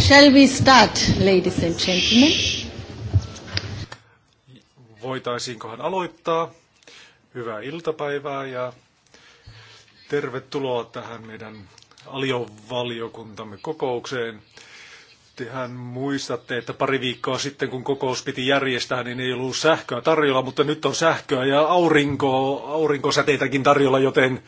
Shall we start, ladies and gentlemen? Voitaisiinkohan aloittaa? Hyvää iltapäivää ja tervetuloa tähän meidän aliovaliokuntamme kokoukseen. Tehän muistatte, että pari viikkoa sitten, kun kokous piti järjestää, niin ei ollut sähköä tarjolla, mutta nyt on sähköä ja aurinko, aurinkosäteitäkin tarjolla, joten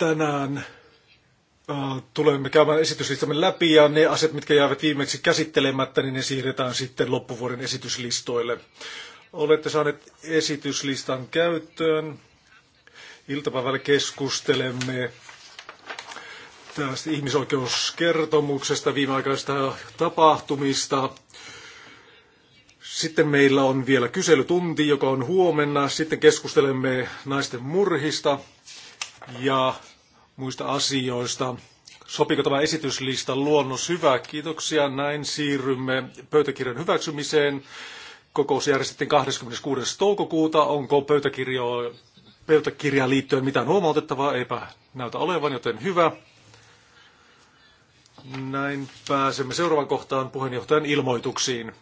tänään äh, tulemme käymään esityslistamme läpi ja ne asiat, mitkä jäävät viimeksi käsittelemättä, niin ne siirretään sitten loppuvuoden esityslistoille. Olette saaneet esityslistan käyttöön. Iltapäivällä keskustelemme tästä ihmisoikeuskertomuksesta, viimeaikaisista tapahtumista. Sitten meillä on vielä kyselytunti, joka on huomenna. Sitten keskustelemme naisten murhista ja muista asioista. Sopiiko tämä esityslistan luonnos hyvä? Kiitoksia. Näin siirrymme pöytäkirjan hyväksymiseen. Kokous järjestettiin 26. toukokuuta. Onko pöytäkirjo, pöytäkirjaan liittyen mitään huomautettavaa? Eipä näytä olevan, joten hyvä. Näin pääsemme seuraavan kohtaan puheenjohtajan ilmoituksiin.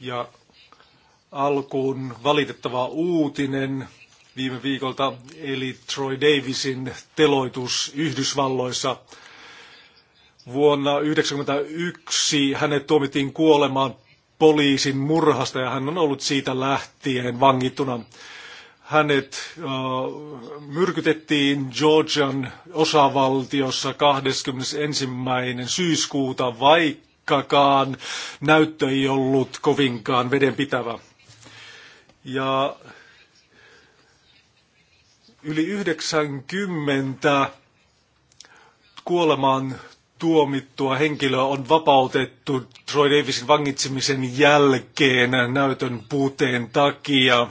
Ja alkuun valitettava uutinen viime viikolta, eli Troy Davisin teloitus Yhdysvalloissa. Vuonna 1991 hänet tuomittiin kuolemaan poliisin murhasta ja hän on ollut siitä lähtien vangittuna. Hänet uh, myrkytettiin Georgian osavaltiossa 21. syyskuuta, vaikkakaan näyttö ei ollut kovinkaan vedenpitävä. Ja yli 90 kuolemaan tuomittua henkilöä on vapautettu Troy Davisin vangitsemisen jälkeen näytön puuteen takia.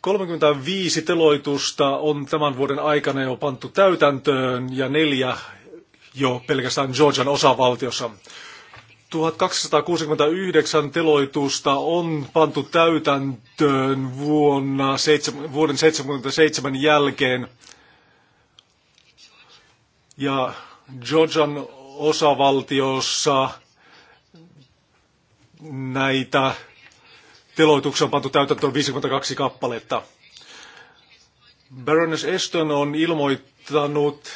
35 teloitusta on tämän vuoden aikana jo pantu täytäntöön ja neljä jo pelkästään Georgian osavaltiossa. 1269 teloitusta on pantu täytäntöön vuonna 7, vuoden 77 jälkeen. Ja Georgian osavaltiossa näitä teloituksia on pantu täytäntöön 52 kappaletta. Baroness Ashton on ilmoittanut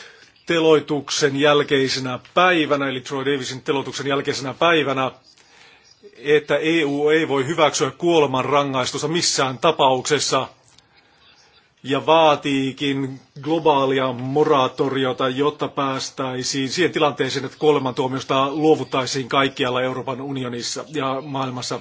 teloituksen jälkeisenä päivänä, eli Troy Davisin teloituksen jälkeisenä päivänä, että EU ei voi hyväksyä kuoleman rangaistusta missään tapauksessa ja vaatiikin globaalia moratoriota, jotta päästäisiin siihen tilanteeseen, että kuolemantuomiosta luovuttaisiin kaikkialla Euroopan unionissa ja maailmassa.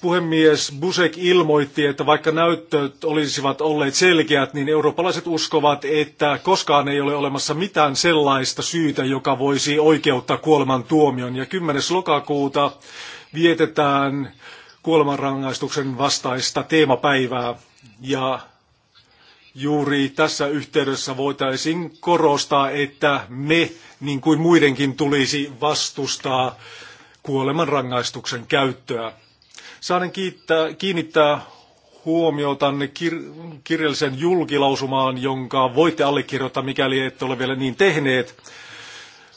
Puhemies Busek ilmoitti, että vaikka näyttöt olisivat olleet selkeät, niin eurooppalaiset uskovat, että koskaan ei ole olemassa mitään sellaista syytä, joka voisi oikeuttaa kuolemantuomion. Ja 10. lokakuuta vietetään kuolemanrangaistuksen vastaista teemapäivää. Ja juuri tässä yhteydessä voitaisiin korostaa, että me, niin kuin muidenkin, tulisi vastustaa kuolemanrangaistuksen käyttöä. Saanen kiittää, kiinnittää huomiotanne kir- kirjallisen julkilausumaan, jonka voitte allekirjoittaa, mikäli ette ole vielä niin tehneet.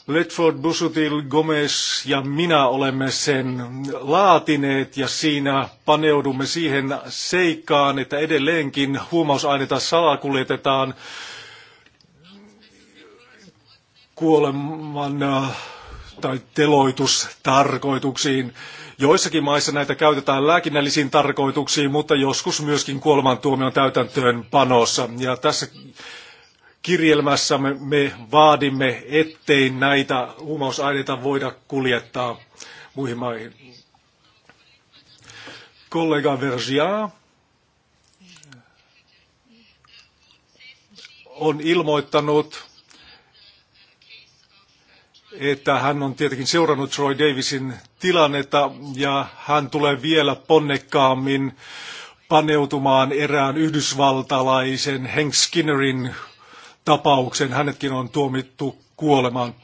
Ledford, Busutil, Gomez ja minä olemme sen laatineet ja siinä paneudumme siihen seikkaan, että edelleenkin huumausaineita salakuljetetaan kuoleman äh, tai teloitustarkoituksiin. tarkoituksiin Joissakin maissa näitä käytetään lääkinnällisiin tarkoituksiin, mutta joskus myöskin kuolemantuomion täytäntöön panossa. Ja tässä kirjelmässämme me vaadimme, ettei näitä huumausaineita voida kuljettaa muihin maihin. Kollega Vergia on ilmoittanut, että hän on tietenkin seurannut Troy Davisin tilannetta ja hän tulee vielä ponnekkaammin paneutumaan erään yhdysvaltalaisen Hank Skinnerin tapauksen. Hänetkin on tuomittu kuolemaan.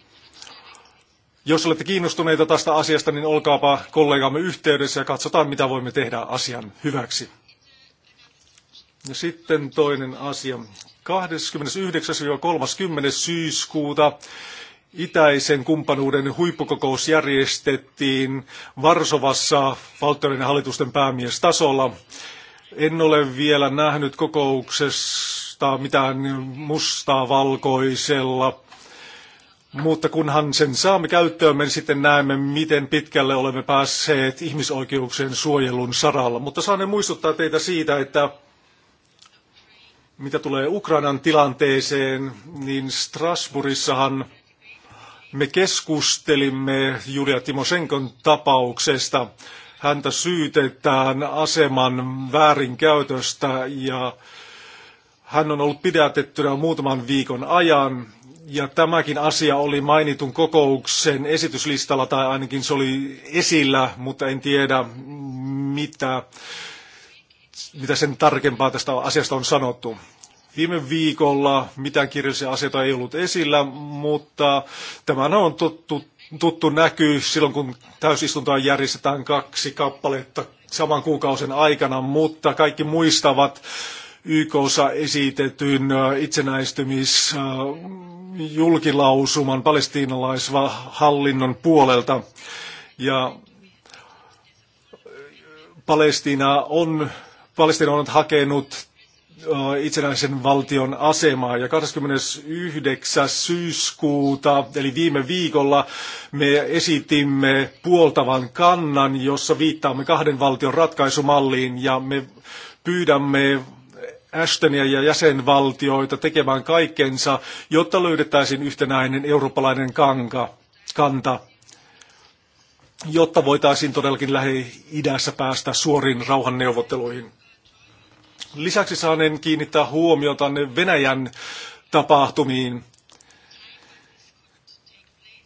Jos olette kiinnostuneita tästä asiasta, niin olkaapa kollegamme yhteydessä ja katsotaan, mitä voimme tehdä asian hyväksi. Ja sitten toinen asia. 29-30. syyskuuta Itäisen kumppanuuden huippukokous järjestettiin Varsovassa valtioiden hallitusten päämiestasolla. En ole vielä nähnyt kokouksesta mitään mustaa valkoisella, mutta kunhan sen saamme käyttöömme, niin sitten näemme, miten pitkälle olemme päässeet ihmisoikeuksien suojelun saralla. Mutta saan muistuttaa teitä siitä, että mitä tulee Ukrainan tilanteeseen, niin Strasbourgissahan Me keskustelimme Julia Timosenkon tapauksesta. Häntä syytetään aseman väärinkäytöstä ja hän on ollut pidätettynä muutaman viikon ajan. Ja tämäkin asia oli mainitun kokouksen esityslistalla, tai ainakin se oli esillä, mutta en tiedä mitä, mitä sen tarkempaa tästä asiasta on sanottu. Viime viikolla mitään kirjallisia asioita ei ollut esillä, mutta tämä on tuttu, tuttu näky silloin, kun täysistuntoa järjestetään kaksi kappaletta saman kuukausen aikana, mutta kaikki muistavat YKssa esitetyn itsenäistymis julkilausuman palestiinalaishallinnon puolelta. Ja Palestiina on, Palestiina on hakenut itsenäisen valtion asemaa. Ja 29. syyskuuta, eli viime viikolla, me esitimme puoltavan kannan, jossa viittaamme kahden valtion ratkaisumalliin ja me pyydämme Ashtonia ja jäsenvaltioita tekemään kaikkensa, jotta löydettäisiin yhtenäinen eurooppalainen kanka, kanta, jotta voitaisiin todellakin Lähi-idässä päästä suoriin rauhanneuvotteluihin. Lisäksi saanen kiinnittää huomiota Venäjän tapahtumiin.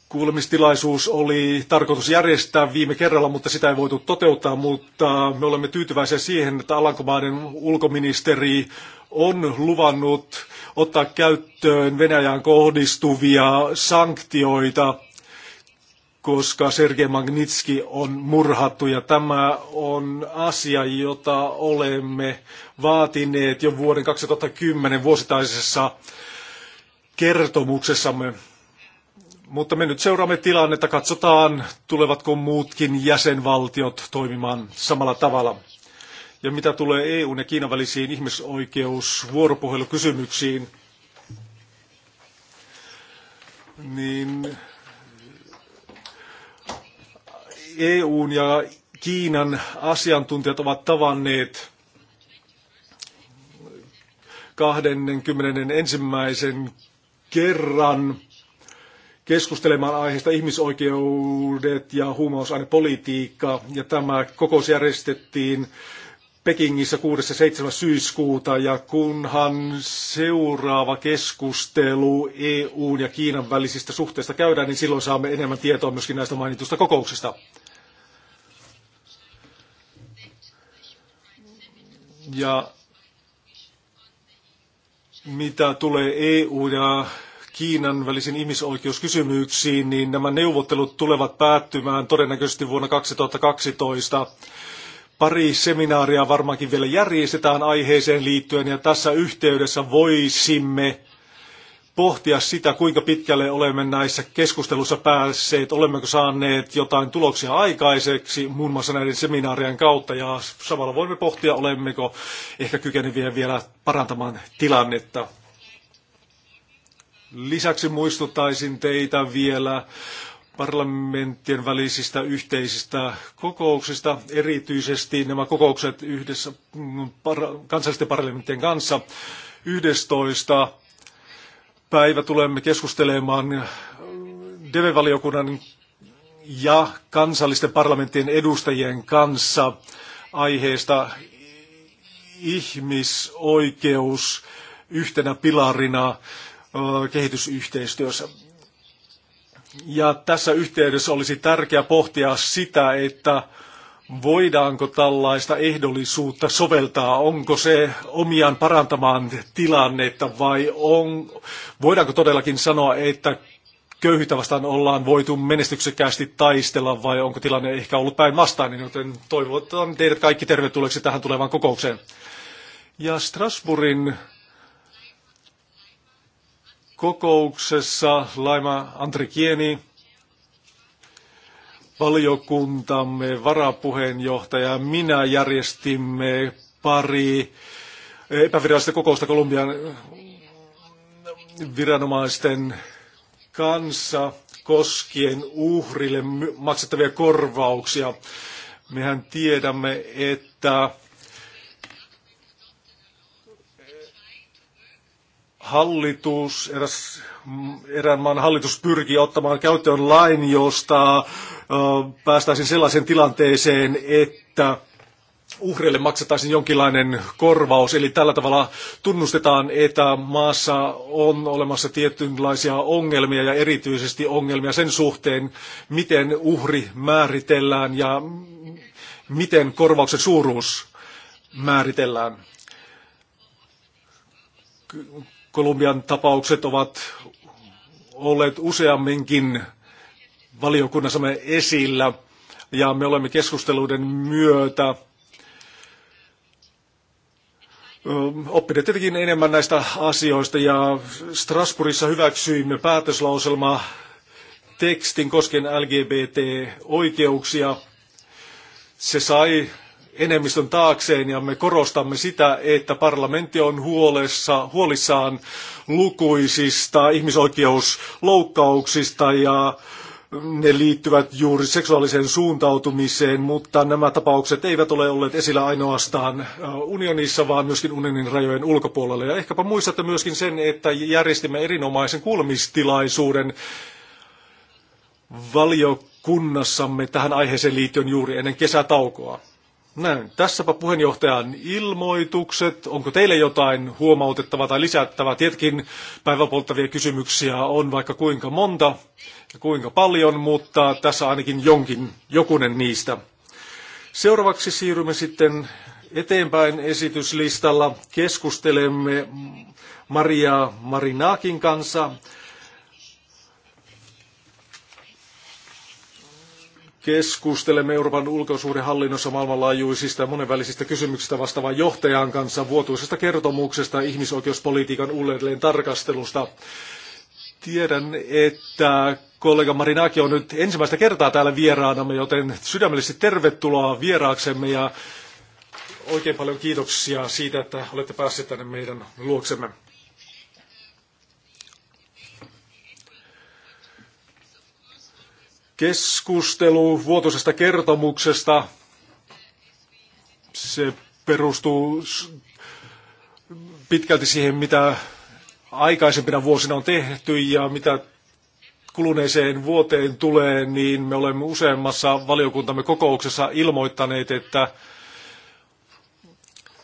Kuulemistilaisuus oli tarkoitus järjestää viime kerralla, mutta sitä ei voitu toteuttaa, mutta me olemme tyytyväisiä siihen, että Alankomaiden ulkoministeri on luvannut ottaa käyttöön Venäjään kohdistuvia sanktioita koska Sergei Magnitski on murhattu ja tämä on asia, jota olemme vaatineet jo vuoden 2010 vuosittaisessa kertomuksessamme. Mutta me nyt seuraamme tilannetta, katsotaan tulevatko muutkin jäsenvaltiot toimimaan samalla tavalla. Ja mitä tulee EUn ja Kiinan välisiin ihmisoikeusvuoropuhelukysymyksiin, niin EUn ja Kiinan asiantuntijat ovat tavanneet 21. kerran keskustelemaan aiheesta ihmisoikeudet ja huumausainepolitiikka. Ja tämä kokous järjestettiin Pekingissä 6. ja 7. syyskuuta ja kunhan seuraava keskustelu EUn ja Kiinan välisistä suhteista käydään, niin silloin saamme enemmän tietoa myöskin näistä mainitusta kokouksista. Ja mitä tulee EU ja Kiinan välisiin ihmisoikeuskysymyksiin, niin nämä neuvottelut tulevat päättymään todennäköisesti vuonna 2012. Pari seminaaria varmaankin vielä järjestetään aiheeseen liittyen ja tässä yhteydessä voisimme pohtia sitä, kuinka pitkälle olemme näissä keskustelussa päässeet, olemmeko saaneet jotain tuloksia aikaiseksi, muun muassa näiden seminaarien kautta, ja samalla voimme pohtia, olemmeko ehkä kykeneviä vielä parantamaan tilannetta. Lisäksi muistuttaisin teitä vielä parlamenttien välisistä yhteisistä kokouksista, erityisesti nämä kokoukset yhdessä kansallisten parlamenttien kanssa 11 päivä tulemme keskustelemaan DEVE-valiokunnan ja kansallisten parlamenttien edustajien kanssa aiheesta ihmisoikeus yhtenä pilarina kehitysyhteistyössä. Ja tässä yhteydessä olisi tärkeää pohtia sitä, että voidaanko tällaista ehdollisuutta soveltaa? Onko se omiaan parantamaan tilannetta vai on, voidaanko todellakin sanoa, että köyhyyttä vastaan ollaan voitu menestyksekkäästi taistella vai onko tilanne ehkä ollut päinvastainen, joten toivotan teidät kaikki tervetulleeksi tähän tulevaan kokoukseen. Ja Strasbourgin kokouksessa Laima Antrikieni, valiokuntamme varapuheenjohtaja minä järjestimme pari epävirallista kokousta Kolumbian viranomaisten kanssa koskien uhrille maksettavia korvauksia. Mehän tiedämme, että hallitus, eräs, erään maan hallitus pyrkii ottamaan käyttöön lain, josta ö, päästäisiin sellaiseen tilanteeseen, että uhreille maksettaisiin jonkinlainen korvaus. Eli tällä tavalla tunnustetaan, että maassa on olemassa tietynlaisia ongelmia ja erityisesti ongelmia sen suhteen, miten uhri määritellään ja miten korvauksen suuruus määritellään Kolumbian tapaukset ovat olleet useamminkin valiokunnassamme esillä ja me olemme keskusteluiden myötä oppineet tietenkin enemmän näistä asioista ja Strasbourgissa hyväksyimme päätöslauselma tekstin koskien LGBT-oikeuksia. Se sai enemmistön taakseen ja me korostamme sitä, että parlamentti on huolessa, huolissaan lukuisista ihmisoikeusloukkauksista ja ne liittyvät juuri seksuaaliseen suuntautumiseen, mutta nämä tapaukset eivät ole olleet esillä ainoastaan unionissa, vaan myöskin unionin rajojen ulkopuolella. Ja ehkäpä muistatte myöskin sen, että järjestimme erinomaisen kuulemistilaisuuden valiokunnassamme tähän aiheeseen liittyen juuri ennen kesätaukoa. Näin. Tässäpä puheenjohtajan ilmoitukset. Onko teille jotain huomautettavaa tai lisättävää? Tietenkin päiväpolttavia kysymyksiä on vaikka kuinka monta ja kuinka paljon, mutta tässä ainakin jonkin, jokunen niistä. Seuraavaksi siirrymme sitten eteenpäin esityslistalla. Keskustelemme Maria Marinakin kanssa. Keskustelemme Euroopan ulkosuhdehallinnossa maailmanlaajuisista ja monenvälisistä kysymyksistä vastaavan johtajan kanssa vuotuisesta kertomuksesta ihmisoikeuspolitiikan uudelleen tarkastelusta. Tiedän, että kollega Marinaki on nyt ensimmäistä kertaa täällä vieraanamme, joten sydämellisesti tervetuloa vieraaksemme ja oikein paljon kiitoksia siitä, että olette päässeet tänne meidän luoksemme. Keskustelu vuotuisesta kertomuksesta, se perustuu pitkälti siihen, mitä aikaisempina vuosina on tehty ja mitä kuluneeseen vuoteen tulee, niin me olemme useammassa valiokuntamme kokouksessa ilmoittaneet, että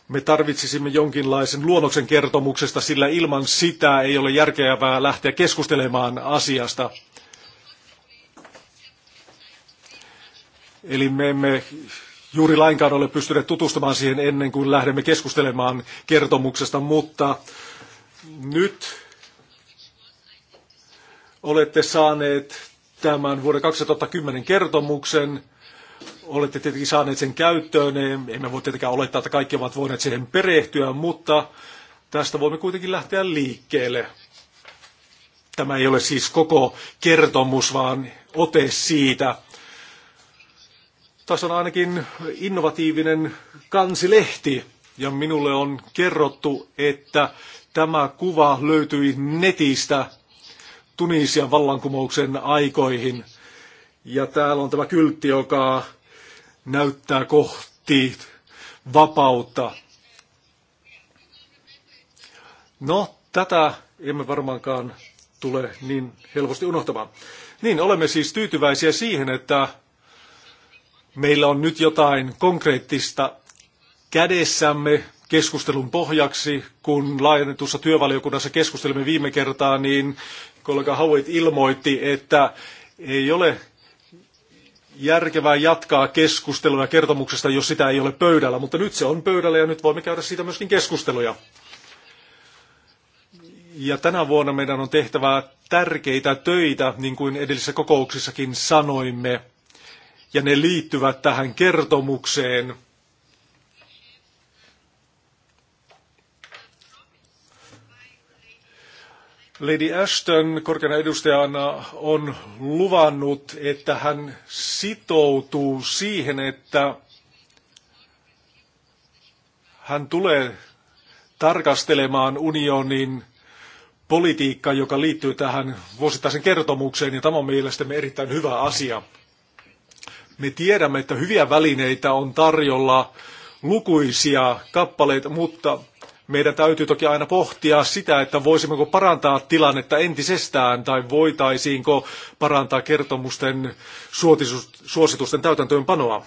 me tarvitsisimme jonkinlaisen luonnoksen kertomuksesta, sillä ilman sitä ei ole järkevää lähteä keskustelemaan asiasta. Eli me emme juuri lainkaan ole pystyneet tutustumaan siihen ennen kuin lähdemme keskustelemaan kertomuksesta, mutta nyt olette saaneet tämän vuoden 2010 kertomuksen. Olette tietenkin saaneet sen käyttöön. Emme voi tietenkään olettaa, että kaikki ovat voineet siihen perehtyä, mutta tästä voimme kuitenkin lähteä liikkeelle. Tämä ei ole siis koko kertomus, vaan ote siitä – Tässä on ainakin innovatiivinen kansilehti ja minulle on kerrottu, että tämä kuva löytyi netistä Tunisian vallankumouksen aikoihin. Ja täällä on tämä kyltti, joka näyttää kohti vapautta. No, tätä emme varmaankaan tule niin helposti unohtamaan. Niin, olemme siis tyytyväisiä siihen, että Meillä on nyt jotain konkreettista kädessämme keskustelun pohjaksi, kun laajennetussa työvaliokunnassa keskustelimme viime kertaa, niin kollega Hauit ilmoitti, että ei ole järkevää jatkaa keskustelua kertomuksesta, jos sitä ei ole pöydällä, mutta nyt se on pöydällä ja nyt voimme käydä siitä myöskin keskusteluja. Ja tänä vuonna meidän on tehtävä tärkeitä töitä, niin kuin edellisissä kokouksissakin sanoimme ja ne liittyvät tähän kertomukseen. Lady Ashton korkeana edustajana on luvannut, että hän sitoutuu siihen, että hän tulee tarkastelemaan unionin politiikkaa, joka liittyy tähän vuosittaisen kertomukseen, ja tämä on mielestämme erittäin hyvä asia. Me tiedämme, että hyviä välineitä on tarjolla lukuisia kappaleita, mutta meidän täytyy toki aina pohtia sitä, että voisimmeko parantaa tilannetta entisestään tai voitaisiinko parantaa kertomusten suositusten täytäntöönpanoa.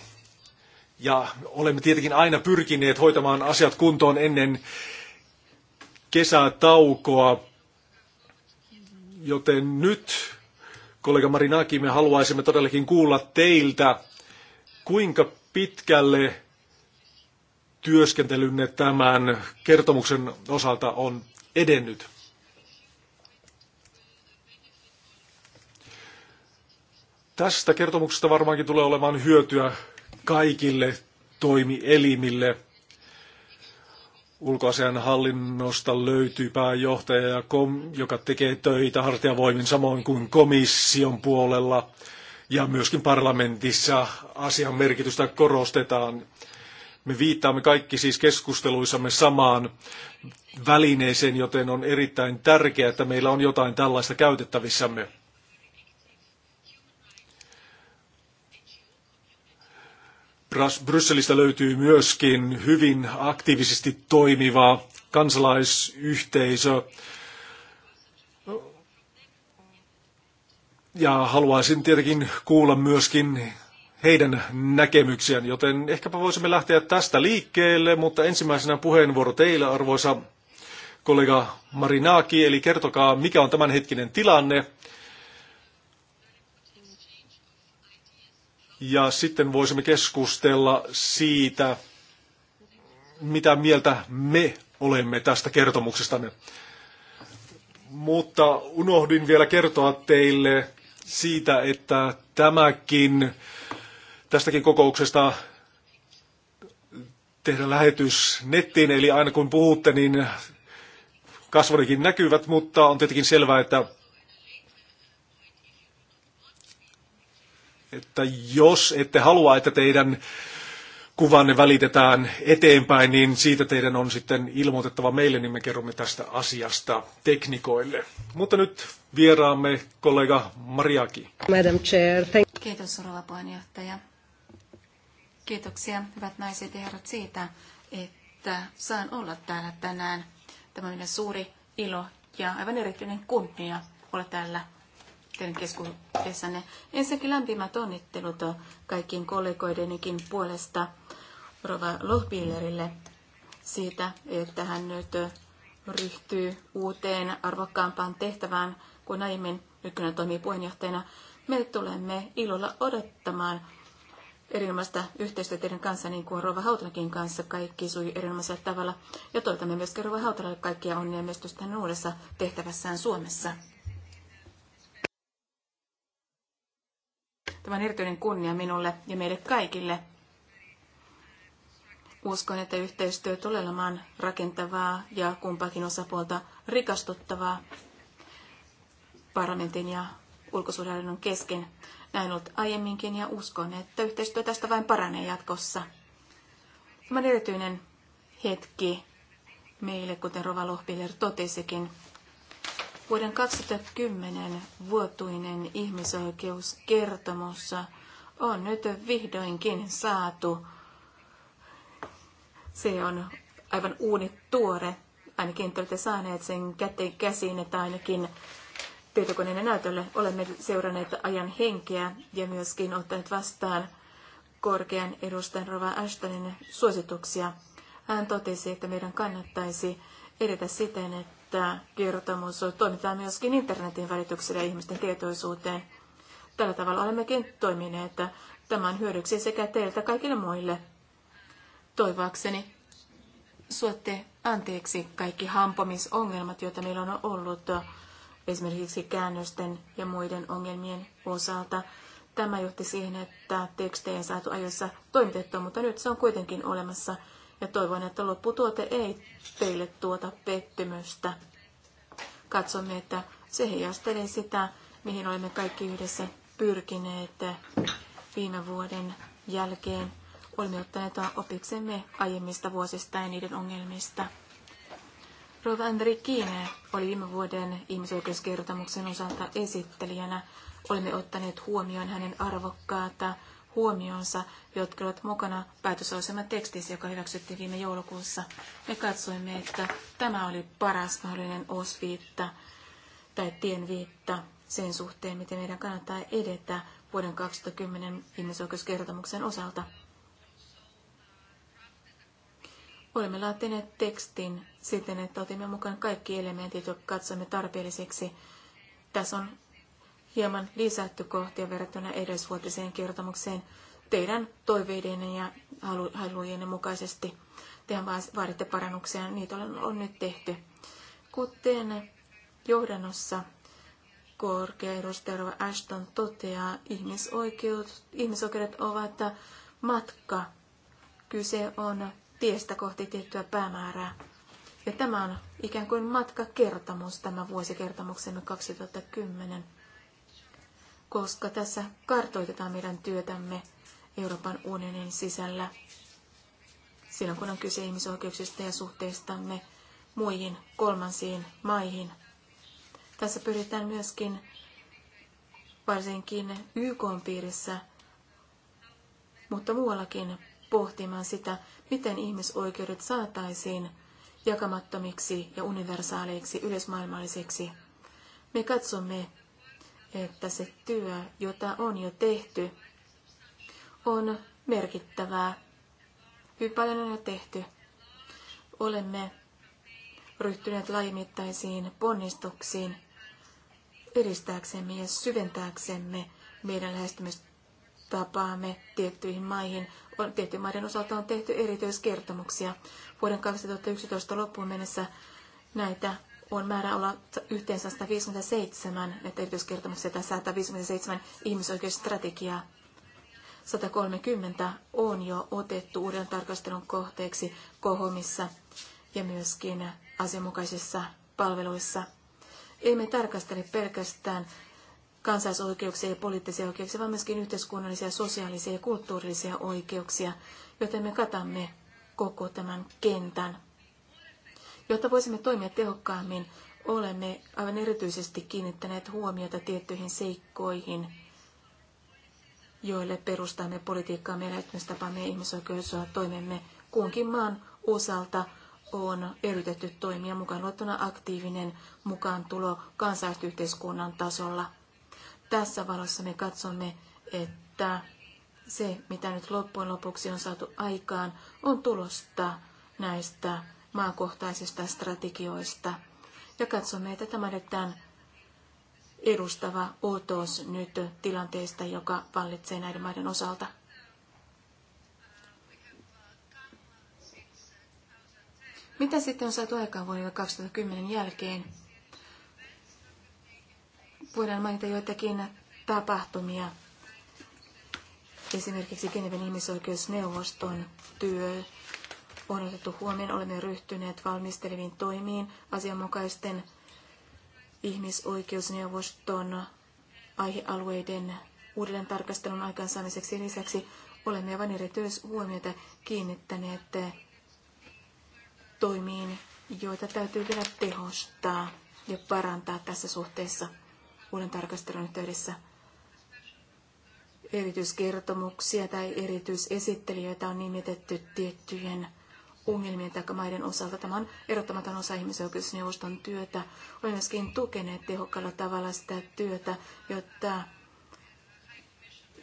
Ja olemme tietenkin aina pyrkineet hoitamaan asiat kuntoon ennen kesätaukoa, joten nyt Kollega Marinaki, me haluaisimme todellakin kuulla teiltä, kuinka pitkälle työskentelynne tämän kertomuksen osalta on edennyt. Tästä kertomuksesta varmaankin tulee olemaan hyötyä kaikille toimielimille – ulkoasian hallinnosta löytyy pääjohtaja, joka tekee töitä hartiavoimin samoin kuin komission puolella. Ja myöskin parlamentissa asian merkitystä korostetaan. Me viittaamme kaikki siis keskusteluissamme samaan välineeseen, joten on erittäin tärkeää, että meillä on jotain tällaista käytettävissämme. Brysselistä löytyy myöskin hyvin aktiivisesti toimiva kansalaisyhteisö. Ja haluaisin tietenkin kuulla myöskin heidän näkemyksiään, joten ehkäpä voisimme lähteä tästä liikkeelle, mutta ensimmäisenä puheenvuoro teille, arvoisa kollega Marinaki, eli kertokaa, mikä on tämänhetkinen tilanne Ja sitten voisimme keskustella siitä, mitä mieltä me olemme tästä kertomuksestanne. Mutta unohdin vielä kertoa teille siitä, että tämäkin, tästäkin kokouksesta tehdä lähetys nettiin, eli aina kun puhutte, niin kasvonikin näkyvät, mutta on tietenkin selvää, että että jos ette halua, että teidän kuvanne välitetään eteenpäin, niin siitä teidän on sitten ilmoitettava meille, niin me kerromme tästä asiasta teknikoille. Mutta nyt vieraamme kollega Mariaki. Madam Chair, thank... Kiitos rouva puheenjohtaja. Kiitoksia hyvät naiset ja herrat siitä, että saan olla täällä tänään. Tämä on suuri ilo ja aivan erityinen kunnia olla täällä teidän keskuudessanne. Ensinnäkin lämpimät onnittelut kaikkien kollegoidenikin puolesta Rova Lohbillerille siitä, että hän nyt ryhtyy uuteen arvokkaampaan tehtävään kuin aiemmin nykyinen toimii puheenjohtajana. Me tulemme ilolla odottamaan erinomaista yhteistyötä teidän kanssa, niin kuin Rova Hautalakin kanssa kaikki sujui erinomaisella tavalla. Ja toivotamme myös Rova Hautalalle kaikkia onnea menestystä uudessa tehtävässään Suomessa. Tämä on erityinen kunnia minulle ja meille kaikille. Uskon, että yhteistyö tulee olemaan rakentavaa ja kumpakin osapuolta rikastuttavaa parlamentin ja ulkosuhdehallinnon kesken. Näin ollut aiemminkin ja uskon, että yhteistyö tästä vain paranee jatkossa. Tämä on erityinen hetki meille, kuten Rova Lohpiller totesikin. Vuoden 2010 vuotuinen ihmisoikeuskertomus on nyt vihdoinkin saatu. Se on aivan uuni tuore. Ainakin te olette saaneet sen käteen käsiin, että ainakin tietokoneen näytölle olemme seuranneet ajan henkeä ja myöskin ottaneet vastaan korkean edustajan Rova Ashtonin suosituksia. Hän totesi, että meidän kannattaisi edetä siten, että että kertomus toimitetaan myöskin internetin välityksellä ihmisten tietoisuuteen. Tällä tavalla olemmekin toimineet tämän hyödyksi sekä teiltä kaikille muille. Toivakseni suotte anteeksi kaikki hampomisongelmat, joita meillä on ollut esimerkiksi käännösten ja muiden ongelmien osalta. Tämä johti siihen, että tekstejä ei saatu ajoissa toimitettua, mutta nyt se on kuitenkin olemassa ja toivon, että lopputuote ei teille tuota pettymystä. Katsomme, että se heijastelee sitä, mihin olemme kaikki yhdessä pyrkineet viime vuoden jälkeen. Olemme ottaneet opiksemme aiemmista vuosista ja niiden ongelmista. Rova Andri Kiine oli viime vuoden ihmisoikeuskertomuksen osalta esittelijänä. Olemme ottaneet huomioon hänen arvokkaata huomionsa, jotka ovat mukana päätösohjelman tekstissä, joka hyväksyttiin viime joulukuussa. Me katsoimme, että tämä oli paras mahdollinen osviitta tai tienviitta sen suhteen, miten meidän kannattaa edetä vuoden 2010 ihmisoikeuskertomuksen osalta. Olemme laatineet tekstin siten, että otimme mukaan kaikki elementit, jotka katsomme tarpeelliseksi. Tässä on hieman lisätty kohtia verrattuna edesvuotiseen kertomukseen teidän toiveidenne ja halu, halujenne mukaisesti. Tehän vaaditte parannuksia, niitä on, on nyt tehty. Kuten johdannossa korkea edustaja Ashton toteaa, ihmisoikeudet, ihmisoikeudet ovat matka. Kyse on tiestä kohti tiettyä päämäärää. Ja tämä on ikään kuin matkakertomus, tämä vuosikertomuksemme 2010 koska tässä kartoitetaan meidän työtämme Euroopan unionin sisällä silloin, kun on kyse ihmisoikeuksista ja suhteistamme muihin kolmansiin maihin. Tässä pyritään myöskin varsinkin YK piirissä, mutta muuallakin pohtimaan sitä, miten ihmisoikeudet saataisiin jakamattomiksi ja universaaleiksi yleismaailmallisiksi. Me katsomme että se työ, jota on jo tehty, on merkittävää. Hyvin paljon on jo tehty. Olemme ryhtyneet laimittaisiin ponnistuksiin edistääksemme ja syventääksemme meidän lähestymistapaamme tiettyihin maihin. On, tiettyjen maiden osalta on tehty erityiskertomuksia. Vuoden 2011 loppuun mennessä näitä on määrä olla yhteensä 157 näitä erityiskertomuksia tai 157 ihmisoikeusstrategiaa. 130 on jo otettu uuden tarkastelun kohteeksi kohomissa ja myöskin asianmukaisissa palveluissa. Emme tarkastele pelkästään kansaisoikeuksia ja poliittisia oikeuksia, vaan myöskin yhteiskunnallisia, sosiaalisia ja kulttuurillisia oikeuksia, joten me katamme koko tämän kentän Jotta voisimme toimia tehokkaammin, olemme aivan erityisesti kiinnittäneet huomiota tiettyihin seikkoihin, joille perustamme politiikkaamme ja lähestymistapamme ja ihmisoikeustoimemme kunkin maan osalta on eriytetty toimia mukaan luettuna aktiivinen mukaantulo kansalaisyhteiskunnan tasolla. Tässä valossa me katsomme, että se, mitä nyt loppujen lopuksi on saatu aikaan, on tulosta näistä maakohtaisista strategioista. Ja katsomme, että tämä on edustava otos nyt tilanteesta, joka vallitsee näiden maiden osalta. Mitä sitten on saatu aikaan vuoden 2010 jälkeen? Voidaan mainita joitakin tapahtumia. Esimerkiksi Geneven ihmisoikeusneuvoston työ on otettu huomioon. Olemme ryhtyneet valmisteleviin toimiin asianmukaisten ihmisoikeusneuvoston aihealueiden uudelleen tarkastelun aikaansaamiseksi. Lisäksi olemme aivan erityishuomiota kiinnittäneet toimiin, joita täytyy vielä tehostaa ja parantaa tässä suhteessa uuden tarkastelun yhteydessä. Erityiskertomuksia tai erityisesittelijöitä on nimitetty tiettyjen ongelmien tai maiden osalta. Tämä on erottamaton osa ihmisoikeusneuvoston työtä. Olemme myöskin tukeneet tehokkaalla tavalla sitä työtä, jotta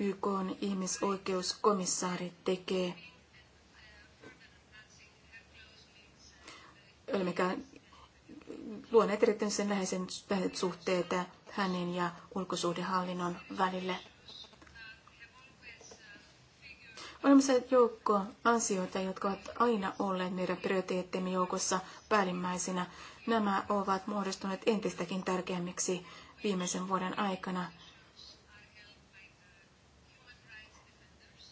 YK on ihmisoikeuskomissaari tekee. Olemme luoneet erityisen läheiset suhteet hänen ja ulkosuhdehallinnon välille. Olemassa joukko asioita, jotka ovat aina olleet meidän prioriteettimme joukossa päällimmäisinä. Nämä ovat muodostuneet entistäkin tärkeämmiksi viimeisen vuoden aikana.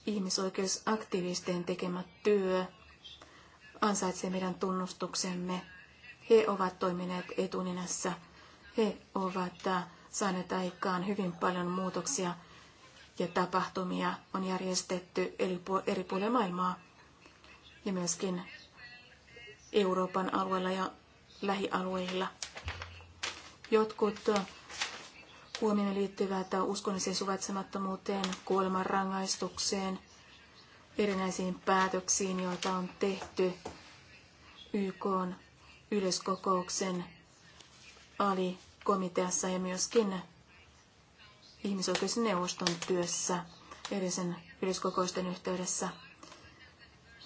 Ihmisoikeusaktivistien tekemä työ ansaitsee meidän tunnustuksemme. He ovat toimineet etuninässä. He ovat saaneet aikaan hyvin paljon muutoksia ja tapahtumia on järjestetty eri puolilla maailmaa ja myöskin Euroopan alueella ja lähialueilla. Jotkut huomioon liittyvät uskonnolliseen suvaitsemattomuuteen, kuoleman rangaistukseen, erinäisiin päätöksiin, joita on tehty YK yleiskokouksen alikomiteassa ja myöskin ihmisoikeusneuvoston työssä edellisen yleiskokousten yhteydessä.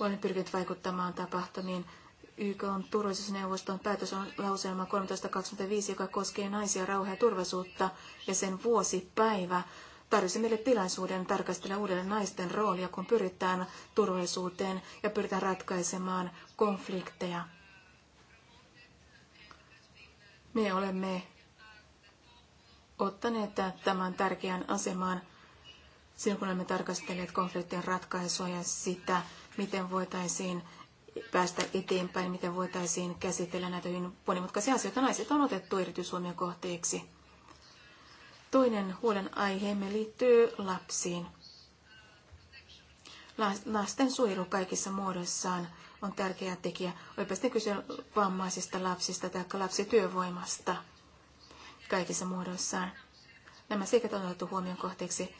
Olen pyrkinyt vaikuttamaan tapahtumiin. YK on turvallisuusneuvoston päätös on lauselma 1325, joka koskee naisia, rauhaa ja turvallisuutta, ja sen vuosipäivä tarjosi meille tilaisuuden tarkastella uudelleen naisten roolia, kun pyritään turvallisuuteen ja pyritään ratkaisemaan konflikteja. Me olemme ottaneet tämän tärkeän aseman silloin, kun olemme tarkastelleet konfliktien ratkaisua ja sitä, miten voitaisiin päästä eteenpäin, miten voitaisiin käsitellä näitä hyvin monimutkaisia asioita. Naiset on otettu erityishuomion kohteeksi. Toinen huolenaiheemme liittyy lapsiin. Lasten suojelu kaikissa muodoissaan on tärkeä tekijä. Olipa sitten kyse vammaisista lapsista tai lapsityövoimasta – kaikissa muodossaan. Nämä seikat on otettu huomion kohteeksi.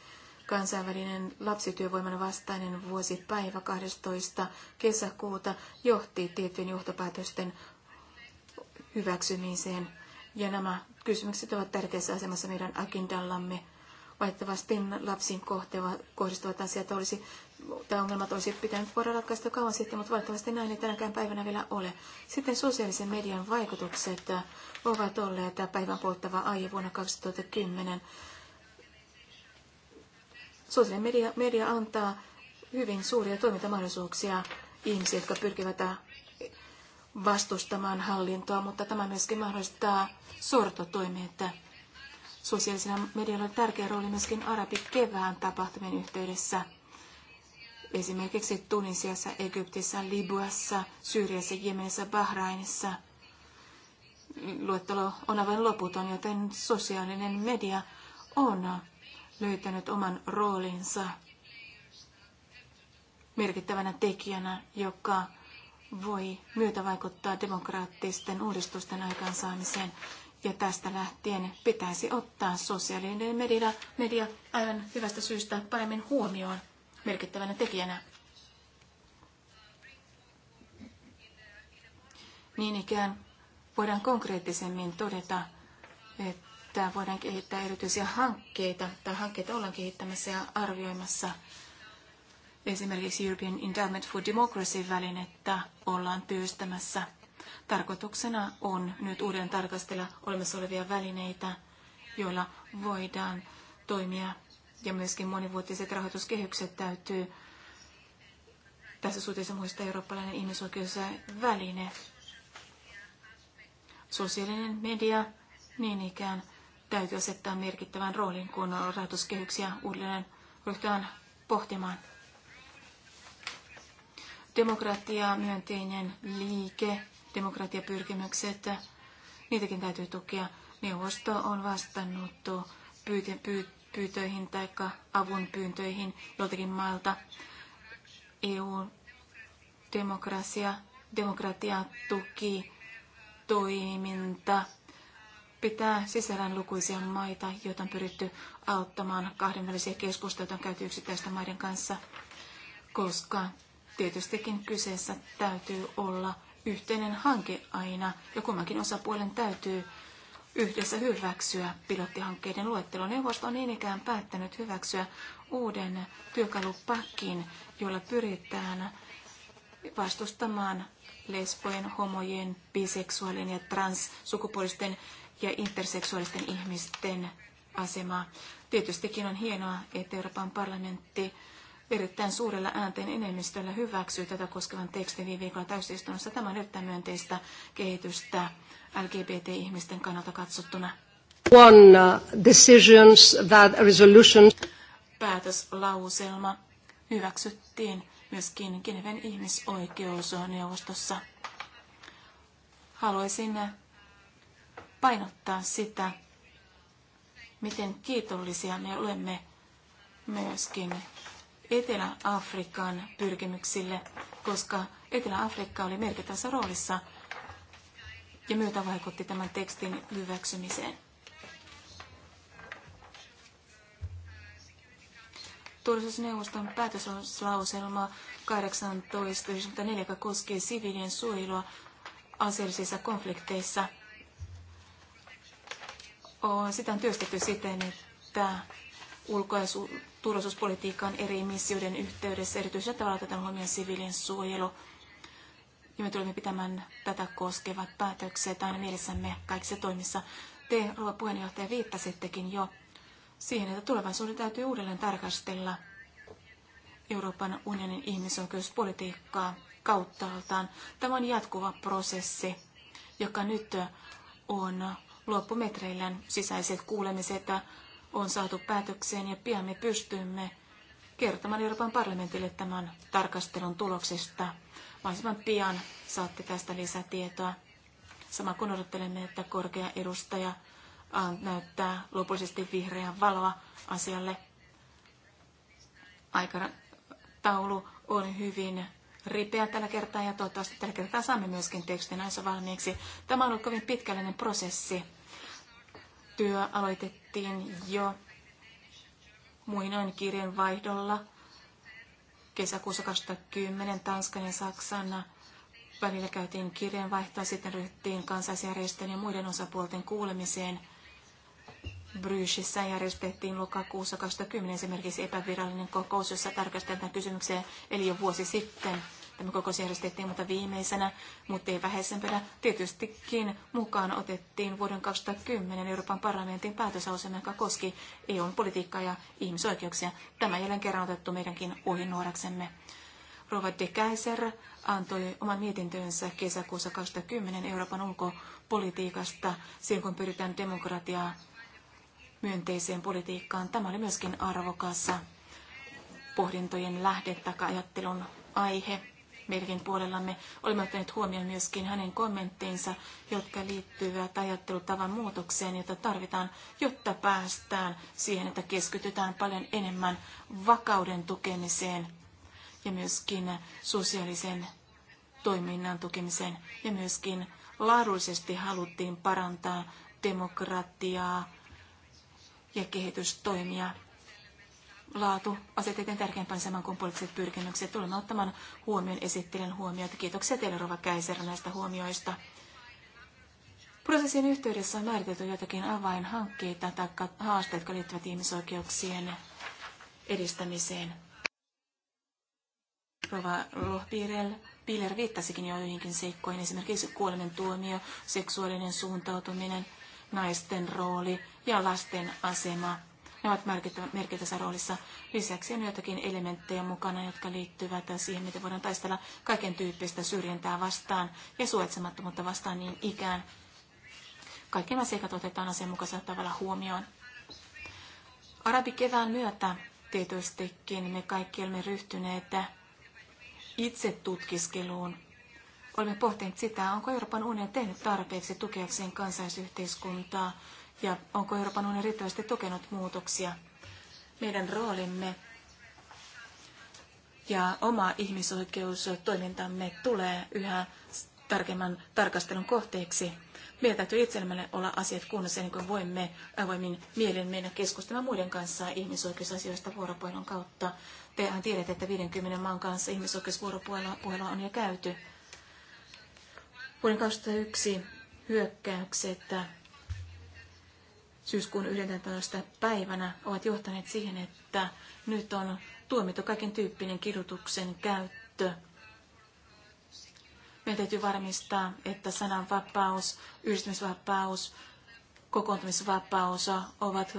Kansainvälinen lapsityövoiman vastainen vuosipäivä 12. kesäkuuta johti tiettyjen johtopäätösten hyväksymiseen. Ja nämä kysymykset ovat tärkeässä asemassa meidän agendallamme. Vaihtavasti lapsiin kohdistuvat asiat olisi tämä ongelma olisi pitänyt voida ratkaista kauan sitten, mutta valitettavasti näin ei tänäkään päivänä vielä ole. Sitten sosiaalisen median vaikutukset ovat olleet päivän polttava aihe vuonna 2010. Sosiaalinen media, media antaa hyvin suuria toimintamahdollisuuksia ihmisiä, jotka pyrkivät vastustamaan hallintoa, mutta tämä myöskin mahdollistaa sortotoimintaa. Sosiaalisella medialla oli tärkeä rooli myöskin arabikevään tapahtumien yhteydessä – esimerkiksi Tunisiassa, Egyptissä, Libyassa, Syyriassa, Jemenissä, Bahrainissa. Luettelo on aivan loputon, joten sosiaalinen media on löytänyt oman roolinsa merkittävänä tekijänä, joka voi myötävaikuttaa demokraattisten uudistusten aikaansaamiseen. Ja tästä lähtien pitäisi ottaa sosiaalinen media, media aivan hyvästä syystä paremmin huomioon merkittävänä tekijänä. Niin ikään voidaan konkreettisemmin todeta, että voidaan kehittää erityisiä hankkeita, tai hankkeita ollaan kehittämässä ja arvioimassa. Esimerkiksi European Endowment for Democracy-välinettä ollaan työstämässä. Tarkoituksena on nyt uuden tarkastella olemassa olevia välineitä, joilla voidaan toimia ja myöskin monivuotiset rahoituskehykset täytyy tässä suhteessa muistaa eurooppalainen ihmisoikeusväline. Sosiaalinen media niin ikään täytyy asettaa merkittävän roolin, kun rahoituskehyksiä uudelleen ryhtyään pohtimaan. Demokratia, myönteinen liike, demokratiapyrkimykset, niitäkin täytyy tukea. Neuvosto on vastannut pyyteen, pyyteen pyytöihin tai avun pyyntöihin joltakin maalta. EU-demokratia demokratia tuki toiminta pitää sisällään lukuisia maita, joita on pyritty auttamaan kahdenvälisiä keskusteluita on käyty yksittäisten maiden kanssa, koska tietystikin kyseessä täytyy olla yhteinen hanke aina ja kummankin osapuolen täytyy yhdessä hyväksyä pilottihankkeiden luettelo. Neuvosto on niin ikään päättänyt hyväksyä uuden työkalupakin, jolla pyritään vastustamaan lesbojen, homojen, biseksuaalien ja transsukupuolisten ja interseksuaalisten ihmisten asemaa. Tietystikin on hienoa, että Euroopan parlamentti erittäin suurella äänten enemmistöllä hyväksyi tätä koskevan tekstin viime viikolla täysistunnossa. Tämä on erittäin myönteistä kehitystä LGBT-ihmisten kannalta katsottuna. One uh, decisions that resolution. Päätöslauselma hyväksyttiin myöskin Geneven ihmisoikeusneuvostossa. Haluaisin painottaa sitä, miten kiitollisia me olemme myöskin Etelä-Afrikan pyrkimyksille, koska Etelä-Afrikka oli merkittävässä roolissa ja myötä vaikutti tämän tekstin hyväksymiseen. Turvallisuusneuvoston päätöslauselma 1894, joka koskee siviilien suojelua aseellisissa konflikteissa, on, sitä on työstetty siten, että ulko- ja su- turvallisuuspolitiikan eri missioiden yhteydessä. Erityisellä tavalla otetaan huomioon siviilien suojelu. Ja me tulemme pitämään tätä koskevat päätökset aina mielessämme kaikissa toimissa. Te, rouva puheenjohtaja, viittasittekin jo siihen, että tulevaisuuden täytyy uudelleen tarkastella Euroopan unionin ihmisoikeuspolitiikkaa kauttaaltaan. Tämä on jatkuva prosessi, joka nyt on loppumetreillään sisäiset kuulemiset, on saatu päätökseen ja pian me pystymme kertomaan Euroopan parlamentille tämän tarkastelun tuloksesta. Mahdollisimman pian saatte tästä lisätietoa. Sama kun odottelemme, että korkea edustaja näyttää lopullisesti vihreän valoa asialle. Aikataulu on hyvin ripeä tällä kertaa ja toivottavasti tällä kertaa saamme myöskin tekstin näissä valmiiksi. Tämä on ollut kovin pitkällinen prosessi työ aloitettiin jo muinoin kirjeenvaihdolla kesäkuussa 2010 Tanskan ja Saksan välillä käytiin kirjeenvaihtoa, sitten ryhdyttiin kansaisjärjestöjen ja muiden osapuolten kuulemiseen. Brysissä järjestettiin lokakuussa 2010 esimerkiksi epävirallinen kokous, jossa tarkasteltiin kysymykseen, eli jo vuosi sitten. Tämä kokous järjestettiin, mutta viimeisenä, mutta ei vähäisempänä, tietystikin mukaan otettiin vuoden 2010 Euroopan parlamentin päätösausema, joka koski EUn politiikkaa ja ihmisoikeuksia. Tämä jälleen kerran otettu meidänkin ohjenuoraksemme. Robert de Kaiser antoi oman mietintönsä kesäkuussa 2010 Euroopan ulkopolitiikasta, silloin kun pyritään demokratiaa myönteiseen politiikkaan. Tämä oli myöskin arvokas pohdintojen lähde tai ajattelun aihe meidänkin puolellamme olemme ottaneet huomioon myöskin hänen kommenttinsa, jotka liittyvät ajattelutavan muutokseen, jota tarvitaan, jotta päästään siihen, että keskitytään paljon enemmän vakauden tukemiseen ja myöskin sosiaalisen toiminnan tukemiseen ja myöskin laadullisesti haluttiin parantaa demokratiaa ja kehitystoimia laatu asetteiden tärkeämpään saman kuin poliittiset pyrkimykset. Tulemme ottamaan huomioon esittelen huomioita. Kiitoksia teille Rova Käiser näistä huomioista. Prosessin yhteydessä on määritelty jotakin avainhankkeita tai haasteita, jotka liittyvät ihmisoikeuksien edistämiseen. Rova Lohpiirel Piller viittasikin joihinkin seikkoihin, esimerkiksi kuolemantuomio, seksuaalinen suuntautuminen, naisten rooli ja lasten asema – Ne ovat merkittävässä roolissa. Lisäksi on jotakin elementtejä mukana, jotka liittyvät siihen, miten voidaan taistella kaiken tyyppistä syrjintää vastaan ja suojelmattomuutta vastaan niin ikään. Kaikki asiakkaat otetaan asianmukaisella tavalla huomioon. Arabikevään myötä tietystikin me kaikki olemme ryhtyneet itse tutkiskeluun. Olemme pohtineet sitä, onko Euroopan unioni tehnyt tarpeeksi tukeakseen kansalaisyhteiskuntaa ja onko Euroopan unioni riittävästi tukenut muutoksia. Meidän roolimme ja oma ihmisoikeustoimintamme tulee yhä tarkemman tarkastelun kohteeksi. Meidän täytyy itsellemme olla asiat kunnossa ennen kuin voimme avoimin mielin mennä keskustelemaan muiden kanssa ihmisoikeusasioista vuoropuhelun kautta. Tehän tiedätte, että 50 maan kanssa ihmisoikeusvuoropuhelua on jo käyty. Vuoden 2001 hyökkäykset syyskuun 11. päivänä ovat johtaneet siihen, että nyt on tuomittu kaiken tyyppinen kidutuksen käyttö. Meidän täytyy varmistaa, että sananvapaus, yhdistymisvapaus, kokoontumisvapaus ovat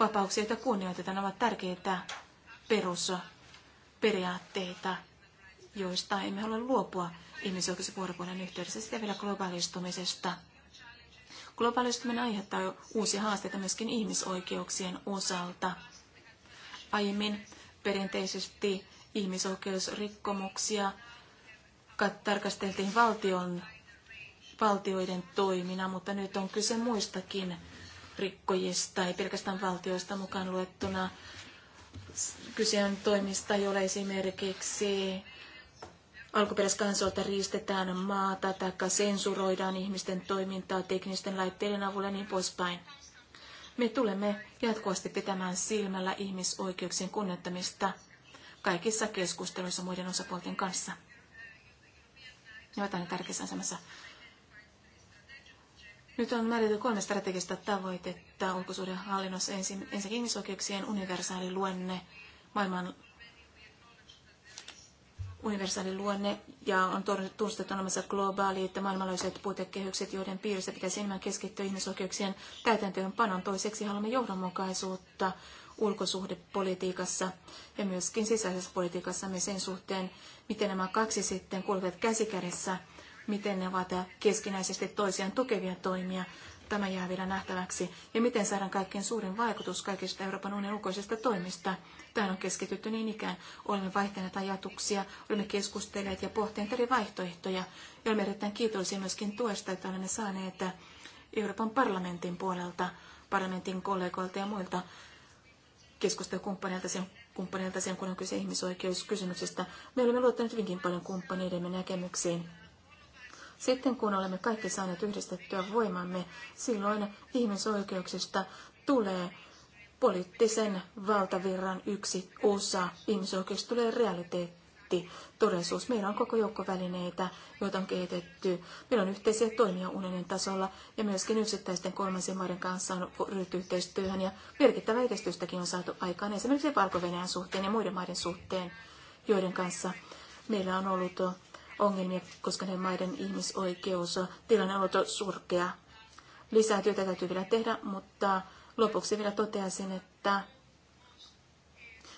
vapauksia, joita kunnioitetaan, ovat tärkeitä perusperiaatteita, joista emme halua luopua ihmisoikeusvuoropuolen yhteydessä, sitä vielä globaalistumisesta – Globaalistuminen aiheuttaa uusia haasteita myöskin ihmisoikeuksien osalta. Aiemmin perinteisesti ihmisoikeusrikkomuksia tarkasteltiin valtion, valtioiden toimina, mutta nyt on kyse muistakin rikkojista, ei pelkästään valtioista mukaan luettuna. Kyse on toimista, joilla esimerkiksi alkuperäiskansoilta riistetään maata tai sensuroidaan ihmisten toimintaa teknisten laitteiden avulla ja niin poispäin. Me tulemme jatkuvasti pitämään silmällä ihmisoikeuksien kunnioittamista kaikissa keskusteluissa muiden osapuolten kanssa. Ne ovat aina tärkeässä asemassa. Nyt on määritelty kolme strategista tavoitetta ulkosuhdehallinnossa. Ensin, ensinnäkin ihmisoikeuksien universaali luonne, maailman universaali luonne ja on tunnustettu olemassa globaali että maailmanlaajuiset puitekehykset, joiden piirissä pitäisi enemmän keskittyä ihmisoikeuksien täytäntöönpanon. Toiseksi haluamme johdonmukaisuutta ulkosuhdepolitiikassa ja myöskin sisäisessä politiikassamme sen suhteen, miten nämä kaksi sitten kulkevat käsikädessä, miten ne ovat keskinäisesti toisiaan tukevia toimia. Tämä jää vielä nähtäväksi. Ja miten saadaan kaikkein suurin vaikutus kaikista Euroopan unionin ulkoisista toimista? Tähän on keskitytty niin ikään. Olemme vaihtaneet ajatuksia, olemme keskustelleet ja pohtineet eri vaihtoehtoja. Ja olemme erittäin kiitollisia myöskin tuesta, että olemme saaneet Euroopan parlamentin puolelta, parlamentin kollegoilta ja muilta keskustelukumppaneilta sen kumppaneilta sen, kun on kyse ihmisoikeuskysymyksistä. Me olemme luottaneet hyvinkin paljon kumppaneidemme näkemyksiin Sitten kun olemme kaikki saaneet yhdistettyä voimamme, silloin ihmisoikeuksista tulee poliittisen valtavirran yksi osa. Ihmisoikeus tulee realiteetti. Todellisuus. Meillä on koko joukko välineitä, joita on kehitetty. Meillä on yhteisiä toimia unionin tasolla ja myöskin yksittäisten kolmansien maiden kanssa on ryhty yhteistyöhön ja merkittävä edistystäkin on saatu aikaan esimerkiksi valko suhteen ja muiden maiden suhteen, joiden kanssa meillä on ollut ongelmia koskeneen maiden ihmisoikeus. Tilanne on ollut surkea. Lisää työtä täytyy vielä tehdä, mutta lopuksi vielä toteaisin, että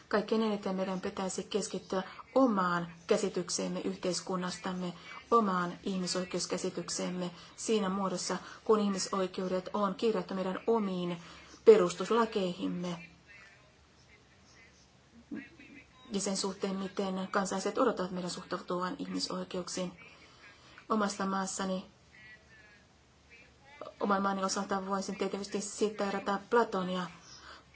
kaikkein eniten meidän pitäisi keskittyä omaan käsitykseemme yhteiskunnastamme, omaan ihmisoikeuskäsitykseemme siinä muodossa, kun ihmisoikeudet on kirjattu meidän omiin perustuslakeihimme ja sen suhteen, miten kansalaiset odottavat meidän suhtautuvan ihmisoikeuksiin. Omasta maassani, oman maani osalta voisin tietysti siteerata Platonia.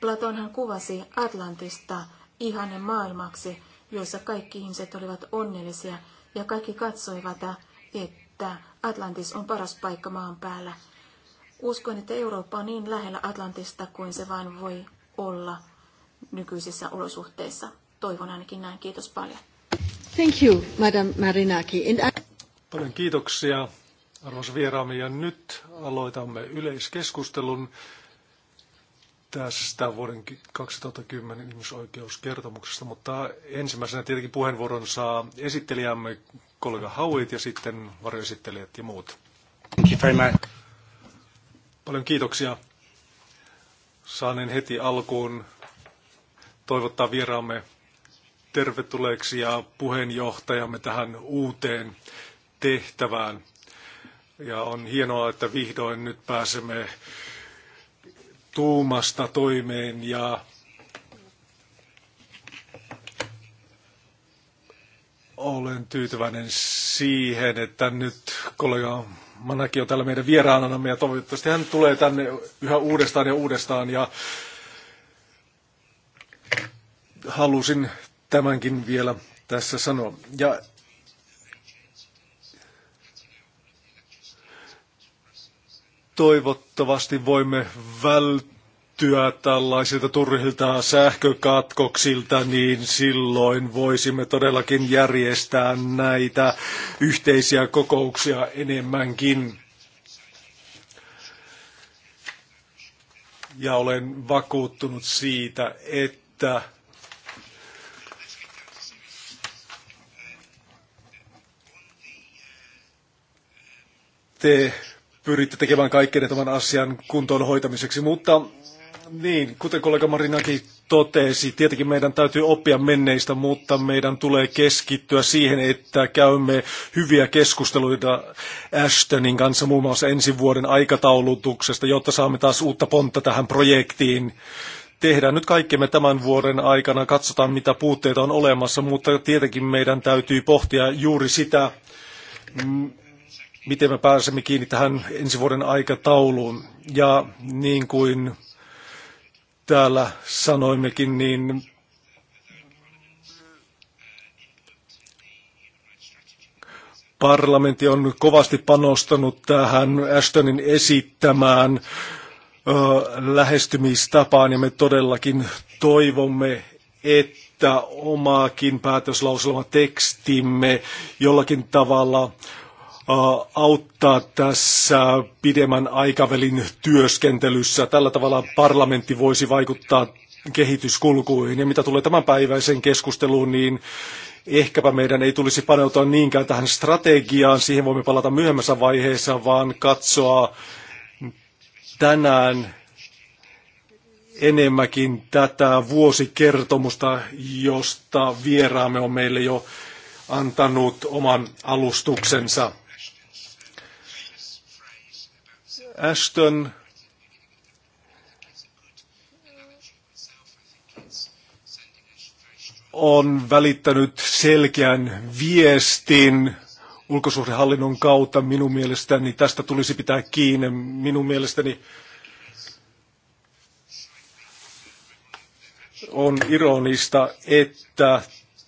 Platonhan kuvasi Atlantista ihanne maailmaksi, joissa kaikki ihmiset olivat onnellisia ja kaikki katsoivat, että Atlantis on paras paikka maan päällä. Uskon, että Eurooppa on niin lähellä Atlantista kuin se vain voi olla nykyisissä olosuhteissa. Toivon ainakin näin. Kiitos paljon. Thank you, Madam Marinaki. And I... Paljon kiitoksia, arvoisa vieraamme. Ja nyt aloitamme yleiskeskustelun tästä vuoden 2010 ihmisoikeuskertomuksesta, mutta ensimmäisenä tietenkin puheenvuoron saa esittelijämme kollega Hauit ja sitten varjoesittelijät ja muut. Thank you very much. Paljon kiitoksia. Saanen heti alkuun toivottaa vieraamme tervetulleeksi ja puheenjohtajamme tähän uuteen tehtävään. Ja on hienoa, että vihdoin nyt pääsemme tuumasta toimeen ja olen tyytyväinen siihen, että nyt kollega Manaki on täällä meidän vieraanamme ja toivottavasti hän tulee tänne yhä uudestaan ja uudestaan ja halusin tämänkin vielä tässä sanoa. Ja toivottavasti voimme välttyä tällaisilta turhilta sähkökatkoksilta, niin silloin voisimme todellakin järjestää näitä yhteisiä kokouksia enemmänkin. Ja olen vakuuttunut siitä, että te pyritte tekemään kaikkeen tämän asian kuntoon hoitamiseksi, mutta niin, kuten kollega Marinakin totesi, tietenkin meidän täytyy oppia menneistä, mutta meidän tulee keskittyä siihen, että käymme hyviä keskusteluita Ashtonin kanssa muun muassa ensi vuoden aikataulutuksesta, jotta saamme taas uutta pontta tähän projektiin. Tehdään nyt kaikkemme tämän vuoden aikana, katsotaan mitä puutteita on olemassa, mutta tietenkin meidän täytyy pohtia juuri sitä, mm, miten me pääsemme kiinni tähän ensi vuoden aikatauluun. Ja niin kuin täällä sanoimmekin, niin parlamentti on kovasti panostanut tähän Ashtonin esittämään ö, lähestymistapaan ja me todellakin toivomme, että omaakin päätöslauselma tekstimme jollakin tavalla auttaa tässä pidemmän aikavälin työskentelyssä. Tällä tavalla parlamentti voisi vaikuttaa kehityskulkuihin. Ja mitä tulee tämänpäiväiseen keskusteluun, niin ehkäpä meidän ei tulisi paneutua niinkään tähän strategiaan, siihen voimme palata myöhemmässä vaiheessa, vaan katsoa tänään enemmänkin tätä vuosikertomusta, josta vieraamme on meille jo antanut oman alustuksensa. Ashton on välittänyt selkeän viestin ulkosuhdehallinnon kautta minun mielestäni. Tästä tulisi pitää kiinni. Minun mielestäni on ironista, että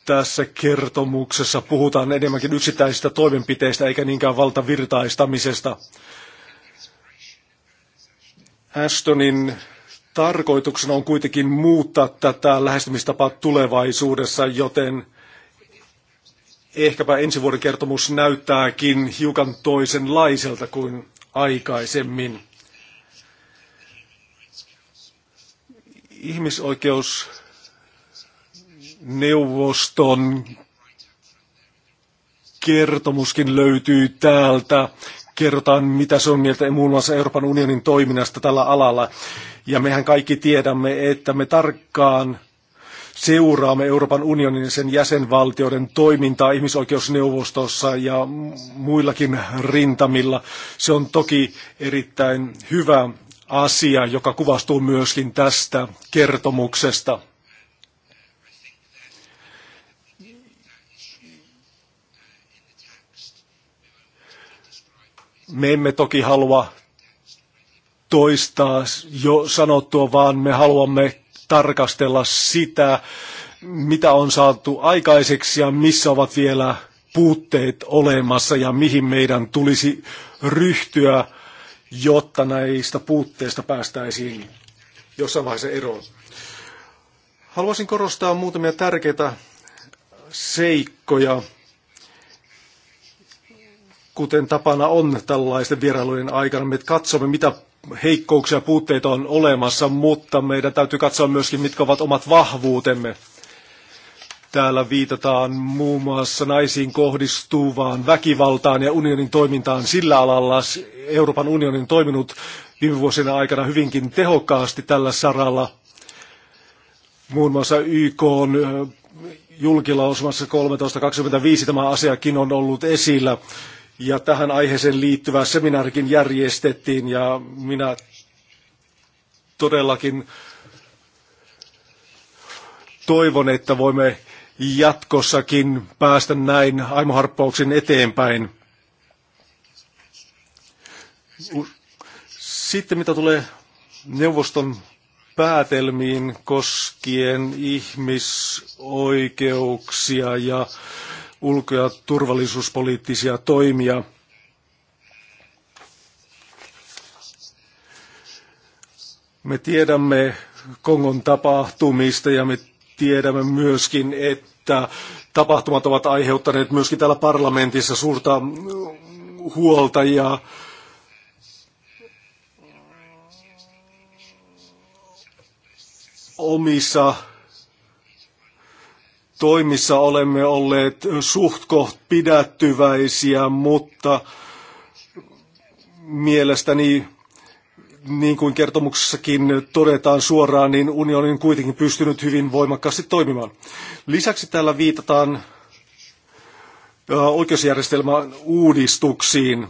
tässä kertomuksessa puhutaan enemmänkin yksittäisistä toimenpiteistä eikä niinkään valtavirtaistamisesta. Ashtonin tarkoituksena on kuitenkin muuttaa tätä lähestymistapaa tulevaisuudessa, joten ehkäpä ensi vuoden kertomus näyttääkin hiukan toisenlaiselta kuin aikaisemmin. Ihmisoikeusneuvoston kertomuskin löytyy täältä kerrotaan, mitä se on mieltä muun muassa Euroopan unionin toiminnasta tällä alalla. Ja mehän kaikki tiedämme, että me tarkkaan seuraamme Euroopan unionin ja sen jäsenvaltioiden toimintaa ihmisoikeusneuvostossa ja muillakin rintamilla. Se on toki erittäin hyvä asia, joka kuvastuu myöskin tästä kertomuksesta. Me emme toki halua toistaa jo sanottua, vaan me haluamme tarkastella sitä, mitä on saatu aikaiseksi ja missä ovat vielä puutteet olemassa ja mihin meidän tulisi ryhtyä, jotta näistä puutteista päästäisiin jossain vaiheessa eroon. Haluaisin korostaa muutamia tärkeitä seikkoja kuten tapana on tällaisten vierailujen aikana, me katsomme, mitä heikkouksia ja puutteita on olemassa, mutta meidän täytyy katsoa myöskin, mitkä ovat omat vahvuutemme. Täällä viitataan muun muassa naisiin kohdistuvaan väkivaltaan ja unionin toimintaan sillä alalla. Euroopan unionin toiminut viime vuosina aikana hyvinkin tehokkaasti tällä saralla. Muun muassa YK on julkilausumassa 13.25 tämä asiakin on ollut esillä. Ja tähän aiheeseen liittyvä seminaarikin järjestettiin ja minä todellakin toivon, että voimme jatkossakin päästä näin aimoharppauksin eteenpäin. Sitten mitä tulee neuvoston päätelmiin koskien ihmisoikeuksia ja ulko- ja turvallisuuspoliittisia toimia. Me tiedämme Kongon tapahtumista ja me tiedämme myöskin, että tapahtumat ovat aiheuttaneet myöskin täällä parlamentissa suurta huolta ja omissa toimissa olemme olleet suht koht pidättyväisiä, mutta mielestäni niin kuin kertomuksessakin todetaan suoraan, niin unioni on kuitenkin pystynyt hyvin voimakkaasti toimimaan. Lisäksi täällä viitataan oikeusjärjestelmän uudistuksiin.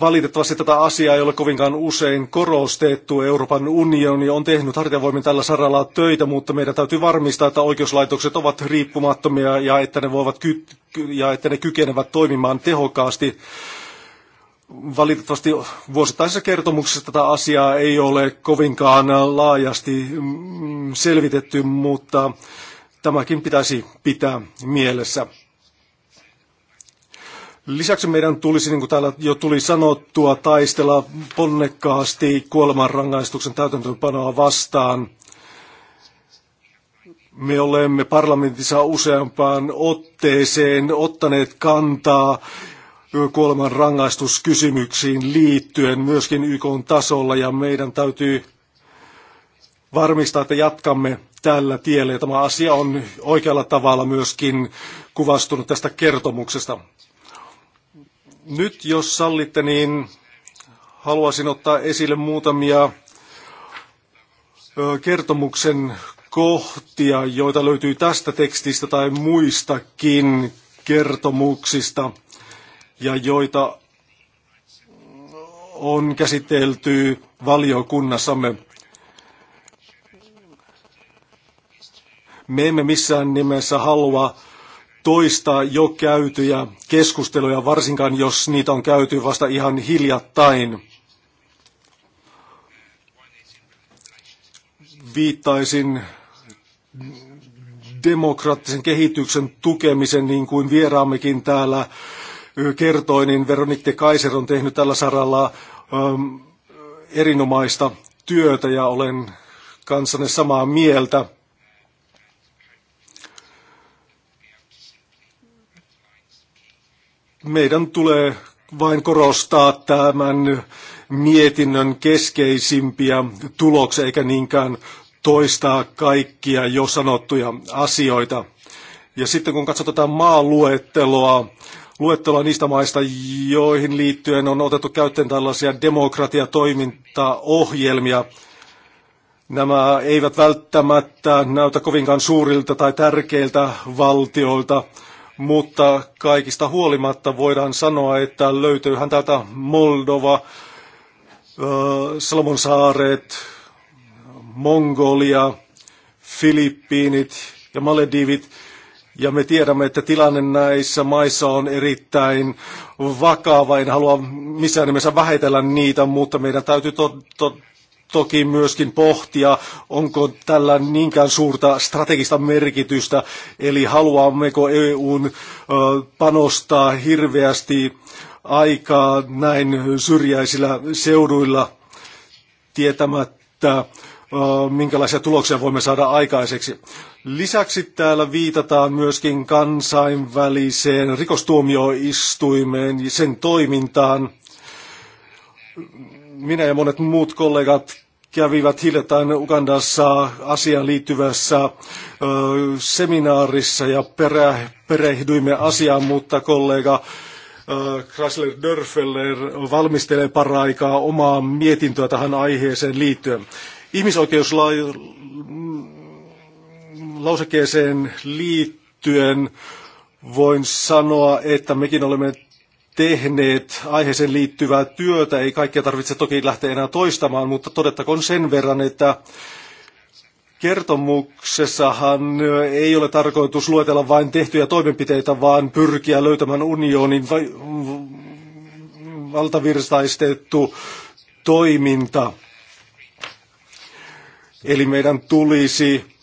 Valitettavasti tätä asiaa ei ole kovinkaan usein korostettu. Euroopan unioni on tehnyt hartiavoimin tällä saralla töitä, mutta meidän täytyy varmistaa, että oikeuslaitokset ovat riippumattomia ja että ne, voivat ja että ne kykenevät toimimaan tehokkaasti. Valitettavasti vuosittaisessa kertomuksessa tätä asiaa ei ole kovinkaan laajasti mm, selvitetty, mutta tämäkin pitäisi pitää mielessä. Lisäksi meidän tulisi, niin kuin täällä jo tuli sanottua, taistella ponnekkaasti kuolemanrangaistuksen täytäntöönpanoa vastaan. Me olemme parlamentissa useampaan otteeseen ottaneet kantaa kuoleman rangaistuskysymyksiin liittyen myöskin YK tasolla ja meidän täytyy varmistaa, että jatkamme tällä tiellä. Ja tämä asia on oikealla tavalla myöskin kuvastunut tästä kertomuksesta. Nyt jos sallitte, niin haluaisin ottaa esille muutamia kertomuksen kohtia, joita löytyy tästä tekstistä tai muistakin kertomuksista ja joita on käsitelty valiokunnassamme. Me emme missään nimessä halua toistaa jo käytyjä keskusteluja, varsinkaan jos niitä on käyty vasta ihan hiljattain. Viittaisin demokraattisen kehityksen tukemisen, niin kuin vieraammekin täällä kertoi, niin Veronique Kaiser on tehnyt tällä saralla ähm, erinomaista työtä ja olen kanssanne samaa mieltä. meidän tulee vain korostaa tämän mietinnön keskeisimpiä tuloksia, eikä niinkään toistaa kaikkia jo sanottuja asioita. Ja sitten kun katsotaan maaluetteloa, luetteloa niistä maista, joihin liittyen on otettu käyttöön tällaisia demokratiatoimintaohjelmia, nämä eivät välttämättä näytä kovinkaan suurilta tai tärkeiltä valtioilta, mutta kaikista huolimatta voidaan sanoa, että löytyyhän täältä Moldova, Salomonsaaret, Mongolia, Filippiinit ja Maledivit. Ja me tiedämme, että tilanne näissä maissa on erittäin vakava. En halua missään nimessä vähätellä niitä, mutta meidän täytyy to- to- toki myöskin pohtia, onko tällä niinkään suurta strategista merkitystä, eli haluammeko EUn panostaa hirveästi aikaa näin syrjäisillä seuduilla tietämättä, minkälaisia tuloksia voimme saada aikaiseksi. Lisäksi täällä viitataan myöskin kansainväliseen rikostuomioistuimeen ja sen toimintaan minä ja monet muut kollegat kävivät hiljattain Ugandassa asiaan liittyvässä ö, seminaarissa ja perä, perehdyimme asiaan, mutta kollega Krasler Dörfeller valmistelee paraikaa omaa mietintöä tähän aiheeseen liittyen. Ihmisoikeuslausekkeeseen liittyen voin sanoa, että mekin olemme tehneet aiheeseen liittyvää työtä. Ei kaikkea tarvitse toki lähteä enää toistamaan, mutta todettakoon sen verran, että kertomuksessahan ei ole tarkoitus luetella vain tehtyjä toimenpiteitä, vaan pyrkiä löytämään unionin valtavirtaistettu toiminta. Eli meidän tulisi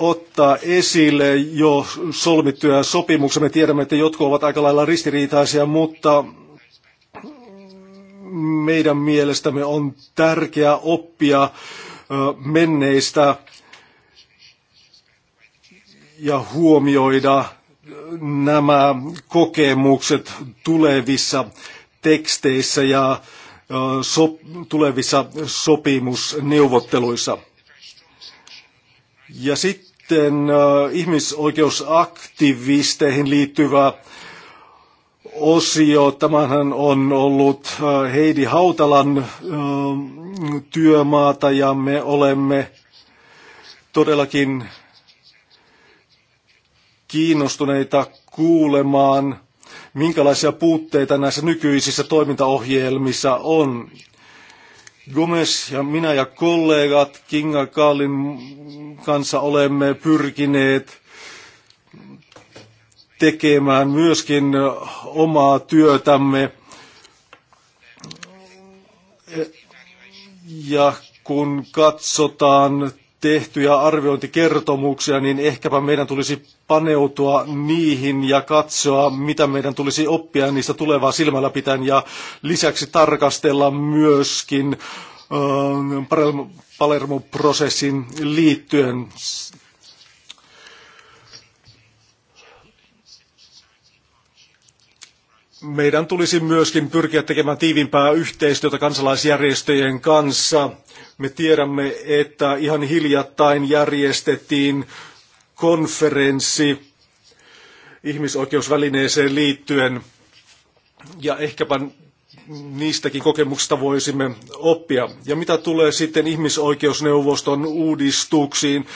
ottaa esille jo solmittuja sopimuksia. Me tiedämme, että jotkut ovat aika lailla ristiriitaisia, mutta meidän mielestämme on tärkeää oppia menneistä ja huomioida nämä kokemukset tulevissa teksteissä ja sop- tulevissa sopimusneuvotteluissa. Ja sitten äh, ihmisoikeusaktivisteihin liittyvä osio. Tämähän on ollut äh, Heidi Hautalan äh, työmaata ja me olemme todellakin kiinnostuneita kuulemaan, minkälaisia puutteita näissä nykyisissä toimintaohjelmissa on. Gomes ja minä ja kollegat Kinga Kaalin kanssa olemme pyrkineet tekemään myöskin omaa työtämme. Ja kun katsotaan tehtyjä arviointikertomuksia, niin ehkäpä meidän tulisi paneutua niihin ja katsoa, mitä meidän tulisi oppia niistä tulevaa silmällä pitäen ja lisäksi tarkastella myöskin äh, Palermo-prosessin liittyen. Meidän tulisi myöskin pyrkiä tekemään tiivimpää yhteistyötä kansalaisjärjestöjen kanssa – Me tiedämme, että ihan hiljattain järjestettiin konferenssi ihmisoikeusvälineeseen liittyen, ja ehkäpä niistäkin kokemuksista voisimme oppia. Ja mitä tulee sitten ihmisoikeusneuvoston uudistuksiin,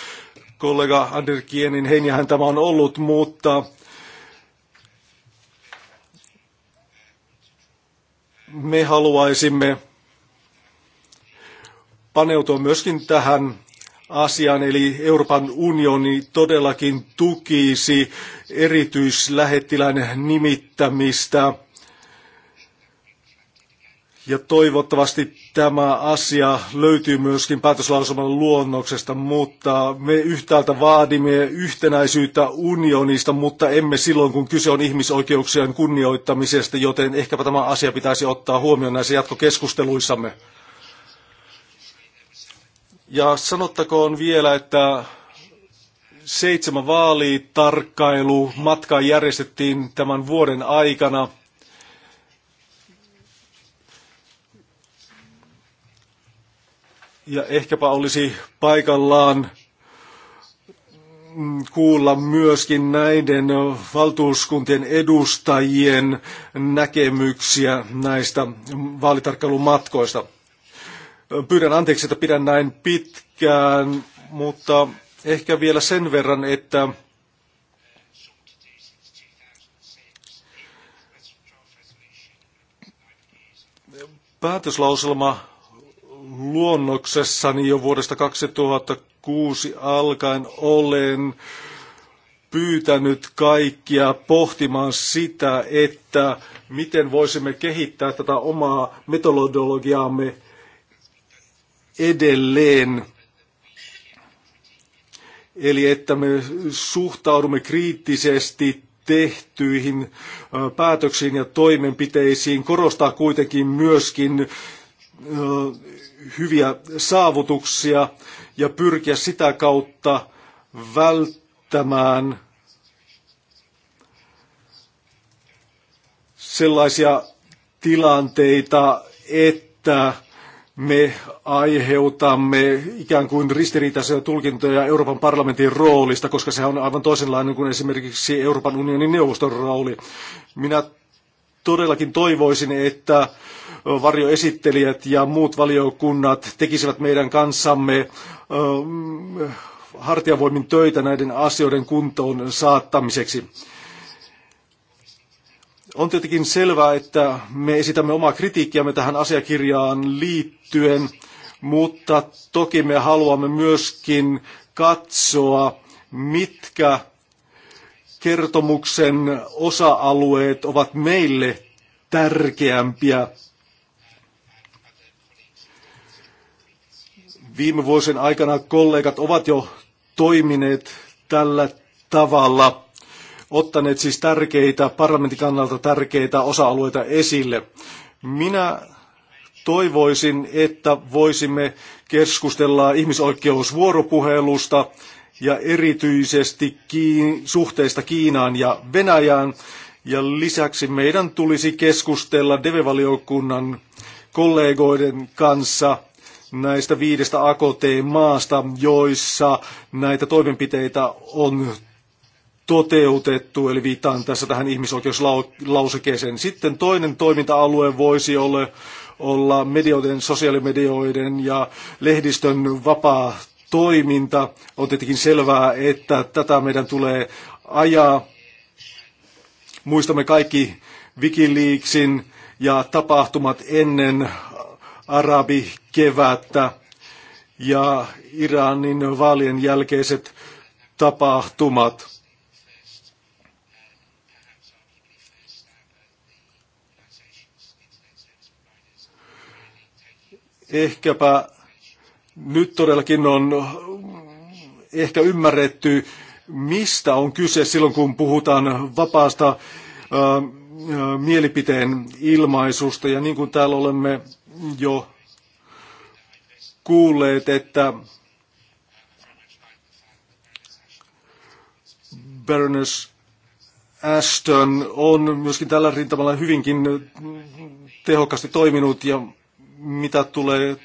kollega Ander Kienin henjähän tämä on ollut, mutta me haluaisimme paneutua myöskin tähän asiaan, eli Euroopan unioni todellakin tukisi erityislähettilän nimittämistä. Ja toivottavasti tämä asia löytyy myöskin päätöslausuman luonnoksesta, mutta me yhtäältä vaadimme yhtenäisyyttä unionista, mutta emme silloin, kun kyse on ihmisoikeuksien kunnioittamisesta, joten ehkäpä tämä asia pitäisi ottaa huomioon näissä jatkokeskusteluissamme. Ja sanottakoon vielä, että seitsemän vaalitarkkailu matka järjestettiin tämän vuoden aikana. Ja ehkäpä olisi paikallaan mm, kuulla myöskin näiden valtuuskuntien edustajien näkemyksiä näistä vaalitarkkailumatkoista. Pyydän anteeksi, että pidän näin pitkään, mutta ehkä vielä sen verran, että päätöslauselma luonnoksessani jo vuodesta 2006 alkaen olen pyytänyt kaikkia pohtimaan sitä, että miten voisimme kehittää tätä omaa metodologiaamme edelleen. Eli että me suhtaudumme kriittisesti tehtyihin päätöksiin ja toimenpiteisiin, korostaa kuitenkin myöskin hyviä saavutuksia ja pyrkiä sitä kautta välttämään sellaisia tilanteita, että me aiheutamme ikään kuin ristiriitaisia tulkintoja Euroopan parlamentin roolista, koska se on aivan toisenlainen kuin esimerkiksi Euroopan unionin neuvoston rooli. Minä todellakin toivoisin, että varjoesittelijät ja muut valiokunnat tekisivät meidän kanssamme hartiavoimin töitä näiden asioiden kuntoon saattamiseksi. On tietenkin selvää, että me esitämme omaa kritiikkiämme tähän asiakirjaan liittyen, mutta toki me haluamme myöskin katsoa, mitkä kertomuksen osa-alueet ovat meille tärkeämpiä. Viime vuosien aikana kollegat ovat jo toimineet tällä tavalla ottaneet siis tärkeitä, parlamentin kannalta tärkeitä osa-alueita esille. Minä toivoisin, että voisimme keskustella ihmisoikeusvuoropuhelusta ja erityisesti Kiin, suhteista Kiinaan ja Venäjään. Ja lisäksi meidän tulisi keskustella DEVE-valiokunnan kollegoiden kanssa näistä viidestä AKT-maasta, joissa näitä toimenpiteitä on toteutettu, eli viittaan tässä tähän ihmisoikeuslausekeeseen. Sitten toinen toiminta-alue voisi olla, olla medioiden, sosiaalimedioiden ja lehdistön vapaa toiminta. On tietenkin selvää, että tätä meidän tulee ajaa. Muistamme kaikki Wikileaksin ja tapahtumat ennen arabikevättä ja Iranin vaalien jälkeiset tapahtumat. ehkäpä nyt todellakin on ehkä ymmärretty, mistä on kyse silloin, kun puhutaan vapaasta äh, mielipiteen ilmaisusta. Ja niin kuin täällä olemme jo kuulleet, että Baroness Ashton on myöskin tällä rintamalla hyvinkin tehokkaasti toiminut ja mitä tulee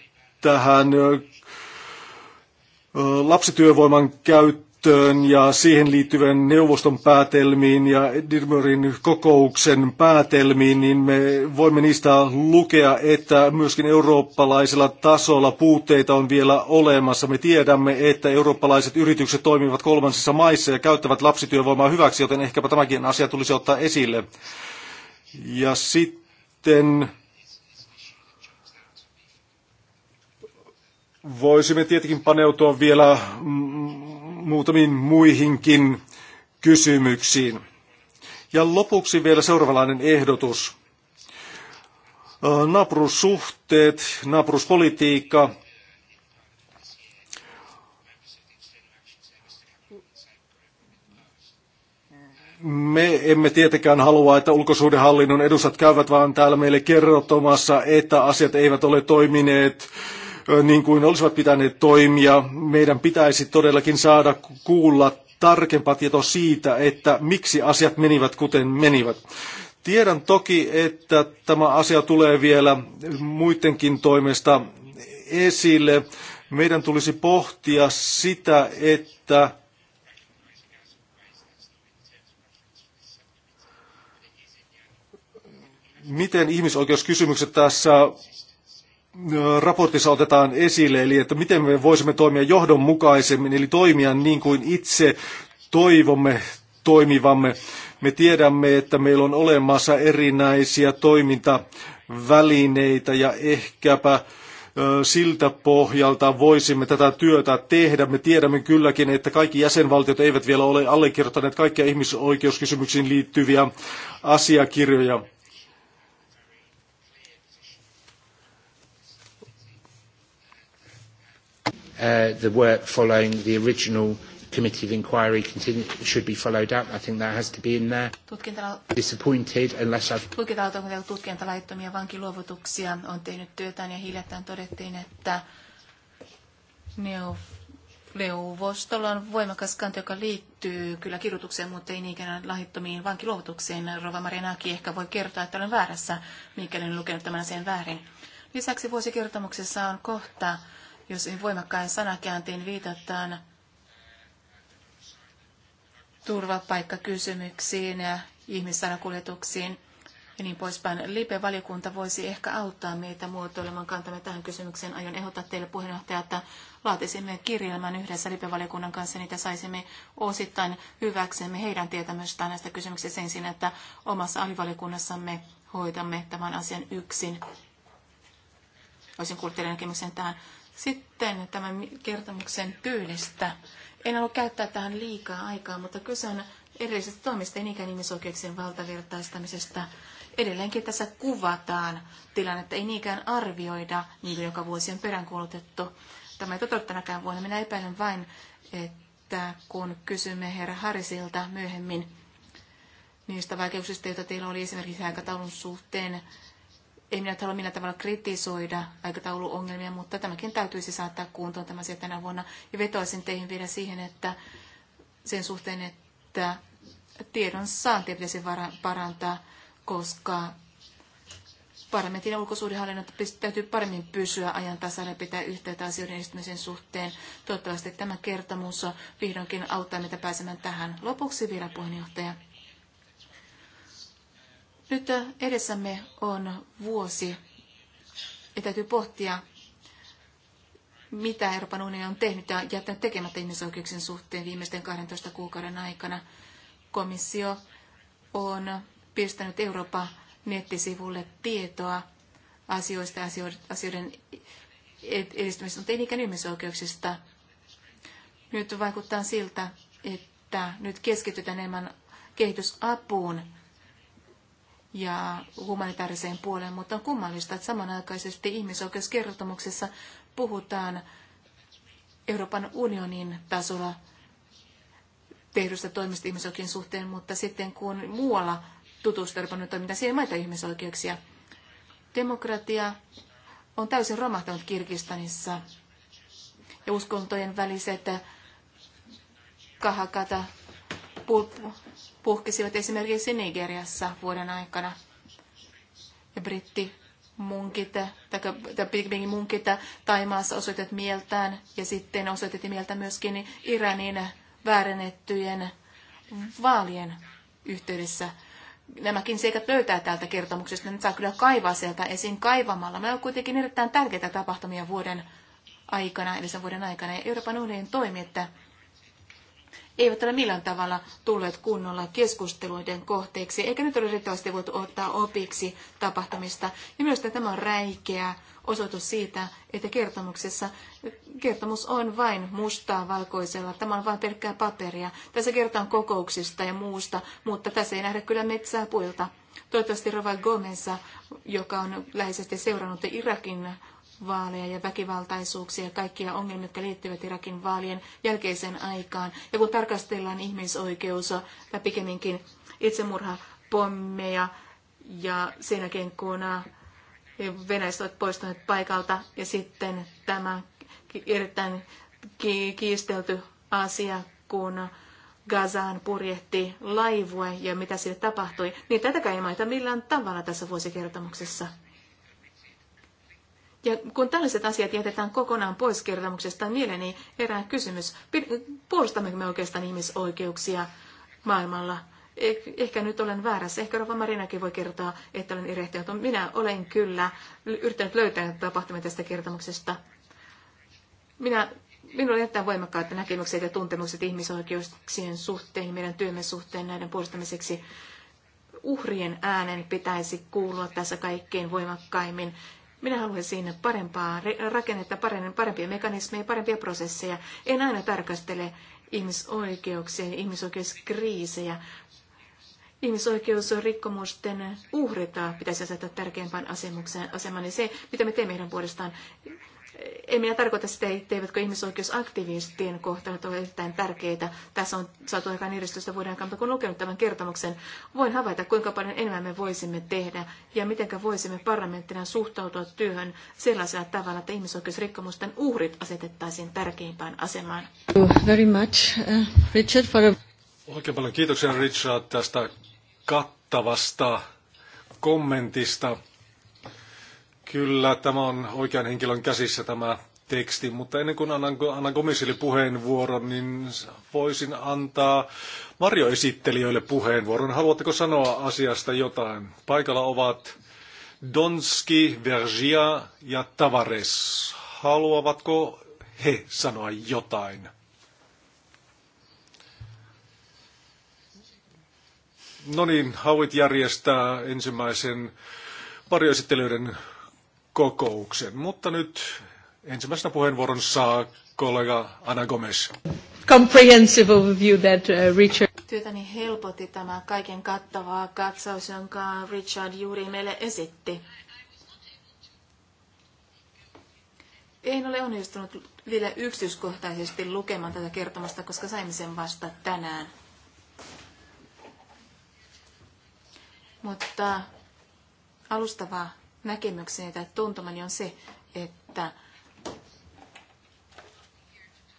tähän lapsityövoiman käyttöön ja siihen liittyvän neuvoston päätelmiin ja Dirmörin kokouksen päätelmiin, niin me voimme niistä lukea, että myöskin eurooppalaisella tasolla puutteita on vielä olemassa. Me tiedämme, että eurooppalaiset yritykset toimivat kolmansissa maissa ja käyttävät lapsityövoimaa hyväksi, joten ehkäpä tämäkin asia tulisi ottaa esille. Ja sitten Voisimme tietenkin paneutua vielä muutamiin muihinkin kysymyksiin. Ja lopuksi vielä seuraavanlainen ehdotus. Naapurussuhteet, naapuruspolitiikka, me emme tietenkään halua, että ulkosuhdehallinnon edustat käyvät, vaan täällä meille kerrotomassa, että asiat eivät ole toimineet äh, niin kuin olisivat pitäneet toimia. Meidän pitäisi todellakin saada kuulla tarkempaa tietoa siitä, että miksi asiat menivät kuten menivät. Tiedän toki, että tämä asia tulee vielä muidenkin toimesta esille. Meidän tulisi pohtia sitä, että miten ihmisoikeuskysymykset tässä raportissa otetaan esille, eli että miten me voisimme toimia johdonmukaisemmin, eli toimia niin kuin itse toivomme toimivamme. Me tiedämme, että meillä on olemassa erinäisiä toimintavälineitä ja ehkäpä siltä pohjalta voisimme tätä työtä tehdä. Me tiedämme kylläkin, että kaikki jäsenvaltiot eivät vielä ole allekirjoittaneet kaikkia ihmisoikeuskysymyksiin liittyviä asiakirjoja. uh, the work following the original committee of inquiry continue, should be followed up. I think that has to be in there. Tutkintala... Disappointed unless I've... Tutkintalautakunnan tutkintalaittomia vankiluovutuksia on tehnyt työtään ja hiljattain todettiin, että neuvostolla on voimakas kanta, joka liittyy kyllä kirjoitukseen, mutta ei niinkään lahittomiin vankiluovutuksiin. Rova Marinaki ehkä voi kertoa, että olen väärässä, mikäli olen lukenut tämän sen väärin. Lisäksi vuosikertomuksessa on kohta, jos voimakkain sanakääntiin viitataan turvapaikkakysymyksiin ja ihmissalakuljetuksiin ja niin poispäin. LIPE-valiokunta voisi ehkä auttaa meitä muotoilemaan kantamme tähän kysymykseen. Aion ehdottaa teille puheenjohtaja, että laatisimme kirjelmän yhdessä LIPE-valiokunnan kanssa, niitä saisimme osittain hyväksemme heidän tietämystään näistä kysymyksistä sen sijaan, että omassa alivaliokunnassamme hoitamme tämän asian yksin. Olisin kuullut teidän näkemyksen tähän. Sitten tämän kertomuksen tyylistä. En halua käyttää tähän liikaa aikaa, mutta kyse on erillisestä toimista enikään ihmisoikeuksien valtavirtaistamisesta. Edelleenkin tässä kuvataan tilannetta, ei niinkään arvioida, niin kuin joka vuosi on peräänkuulutettu. Tämä ei toteuttanakään vuonna. Minä epäilen vain, että kun kysymme herra Harisilta myöhemmin niistä vaikeuksista, joita teillä oli esimerkiksi aikataulun suhteen, ei minä halua millään tavalla kritisoida aikatauluongelmia, mutta tämäkin täytyisi saattaa kuntoon tämä asia tänä vuonna. Ja vetoisin teihin vielä siihen, että sen suhteen, että tiedon saantia pitäisi parantaa, koska parlamentin ja ulkosuudenhallinnon täytyy paremmin pysyä ajan tasalla ja pitää yhteyttä asioiden edistymisen suhteen. Toivottavasti tämä kertomus vihdoinkin auttaa meitä pääsemään tähän. Lopuksi vielä puheenjohtaja. Nyt edessämme on vuosi ja täytyy pohtia, mitä Euroopan unioni on tehnyt ja jättänyt tekemättä ihmisoikeuksien suhteen viimeisten 12 kuukauden aikana. Komissio on pistänyt Euroopan nettisivulle tietoa asioista ja asioiden edistymisestä, mutta ei niinkään ihmisoikeuksista. Nyt vaikuttaa siltä, että nyt keskitytään enemmän kehitysapuun ja humanitaariseen puoleen, mutta on kummallista, että samanaikaisesti ihmisoikeuskertomuksessa puhutaan Euroopan unionin tasolla tehdystä toimista ihmisoikeuksien suhteen, mutta sitten kun muualla tutustuu Euroopan toimintaan, siellä ei maita ihmisoikeuksia. Demokratia on täysin romahtanut Kirgistanissa ja uskontojen väliset kahakata puhkesivat esimerkiksi Nigeriassa vuoden aikana. Ja britti munkit, tai Big Bangin munkit Taimaassa osoitet mieltään, ja sitten osoitettiin mieltä myöskin Iranin väärennettyjen vaalien yhteydessä. Nämäkin seikat löytää täältä kertomuksesta, ne saa kyllä kaivaa sieltä esiin kaivamalla. Nämä ovat kuitenkin erittäin tärkeitä tapahtumia vuoden aikana, eli sen vuoden aikana, ja Euroopan unionin toimi, että eivät ole millään tavalla tulleet kunnolla keskusteluiden kohteeksi, eikä nyt ole riittävästi voitu ottaa opiksi tapahtumista. Ja minusta tämä on räikeä osoitus siitä, että kertomuksessa kertomus on vain mustaa valkoisella. Tämä on vain pelkkää paperia. Tässä kerrotaan kokouksista ja muusta, mutta tässä ei nähdä kyllä metsää puilta. Toivottavasti Rova Gomez, joka on läheisesti seurannut Irakin vaaleja ja väkivaltaisuuksia ja kaikkia ongelmia, jotka liittyvät Irakin vaalien jälkeiseen aikaan. Ja kun tarkastellaan ihmisoikeus tai äh, pikemminkin itsemurhapommeja ja sen jälkeen kun äh, venäläiset ovat poistuneet paikalta ja sitten tämä erittäin kiistelty asia, kun Gazaan purjehti laivue ja mitä sille tapahtui, niin tätäkään ei mainita millään tavalla tässä vuosikertomuksessa. Ja kun tällaiset asiat jätetään kokonaan pois kertomuksesta, mieleeni herää kysymys, puolustammeko me oikeastaan ihmisoikeuksia maailmalla? Eh, ehkä nyt olen väärässä. Ehkä Rova Marinakin voi kertoa, että olen erehtynyt. Minä olen kyllä yrittänyt löytää tapahtumia tästä kertomuksesta. Minä, minulla on erittäin voimakkaat näkemykset ja tuntemukset ihmisoikeuksien suhteen, meidän työmme suhteen näiden puolustamiseksi. Uhrien äänen pitäisi kuulua tässä kaikkein voimakkaimmin Minä haluaisin parempaa rakennetta, parempia mekanismeja, parempia prosesseja. En aina tarkastele ihmisoikeuksia ja ihmisoikeuskriisejä. Ihmisoikeusrikkomusten uhrita pitäisi asettaa tärkeimpään asemukseen, asemaan, niin se, mitä me teemme heidän puolestaan en minä tarkoita sitä, etteivätkö ihmisoikeusaktivistien kohtalot ole erittäin tärkeitä. Tässä on saatu aikaan edistystä vuoden aikana, kun lukenut tämän kertomuksen. Voin havaita, kuinka paljon enemmän me voisimme tehdä ja miten voisimme parlamenttina suhtautua työhön sellaisella tavalla, että ihmisoikeusrikkomusten uhrit asetettaisiin tärkeimpään asemaan. Very much, uh, Richard, for a... Oikein paljon kiitoksia Richard tästä kattavasta kommentista. Kyllä, tämä on oikean henkilön käsissä tämä teksti, mutta ennen kuin annan, annan komissiolle puheenvuoron, niin voisin antaa varjoesittelijöille puheenvuoron. Haluatteko sanoa asiasta jotain? Paikalla ovat Donski, Vergia ja Tavares. Haluavatko he sanoa jotain? No niin, Hauit järjestää ensimmäisen varjoesittelijöiden kokouksen. Mutta nyt ensimmäisenä puheenvuoron saa kollega Ana Gomes. Comprehensive overview that uh, Richard... Työtäni helpotti tämä kaiken kattavaa katsaus, jonka Richard juuri meille esitti. En ole onnistunut vielä yksityiskohtaisesti lukemaan tätä kertomasta, koska saimme sen vasta tänään. Mutta alustavaa näkemykseni tai tuntumani on se, että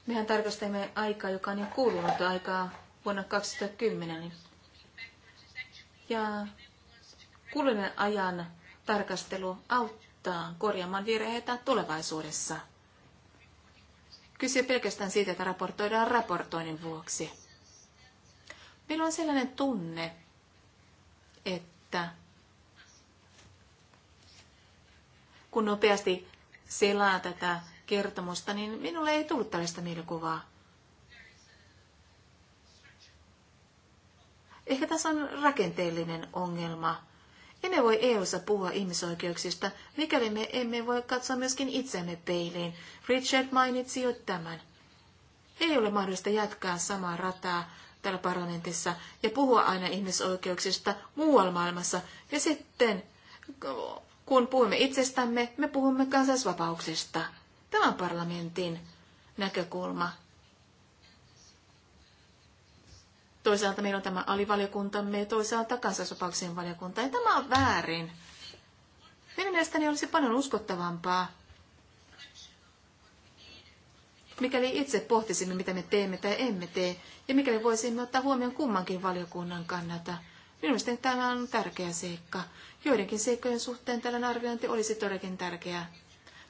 mehän tarkastamme aikaa, joka on jo kulunut aikaa vuonna 2010. Ja kuluneen ajan tarkastelu auttaa korjaamaan virheitä tulevaisuudessa. Kyse pelkästään siitä, että raportoidaan raportoinnin vuoksi. Meillä on sellainen tunne, että kun nopeasti selaa tätä kertomusta, niin minulle ei tullut tällaista mielikuvaa. Ehkä tässä on rakenteellinen ongelma. Emme voi EU-ssa puhua ihmisoikeuksista, mikäli me emme voi katsoa myöskin itsemme peiliin. Richard mainitsi jo tämän. Ei ole mahdollista jatkaa samaa rataa täällä parlamentissa ja puhua aina ihmisoikeuksista muualla maailmassa ja sitten Kun puhumme itsestämme, me puhumme kansallisvapauksista. Tämä on parlamentin näkökulma. Toisaalta meillä on tämä alivaliokuntamme ja toisaalta kansallisvapauksien valiokunta. Ja tämä on väärin. Minun mielestäni olisi paljon uskottavampaa, mikäli itse pohtisimme, mitä me teemme tai emme tee, ja mikäli voisimme ottaa huomioon kummankin valiokunnan kannalta – Mielestäni tämä on tärkeä seikka. Joidenkin seikkojen suhteen tällainen arviointi olisi todellakin tärkeää.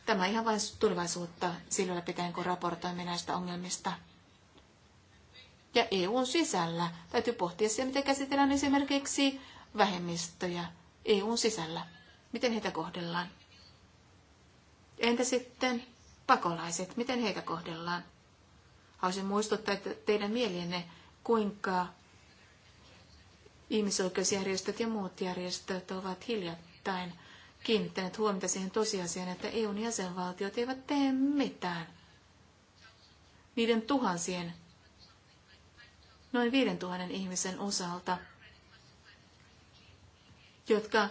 Tämä ihan vain tulevaisuutta silmällä pitäen, kun raportoimme näistä ongelmista. Ja EUn sisällä täytyy pohtia sitä, miten käsitellään esimerkiksi vähemmistöjä EUn sisällä. Miten heitä kohdellaan? Entä sitten pakolaiset? Miten heitä kohdellaan? Haluaisin muistuttaa että teidän mielienne, kuinka Ihmisoikeusjärjestöt ja muut järjestöt ovat hiljattain kiinnittäneet huomiota siihen tosiasiaan, että EUn jäsenvaltiot eivät tee mitään. Niiden tuhansien, noin viiden tuhannen ihmisen osalta, jotka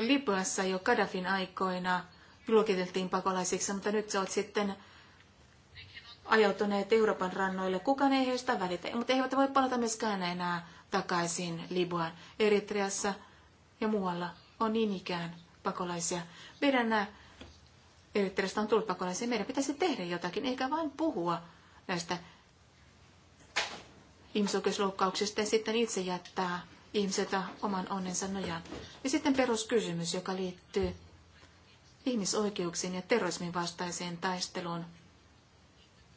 Libyassa jo Gaddafin aikoina luokiteltiin pakolaisiksi, mutta nyt se on sitten ajautuneet Euroopan rannoille. Kukaan ei heistä välitä, mutta he eivät voi palata myöskään enää takaisin Libuan. Eritreassa ja muualla on niin ikään pakolaisia. Meidän äh, Eritreasta on tullut pakolaisia. Meidän pitäisi tehdä jotakin, eikä vain puhua näistä ihmisoikeusloukkauksista ja sitten itse jättää ihmiset oman onnensa nojaan. Ja sitten peruskysymys, joka liittyy ihmisoikeuksiin ja terrorismin vastaiseen taisteluun.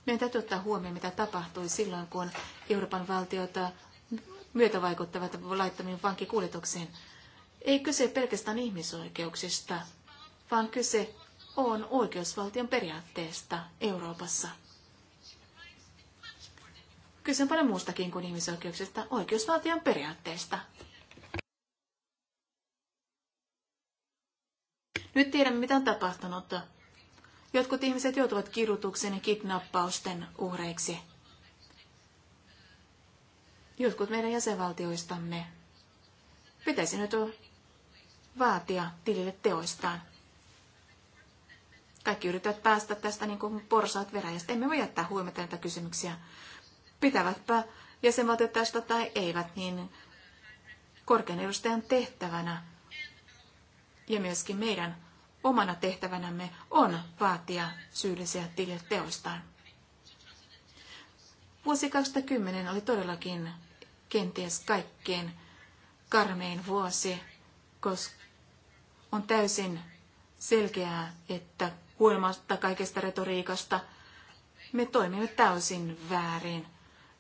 Meidän täytyy ottaa huomioon, mitä tapahtui silloin, kun Euroopan valtiota myötävaikuttavat laittomiin vankikuljetuksiin. Ei kyse pelkästään ihmisoikeuksista, vaan kyse on oikeusvaltion periaatteesta Euroopassa. Kyse on paljon muustakin kuin ihmisoikeuksista, oikeusvaltion periaatteesta. Nyt tiedämme, mitä on tapahtunut. Jotkut ihmiset joutuvat kidutuksen ja kidnappausten uhreiksi jotkut meidän jäsenvaltioistamme. Pitäisi nyt vaatia tilille teoistaan. Kaikki yrittävät päästä tästä niin kuin porsaat veräjästä. Emme voi jättää huomiota näitä kysymyksiä. Pitävätpä jäsenvaltiot tästä tai eivät, niin korkean edustajan tehtävänä ja myöskin meidän omana tehtävänämme on vaatia syyllisiä tilille teoistaan. Vuosi 2010 oli todellakin kenties kaikkein karmein vuosi, koska on täysin selkeää, että huolimatta kaikesta retoriikasta me toimimme täysin väärin.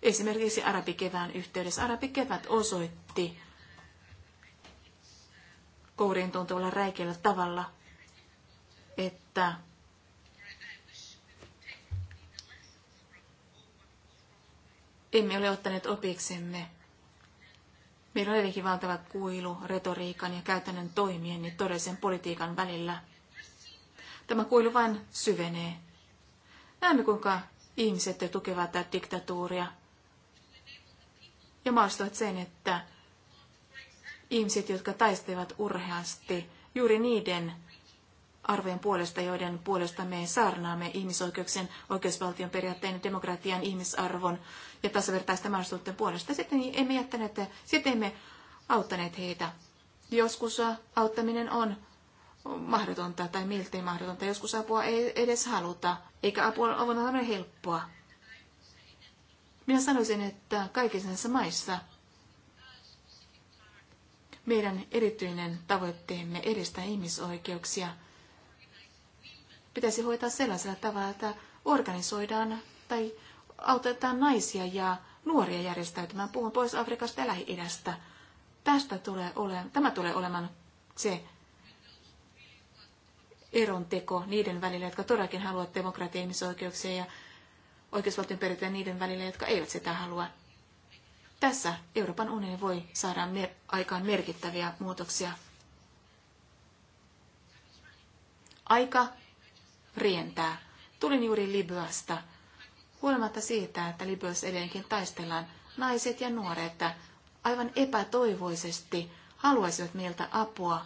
Esimerkiksi arabikevään yhteydessä arabikevät osoitti kouriin tuntuvalla räikeällä tavalla, että emme ole ottaneet opiksemme Meillä on edelleenkin valtava kuilu retoriikan ja käytännön toimien ja todellisen politiikan välillä. Tämä kuilu vain syvenee. Näemme, kuinka ihmiset tukevat tätä diktatuuria ja mahdollistavat sen, että ihmiset, jotka taistelevat urheasti, juuri niiden arvojen puolesta, joiden puolesta me saarnaamme ihmisoikeuksien, oikeusvaltion periaatteen, demokratian, ihmisarvon ja tasavertaisten mahdollisuuksien puolesta. Sitten emme jättäneet, sitten emme auttaneet heitä. Joskus auttaminen on mahdotonta tai miltei mahdotonta. Joskus apua ei edes haluta, eikä apua ole helppoa. Minä sanoisin, että kaikissa näissä maissa meidän erityinen tavoitteemme edistää ihmisoikeuksia – pitäisi hoitaa sellaisella tavalla, että organisoidaan tai autetaan naisia ja nuoria järjestäytymään. Puhun pois Afrikasta ja Lähi-idästä. Tästä tulee ole, tämä tulee olemaan se eronteko niiden välillä, jotka todellakin haluavat demokratia, ihmisoikeuksia ja oikeusvaltion perinteen niiden välillä, jotka eivät sitä halua. Tässä Euroopan unioni voi saada mer- aikaan merkittäviä muutoksia. Aika rientää. Tulin juuri Libyasta. Huolimatta siitä, että Libyassa edelleenkin taistellaan, naiset ja nuoret aivan epätoivoisesti haluaisivat meiltä apua,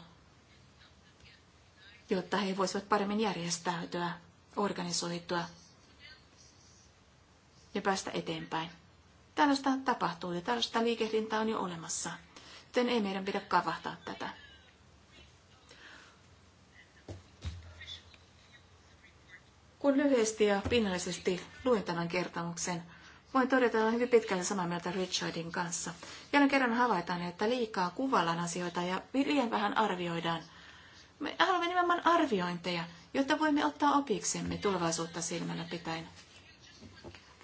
jotta he voisivat paremmin järjestäytyä, organisoitua ja päästä eteenpäin. Tällaista tapahtuu ja tällaista liikehdintää on jo olemassa, joten ei meidän pidä kavahtaa tätä. Kun lyhyesti ja pinnallisesti luin tämän kertomuksen, voin todeta olen hyvin pitkälle samaa mieltä Richardin kanssa. Jälleen kerran havaitaan, että liikaa kuvallaan asioita ja liian vähän arvioidaan. Me haluamme nimenomaan arviointeja, jotta voimme ottaa opiksemme tulevaisuutta silmällä pitäen.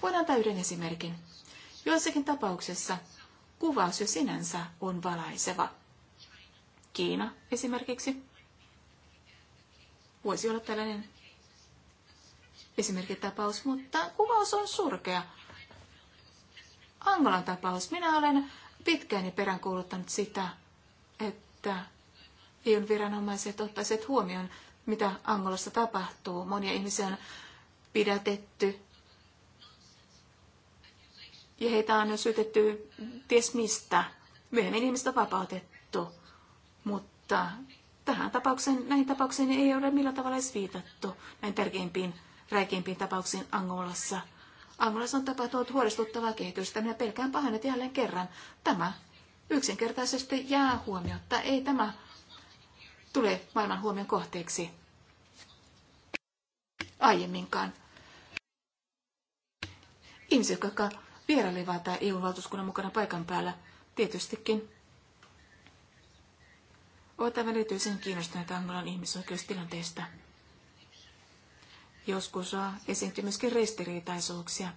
Voin antaa yhden esimerkin. Joissakin tapauksessa kuvaus jo sinänsä on valaiseva. Kiina esimerkiksi voisi olla tällainen esimerkkitapaus, mutta kuvaus on surkea. Angolan tapaus. Minä olen pitkäni peräänkuuluttanut sitä, että EUn viranomaiset ottaisivat huomioon, mitä Angolassa tapahtuu. Monia ihmisiä on pidätetty ja heitä on syytetty ties mistä. Myöhemmin ihmistä on vapautettu, mutta tähän tapaukseen, näihin tapauksiin ei ole millään tavalla edes viitattu näin tärkeimpiin räikeimpiin tapauksiin Angolassa. Angolassa on tapahtunut huolestuttavaa kehitystä. Minä pelkään pahan, että jälleen kerran tämä yksinkertaisesti jää huomiotta. Ei tämä tule maailman huomion kohteeksi aiemminkaan. Ihmiset, jotka vierailivat EU-valtuuskunnan mukana paikan päällä, tietystikin ovat aivan erityisen kiinnostuneita Angolan ihmisoikeustilanteesta. Joskus äh, esiintyy myöskin ristiriitaisuuksia.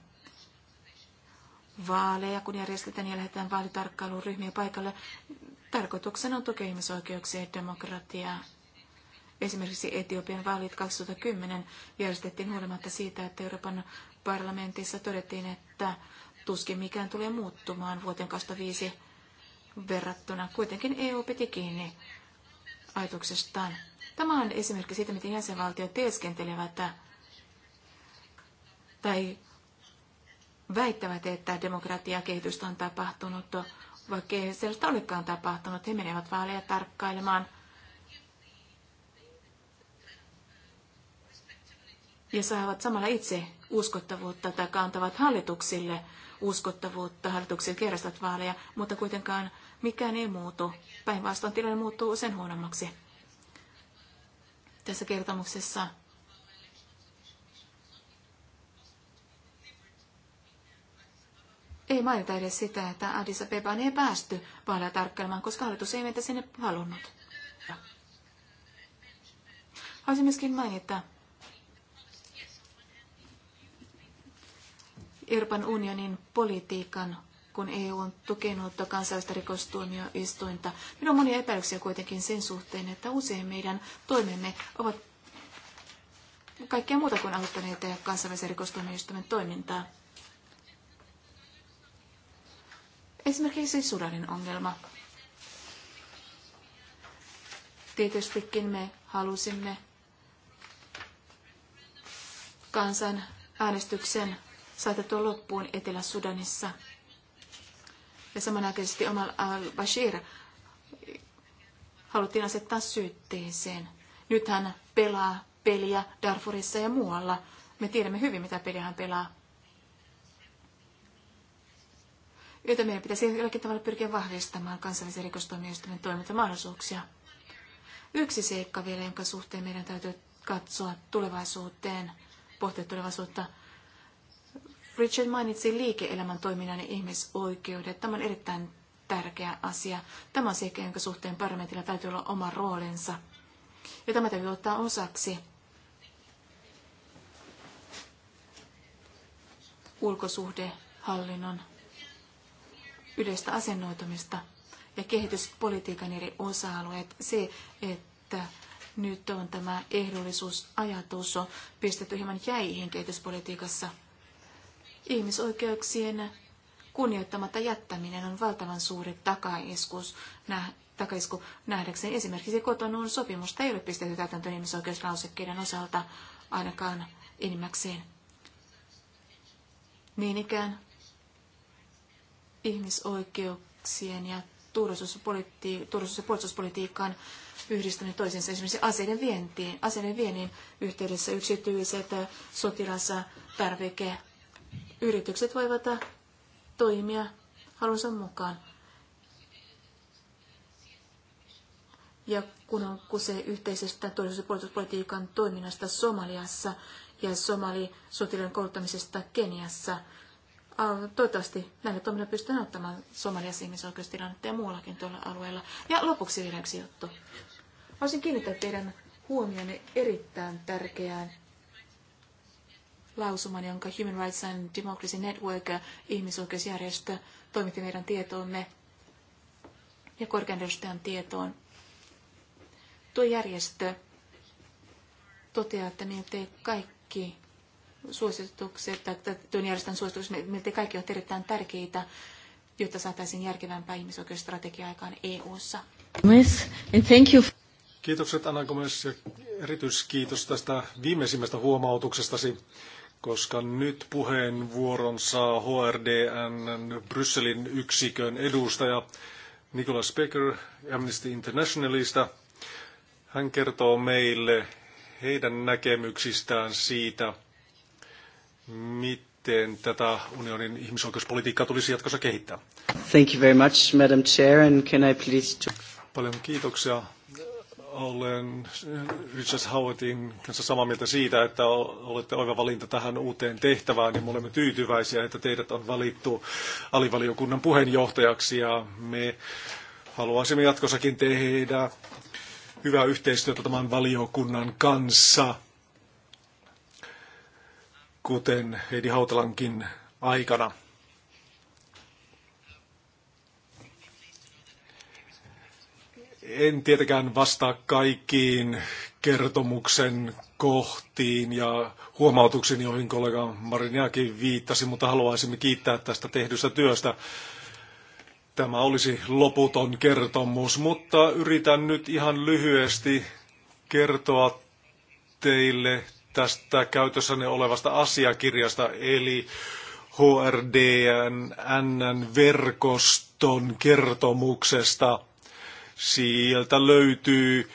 Vaaleja, kun järjestetään ja lähdetään vaalitarkkailuun ryhmien paikalle, tarkoituksena on tukea ihmisoikeuksia ja demokratiaa. Esimerkiksi Etiopian vaalit 2010 järjestettiin huolimatta siitä, että Euroopan parlamentissa todettiin, että tuskin mikään tulee muuttumaan vuoteen 2005 verrattuna. Kuitenkin EU piti kiinni ajatuksestaan. Tämä on esimerkki siitä, miten jäsenvaltiot teeskentelevät tai väittävät, että demokratiakehitystä on tapahtunut, vaikka ei sellaista olekaan tapahtunut. He menevät vaaleja tarkkailemaan ja saavat samalla itse uskottavuutta tai kantavat hallituksille uskottavuutta. Hallitukset kerrostavat vaaleja, mutta kuitenkaan mikään ei muutu. Päinvastoin tilanne muuttuu sen huonommaksi. Tässä kertomuksessa ei mainita edes sitä, että Addis Abebaan ei päästy vaaleja tarkkailemaan, koska hallitus ei meitä sinne halunnut. Haluaisin myöskin mainita Euroopan unionin politiikan, kun EU on tukenut kansainvälistä rikostuomioistuinta. Minulla on monia epäilyksiä kuitenkin sen suhteen, että usein meidän toimemme ovat kaikkea muuta kuin auttaneet kansainvälisen rikostuomioistuimen toimintaa. Esimerkiksi Sudanin ongelma. Tietystikin me halusimme kansan äänestyksen saatettua loppuun Etelä-Sudanissa. Ja samanaikaisesti Omal al-Bashir haluttiin asettaa syytteeseen. Nyt hän pelaa peliä Darfurissa ja muualla. Me tiedämme hyvin, mitä peliä hän pelaa. Joten meidän pitäisi jollakin tavalla pyrkiä vahvistamaan kansainvälisen rikostuomioistuimen toimintamahdollisuuksia. Yksi seikka vielä, jonka suhteen meidän täytyy katsoa tulevaisuuteen, pohtia tulevaisuutta. Richard mainitsi liike-elämän toiminnan ja ihmisoikeudet. Tämä on erittäin tärkeä asia. Tämä on seikka, jonka suhteen parlamentilla täytyy olla oma roolinsa. Ja tämä täytyy ottaa osaksi ulkosuhdehallinnon yleistä asennoitumista ja kehityspolitiikan eri osa-alueet. Se, että nyt on tämä ehdollisuusajatus pistetty hieman jäihin kehityspolitiikassa. Ihmisoikeuksien kunnioittamatta jättäminen on valtavan suuri takaiskus, nä, takaisku nähdäkseen. Esimerkiksi kotonun sopimusta ei ole pistetty täytäntöön ihmisoikeuslausekkeiden osalta ainakaan enimmäkseen. Niin ikään ihmisoikeuksien ja turvallisuus- ja puolustuspolitiikkaan yhdistänyt toisiinsa esimerkiksi aseiden vientiin. Aseiden viennin yhteydessä yksityiset äh, sotilassa tarvike yritykset voivat äh, toimia halunsa mukaan. Ja kun on kyse yhteisestä turvallisuus- ja puolustuspolitiikan toiminnasta Somaliassa ja somali sotilaan kouluttamisesta Keniassa, Ah, toivottavasti näillä toimilla pystytään ottamaan Somaliassa ihmisoikeustilannetta ja muuallakin tuolla alueella. Ja lopuksi vielä yksi juttu. Voisin kiinnittää teidän huomionne erittäin tärkeään lausuman, jonka Human Rights and Democracy Network, ihmisoikeusjärjestö, toimitti meidän tietoomme ja korkean edustajan tietoon. Tuo järjestö toteaa, että miltei kaikki suositukset tai työn järjestön suositukset, miltei kaikki ovat erittäin tärkeitä, jotta saataisiin järkevämpää ihmisoikeusstrategiaa aikaan EU-ssa. Thank you. Kiitokset Anna Gomes ja erityiskiitos tästä viimeisimmästä huomautuksestasi, koska nyt puheenvuoron saa HRDN Brysselin yksikön edustaja Nicholas Becker Amnesty Internationalista. Hän kertoo meille heidän näkemyksistään siitä, miten tätä unionin ihmisoikeuspolitiikkaa tulisi jatkossa kehittää. Thank you very much, Madam Chair, and can I please... Paljon kiitoksia. Olen Richard Howardin kanssa samaa mieltä siitä, että olette oiva valinta tähän uuteen tehtävään ja me olemme tyytyväisiä, että teidät on valittu alivaliokunnan puheenjohtajaksi ja me haluaisimme jatkossakin tehdä hyvää yhteistyötä tämän valiokunnan kanssa kuten Heidi Hautalankin aikana. En tietenkään vastaa kaikkiin kertomuksen kohtiin ja huomautuksiin, joihin kollega Mariniakin viittasi, mutta haluaisimme kiittää tästä tehdystä työstä. Tämä olisi loputon kertomus, mutta yritän nyt ihan lyhyesti kertoa teille tästä käytössänne olevasta asiakirjasta, eli HRDN verkoston kertomuksesta. Sieltä löytyy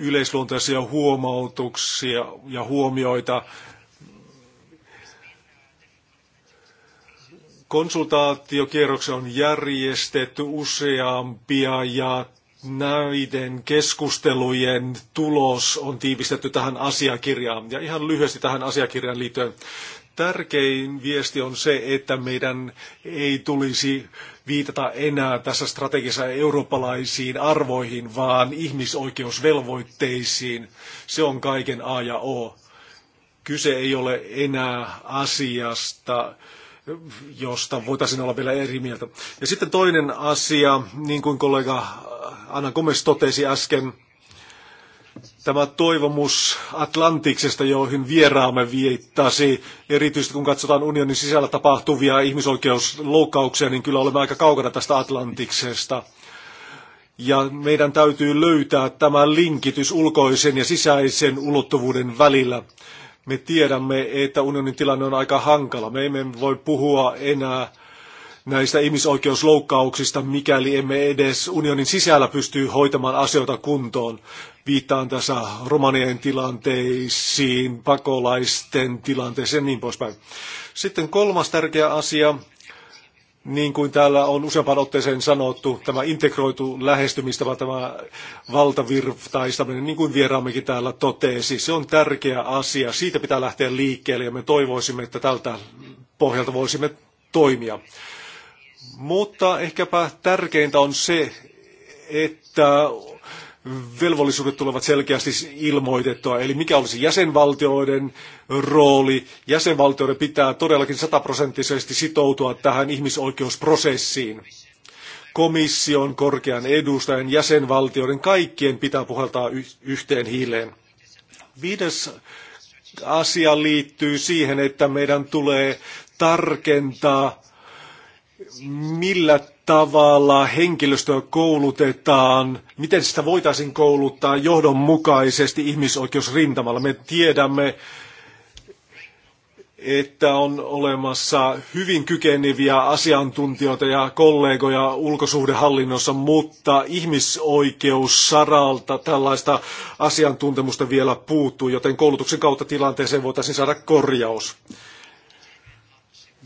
yleisluonteisia huomautuksia ja huomioita. Konsultaatiokierroksia on järjestetty useampia ja näiden keskustelujen tulos on tiivistetty tähän asiakirjaan. Ja ihan lyhyesti tähän asiakirjaan liittyen. Tärkein viesti on se, että meidän ei tulisi viitata enää tässä strategiassa eurooppalaisiin arvoihin, vaan ihmisoikeusvelvoitteisiin. Se on kaiken A ja O. Kyse ei ole enää asiasta, josta voitaisiin olla vielä eri mieltä. Ja sitten toinen asia, niin kuin kollega Anna Gomes totesi äsken, tämä toivomus Atlantiksesta, johon vieraamme viittasi, erityisesti kun katsotaan unionin sisällä tapahtuvia ihmisoikeusloukkauksia, niin kyllä olemme aika kaukana tästä Atlantiksesta. Ja meidän täytyy löytää tämä linkitys ulkoisen ja sisäisen ulottuvuuden välillä. Me tiedämme, että unionin tilanne on aika hankala. Me emme voi puhua enää näistä ihmisoikeusloukkauksista, mikäli emme edes unionin sisällä pysty hoitamaan asioita kuntoon. Viittaan tässä romanien tilanteisiin, pakolaisten tilanteeseen ja niin poispäin. Sitten kolmas tärkeä asia Niin kuin täällä on useampaan otteeseen sanottu, tämä integroitu lähestymistapa, tämä valtavirtaistaminen, niin kuin vieraammekin täällä totesi, se on tärkeä asia. Siitä pitää lähteä liikkeelle ja me toivoisimme, että tältä pohjalta voisimme toimia. Mutta ehkäpä tärkeintä on se, että velvollisuudet tulevat selkeästi ilmoitettua. Eli mikä olisi jäsenvaltioiden rooli? Jäsenvaltioiden pitää todellakin sataprosenttisesti sitoutua tähän ihmisoikeusprosessiin. Komission, korkean edustajan, jäsenvaltioiden, kaikkien pitää puhaltaa yhteen hiileen. Viides asia liittyy siihen, että meidän tulee tarkentaa, millä tavalla henkilöstöä koulutetaan, miten sitä voitaisiin kouluttaa johdonmukaisesti ihmisoikeusrintamalla. Me tiedämme, että on olemassa hyvin kykeneviä asiantuntijoita ja kollegoja ulkosuhdehallinnossa, mutta ihmisoikeussaralta tällaista asiantuntemusta vielä puuttuu, joten koulutuksen kautta tilanteeseen voitaisiin saada korjaus.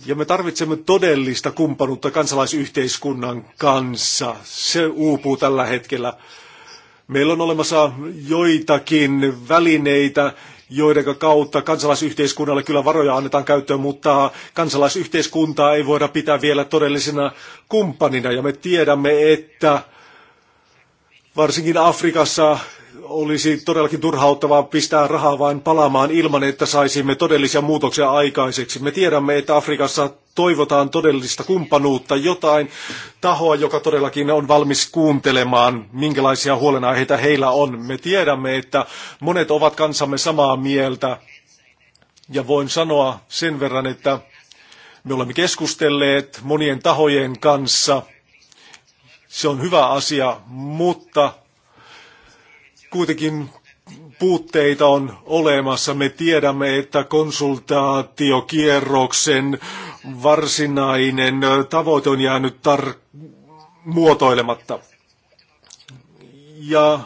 Ja me tarvitsemme todellista kumppanuutta kansalaisyhteiskunnan kanssa. Se uupuu tällä hetkellä. Meillä on olemassa joitakin välineitä, joiden kautta kansalaisyhteiskunnalle kyllä varoja annetaan käyttöön, mutta kansalaisyhteiskuntaa ei voida pitää vielä todellisena kumppanina. Ja me tiedämme, että varsinkin Afrikassa olisi todellakin turhauttavaa pistää rahaa vain palamaan ilman, että saisimme todellisia muutoksia aikaiseksi. Me tiedämme, että Afrikassa toivotaan todellista kumppanuutta, jotain tahoa, joka todellakin on valmis kuuntelemaan, minkälaisia huolenaiheita heillä on. Me tiedämme, että monet ovat kansamme samaa mieltä. Ja voin sanoa sen verran, että me olemme keskustelleet monien tahojen kanssa. Se on hyvä asia, mutta kuitenkin puutteita on olemassa. Me tiedämme, että konsultaatiokierroksen varsinainen tavoite on jäänyt tar- muotoilematta. Ja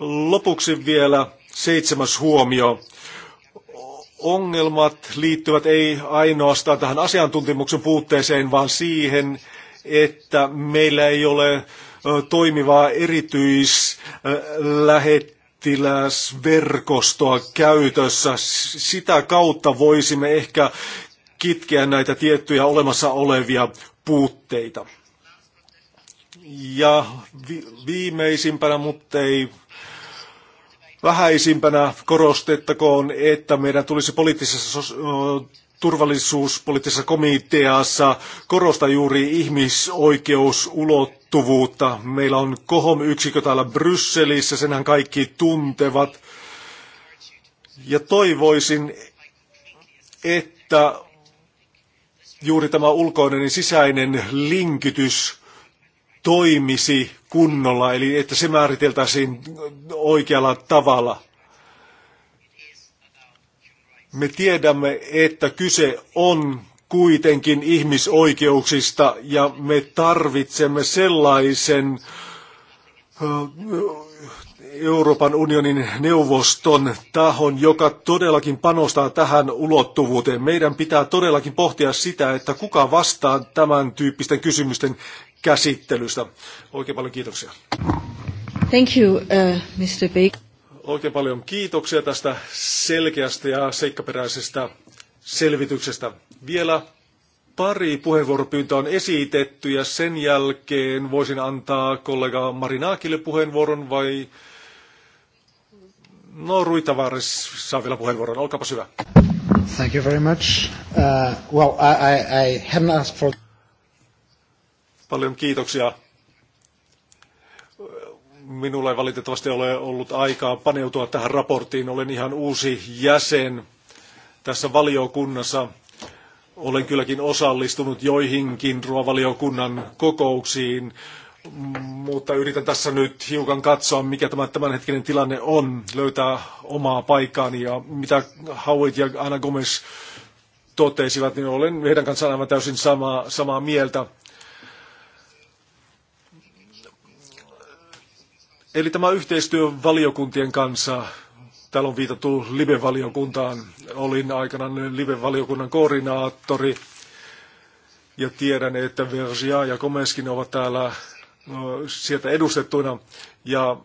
lopuksi vielä seitsemäs huomio. Ongelmat liittyvät ei ainoastaan tähän asiantuntemuksen puutteeseen, vaan siihen, että meillä ei ole toimivaa erityislähettiläsverkostoa käytössä. Sitä kautta voisimme ehkä kitkeä näitä tiettyjä olemassa olevia puutteita. Ja vi- viimeisimpänä, mutta ei vähäisimpänä korostettakoon, että meidän tulisi poliittisessa turvallisuuspoliittisessa komiteassa korostaa juuri ihmisoikeusulottuvuutta. Meillä on KOHOM-yksikö täällä Brysselissä, senhän kaikki tuntevat. Ja toivoisin, että juuri tämä ulkoinen ja sisäinen linkitys toimisi kunnolla, eli että se määriteltäisiin oikealla tavalla. Me tiedämme, että kyse on kuitenkin ihmisoikeuksista ja me tarvitsemme sellaisen Euroopan unionin neuvoston tahon, joka todellakin panostaa tähän ulottuvuuteen. Meidän pitää todellakin pohtia sitä, että kuka vastaa tämän tyyppisten kysymysten käsittelystä. Oikein paljon kiitoksia. Thank you, uh, Mr. Baker. Oikein paljon kiitoksia tästä selkeästä ja seikkaperäisestä selvityksestä. Vielä pari puheenvuoropyyntöä on esitetty ja sen jälkeen voisin antaa kollega Marinaakille puheenvuoron vai... No, Ruitavaris saa vielä puheenvuoron. Olkaapa hyvä. Thank you very much. Uh, well, I, I, I haven't asked for... Paljon kiitoksia. Minulla ei valitettavasti ole ollut aikaa paneutua tähän raporttiin. Olen ihan uusi jäsen tässä valiokunnassa. Olen kylläkin osallistunut joihinkin ruovaliokunnan kokouksiin, mutta yritän tässä nyt hiukan katsoa, mikä tämä tämänhetkinen tilanne on, löytää omaa paikkaani ja mitä Howard ja Anna Gomes totesivat, niin olen heidän kanssaan aivan täysin samaa, samaa mieltä. Eli tämä yhteistyö valiokuntien kanssa, täällä on viitattu live-valiokuntaan, olin aikanaan live-valiokunnan koordinaattori ja tiedän, että Vergia ja Komeskin ovat täällä no, sieltä edustettuina ja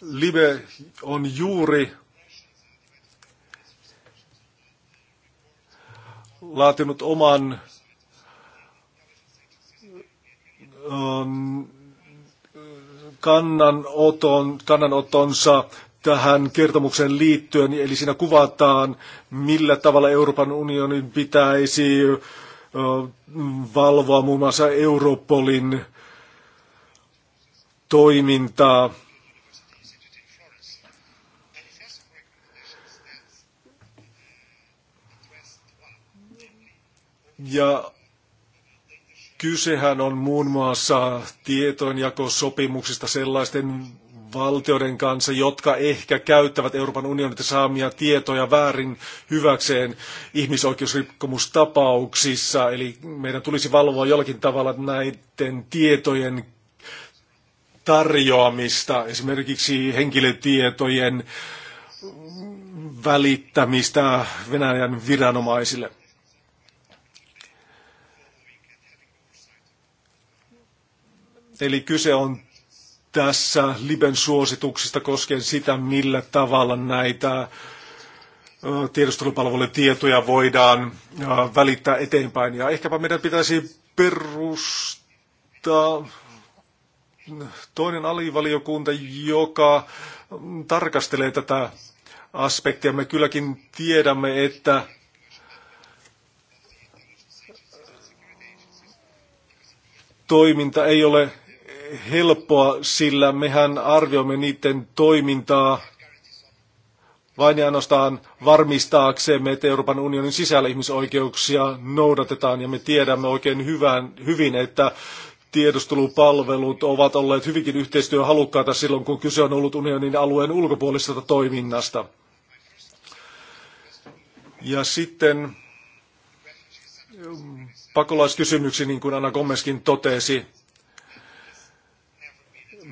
Live on juuri laatinut oman Ähm, kannanoton, kannanottonsa tähän kertomukseen liittyen, eli siinä kuvataan, millä tavalla Euroopan unionin pitäisi valvoa muun muassa Europolin toimintaa. Ja Kysehän on muun muassa tietojenjakosopimuksista sellaisten valtioiden kanssa, jotka ehkä käyttävät Euroopan unionin saamia tietoja väärin hyväkseen ihmisoikeusrikkomustapauksissa. Eli meidän tulisi valvoa jollakin tavalla näiden tietojen tarjoamista, esimerkiksi henkilötietojen välittämistä Venäjän viranomaisille. Eli kyse on tässä Liben suosituksista koskien sitä, millä tavalla näitä tiedustelupalvelujen tietoja voidaan välittää eteenpäin. Ja ehkäpä meidän pitäisi perustaa toinen alivaliokunta, joka tarkastelee tätä aspektia. Me kylläkin tiedämme, että toiminta ei ole helppoa, sillä mehän arvioimme niiden toimintaa vain ja ainoastaan varmistaaksemme, että Euroopan unionin sisällä ihmisoikeuksia noudatetaan. Ja me tiedämme oikein hyvän, hyvin, että tiedustelupalvelut ovat olleet hyvinkin yhteistyöhalukkaita silloin, kun kyse on ollut unionin alueen ulkopuolisesta toiminnasta. Ja sitten mm, pakolaiskysymyksiin, niin kuin Anna Gomeskin totesi,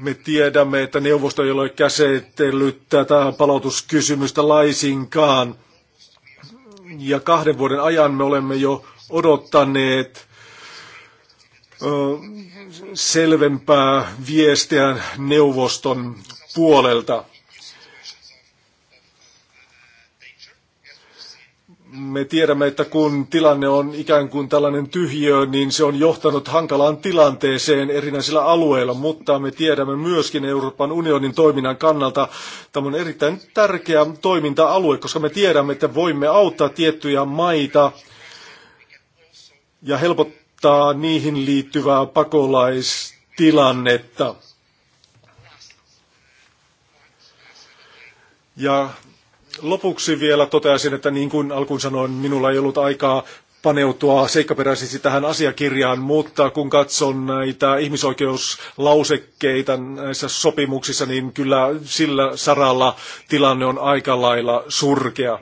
me tiedämme, että neuvosto ei ole käsitellyt tätä palautuskysymystä laisinkaan. Ja kahden vuoden ajan me olemme jo odottaneet ö, selvempää viestiä neuvoston puolelta. me tiedämme, että kun tilanne on ikään kuin tällainen tyhjiö, niin se on johtanut hankalaan tilanteeseen erinäisillä alueilla, mutta me tiedämme myöskin Euroopan unionin toiminnan kannalta, tämä on erittäin tärkeä toiminta-alue, koska me tiedämme, että voimme auttaa tiettyjä maita ja helpottaa niihin liittyvää pakolaistilannetta. Ja Lopuksi vielä toteaisin, että niin kuin alkuun sanoin, minulla ei ollut aikaa paneutua seikkaperäisesti tähän asiakirjaan, mutta kun katson näitä ihmisoikeuslausekkeita näissä sopimuksissa, niin kyllä sillä saralla tilanne on aika lailla surkea.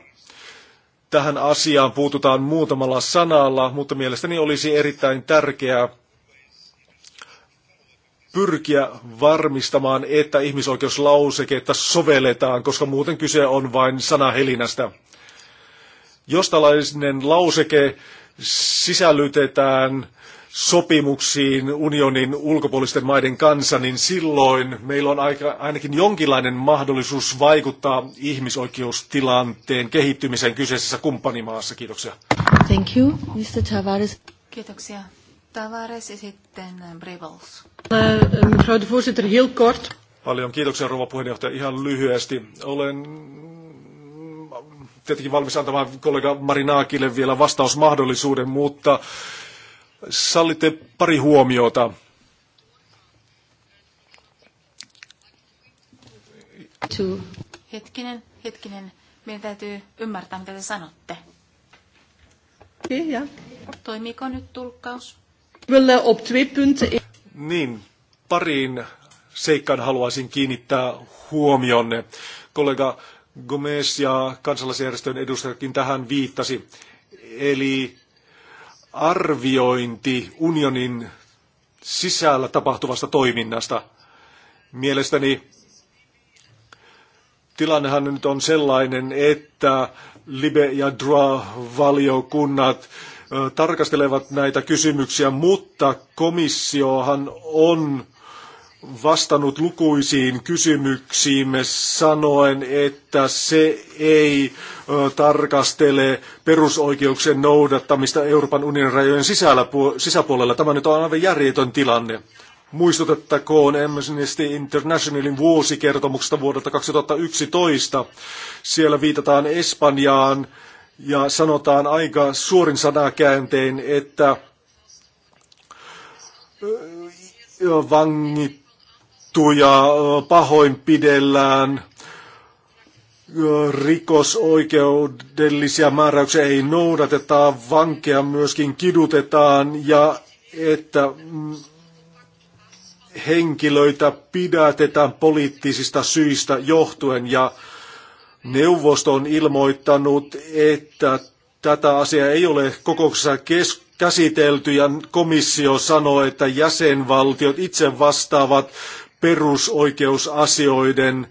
Tähän asiaan puututaan muutamalla sanalla, mutta mielestäni olisi erittäin tärkeää, pyrkiä varmistamaan, että ihmisoikeuslauseketta sovelletaan, koska muuten kyse on vain sanahelinästä. Jos tällainen lauseke sisällytetään sopimuksiin unionin ulkopuolisten maiden kanssa, niin silloin meillä on aika, ainakin jonkinlainen mahdollisuus vaikuttaa ihmisoikeustilanteen kehittymiseen kyseisessä kumppanimaassa. Kiitoksia. Thank you, Mr. Tavares. Kiitoksia. Tavares ja sitten eh, Brevels. Mevrouw de voorzitter, heel kort. Paljon kiitoksia rouva puheenjohtaja. Ihan lyhyesti. Olen tietenkin valmis antamaan kollega Marinaakille vielä vastausmahdollisuuden, mutta sallitte pari huomiota. Two. Hetkinen, hetkinen. Meidän täytyy ymmärtää, mitä te sanotte. Yeah. Toimiiko nyt tulkkaus? willen op twee punten... Niin, pariin seikkaan haluaisin kiinnittää huomionne. Kollega Gomez ja kansalaisjärjestön edustajakin tähän viittasi. Eli arviointi unionin sisällä tapahtuvasta toiminnasta. Mielestäni tilannehan nyt on sellainen, että Libe- ja Dra-valiokunnat tarkastelevat näitä kysymyksiä, mutta komissiohan on vastannut lukuisiin kysymyksiimme sanoen, että se ei tarkastele perusoikeuksien noudattamista Euroopan unionin rajojen sisällä, sisäpuolella. Tämä nyt on aivan järjetön tilanne. Muistutettakoon Amnesty Internationalin vuosikertomuksesta vuodelta 2011. Siellä viitataan Espanjaan ja sanotaan aika suorin sanakääntein, että vangittuja pahoinpidellään, rikosoikeudellisia määräyksiä ei noudateta, vankeja myöskin kidutetaan ja että mm, henkilöitä pidätetään poliittisista syistä johtuen ja Neuvosto on ilmoittanut, että tätä asiaa ei ole kokouksessa kes- käsitelty ja komissio sanoo, että jäsenvaltiot itse vastaavat perusoikeusasioiden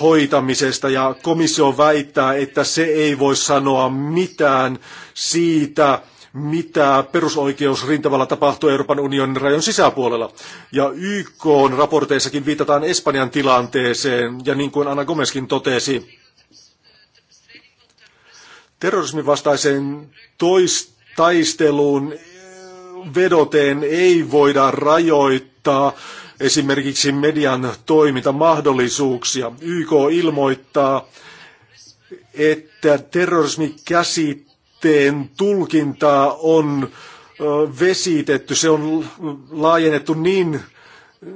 hoitamisesta ja komissio väittää, että se ei voi sanoa mitään siitä, mitä perusoikeusrintamalla tapahtuu Euroopan unionin rajan sisäpuolella. Ja YK raporteissakin viitataan Espanjan tilanteeseen, ja niin kuin Anna Gomeskin totesi, terrorismin vastaiseen toistaisteluun vedoteen ei voida rajoittaa esimerkiksi median toimintamahdollisuuksia. YK ilmoittaa, että terrorismi käsittää käsitteen tulkintaa on vesitetty, se on laajennettu niin,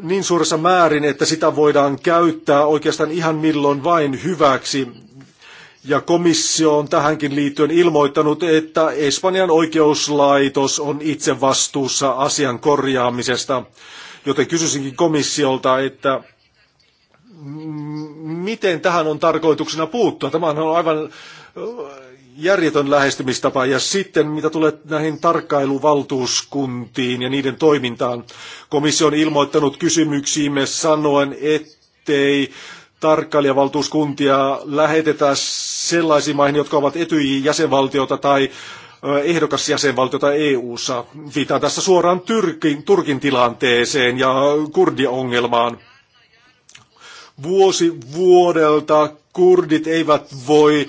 niin suuressa määrin, että sitä voidaan käyttää oikeastaan ihan milloin vain hyväksi. Ja komissio on tähänkin liittyen ilmoittanut, että Espanjan oikeuslaitos on itse vastuussa asian korjaamisesta. Joten kysyisinkin komissiolta, että miten tähän on tarkoituksena puuttua? Tämä on aivan järjetön lähestymistapa. Ja sitten mitä tulee näihin tarkkailuvaltuuskuntiin ja niiden toimintaan, komissio on ilmoittanut kysymyksiimme sanoen, ettei tarkkailijavaltuuskuntia lähetetä sellaisiin maihin, jotka ovat etyj-jäsenvaltiota tai ehdokasjäsenvaltiota EU-ssa. Viitaan tässä suoraan Tyrkin, Turkin tilanteeseen ja kurdiongelmaan. Vuosi vuodelta kurdit eivät voi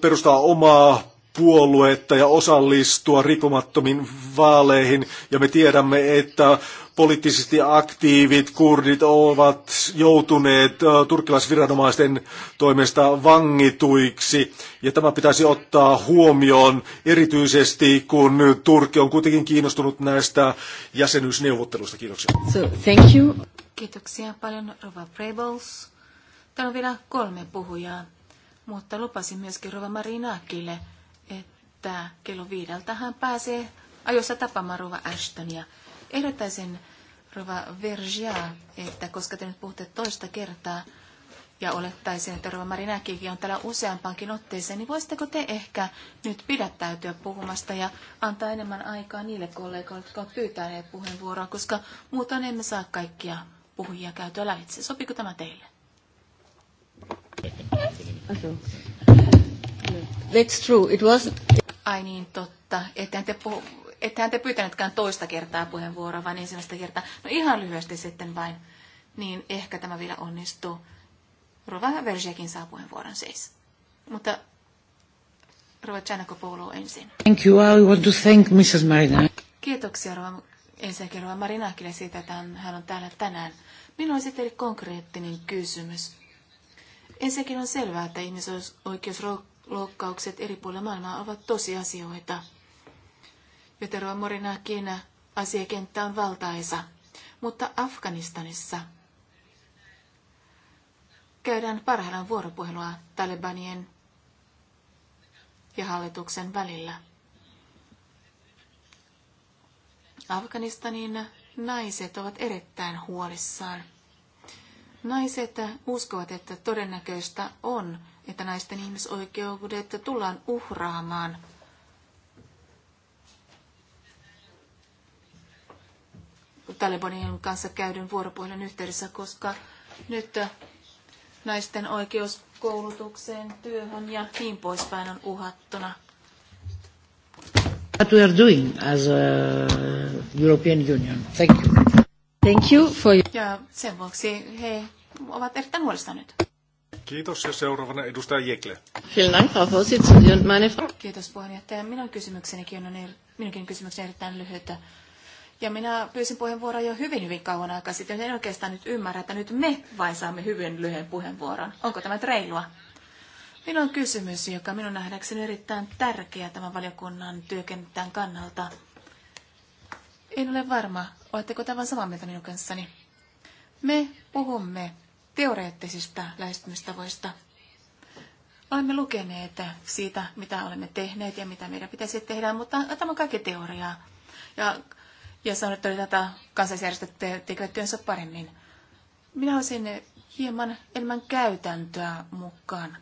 perustaa omaa puoluetta ja osallistua riippumattomiin vaaleihin. Ja me tiedämme, että poliittisesti aktiivit kurdit ovat joutuneet turkkilaisviranomaisten toimesta vangituiksi. Ja tämä pitäisi ottaa huomioon erityisesti, kun Turkki on kuitenkin kiinnostunut näistä jäsenyysneuvotteluista. Kiitoksia. So, thank you. Kiitoksia paljon, Rova Prebels. Täällä on vielä kolme puhujaa, mutta lupasin myöskin Rova Marinakille, että kello viideltä hän pääsee ajoissa tapaamaan Rova Ashtonia. Ehdottaisin Rova Vergia, että koska te nyt puhutte toista kertaa, ja olettaisin, että Rova Marinäkikin on täällä useampaankin otteeseen, niin voisitteko te ehkä nyt pidättäytyä puhumasta ja antaa enemmän aikaa niille kollegoille, jotka ovat pyytäneet puheenvuoroa, koska muutoin emme saa kaikkia puhujia käytyä lävitse. Sopiiko tämä teille? That's true. It was... Ai niin, totta. Ettehän te, puhu, ettehän te pyytäneetkään toista kertaa puheenvuoroa, vaan ensimmäistä kertaa. No ihan lyhyesti sitten vain. Niin ehkä tämä vielä onnistuu. Rova Vergekin saa puheenvuoron siis. Mutta Rova Chanakopoulo ensin. Thank you. I want to thank Mrs. Marina. Kiitoksia Rova, ensinnäkin Rova Marinakille siitä, että hän on täällä tänään. Minulla on sitten konkreettinen kysymys. Ensinnäkin on selvää, että ihmisoikeusloukkaukset eri puolilla maailmaa ovat tosiasioita. Joten Ruomorinakin asiakenttä on valtaisa. Mutta Afganistanissa käydään parhaillaan vuoropuhelua Talibanien ja hallituksen välillä. Afganistanin naiset ovat erittäin huolissaan – Naiset uskovat, että todennäköistä on, että naisten ihmisoikeudet tullaan uhraamaan. Talibanien kanssa käydyn vuoropuhelun yhteydessä, koska nyt naisten oikeus koulutukseen, työhön ja niin poispäin on uhattuna. What we are doing as a uh, European Union. Thank you. Thank you for... Ja sen vuoksi he ovat erittäin huolestuneet. Kiitos ja seuraavana edustaja Jekle. Kiitos puheenjohtaja. Minun kysymyksenikin on, minunkin kysymykseni erittäin lyhyt. Ja minä pyysin puheenvuoroa jo hyvin, hyvin kauan aikaa sitten. En oikeastaan nyt ymmärrä, että nyt me vain saamme hyvin lyhyen puheenvuoron. Onko tämä reilua? Minulla on kysymys, joka minun nähdäkseni on erittäin tärkeä tämän valiokunnan työkentän kannalta. En ole varma, Oletteko tämän samaa mieltä minun kanssani? Me puhumme teoreettisista lähestymistavoista. Olemme lukeneet siitä, mitä olemme tehneet ja mitä meidän pitäisi tehdä, mutta tämä on kaikki teoriaa. Ja, ja sanon, että tätä kansallisjärjestöt tekevät työnsä paremmin. Minä haluaisin hieman enemmän käytäntöä mukaan.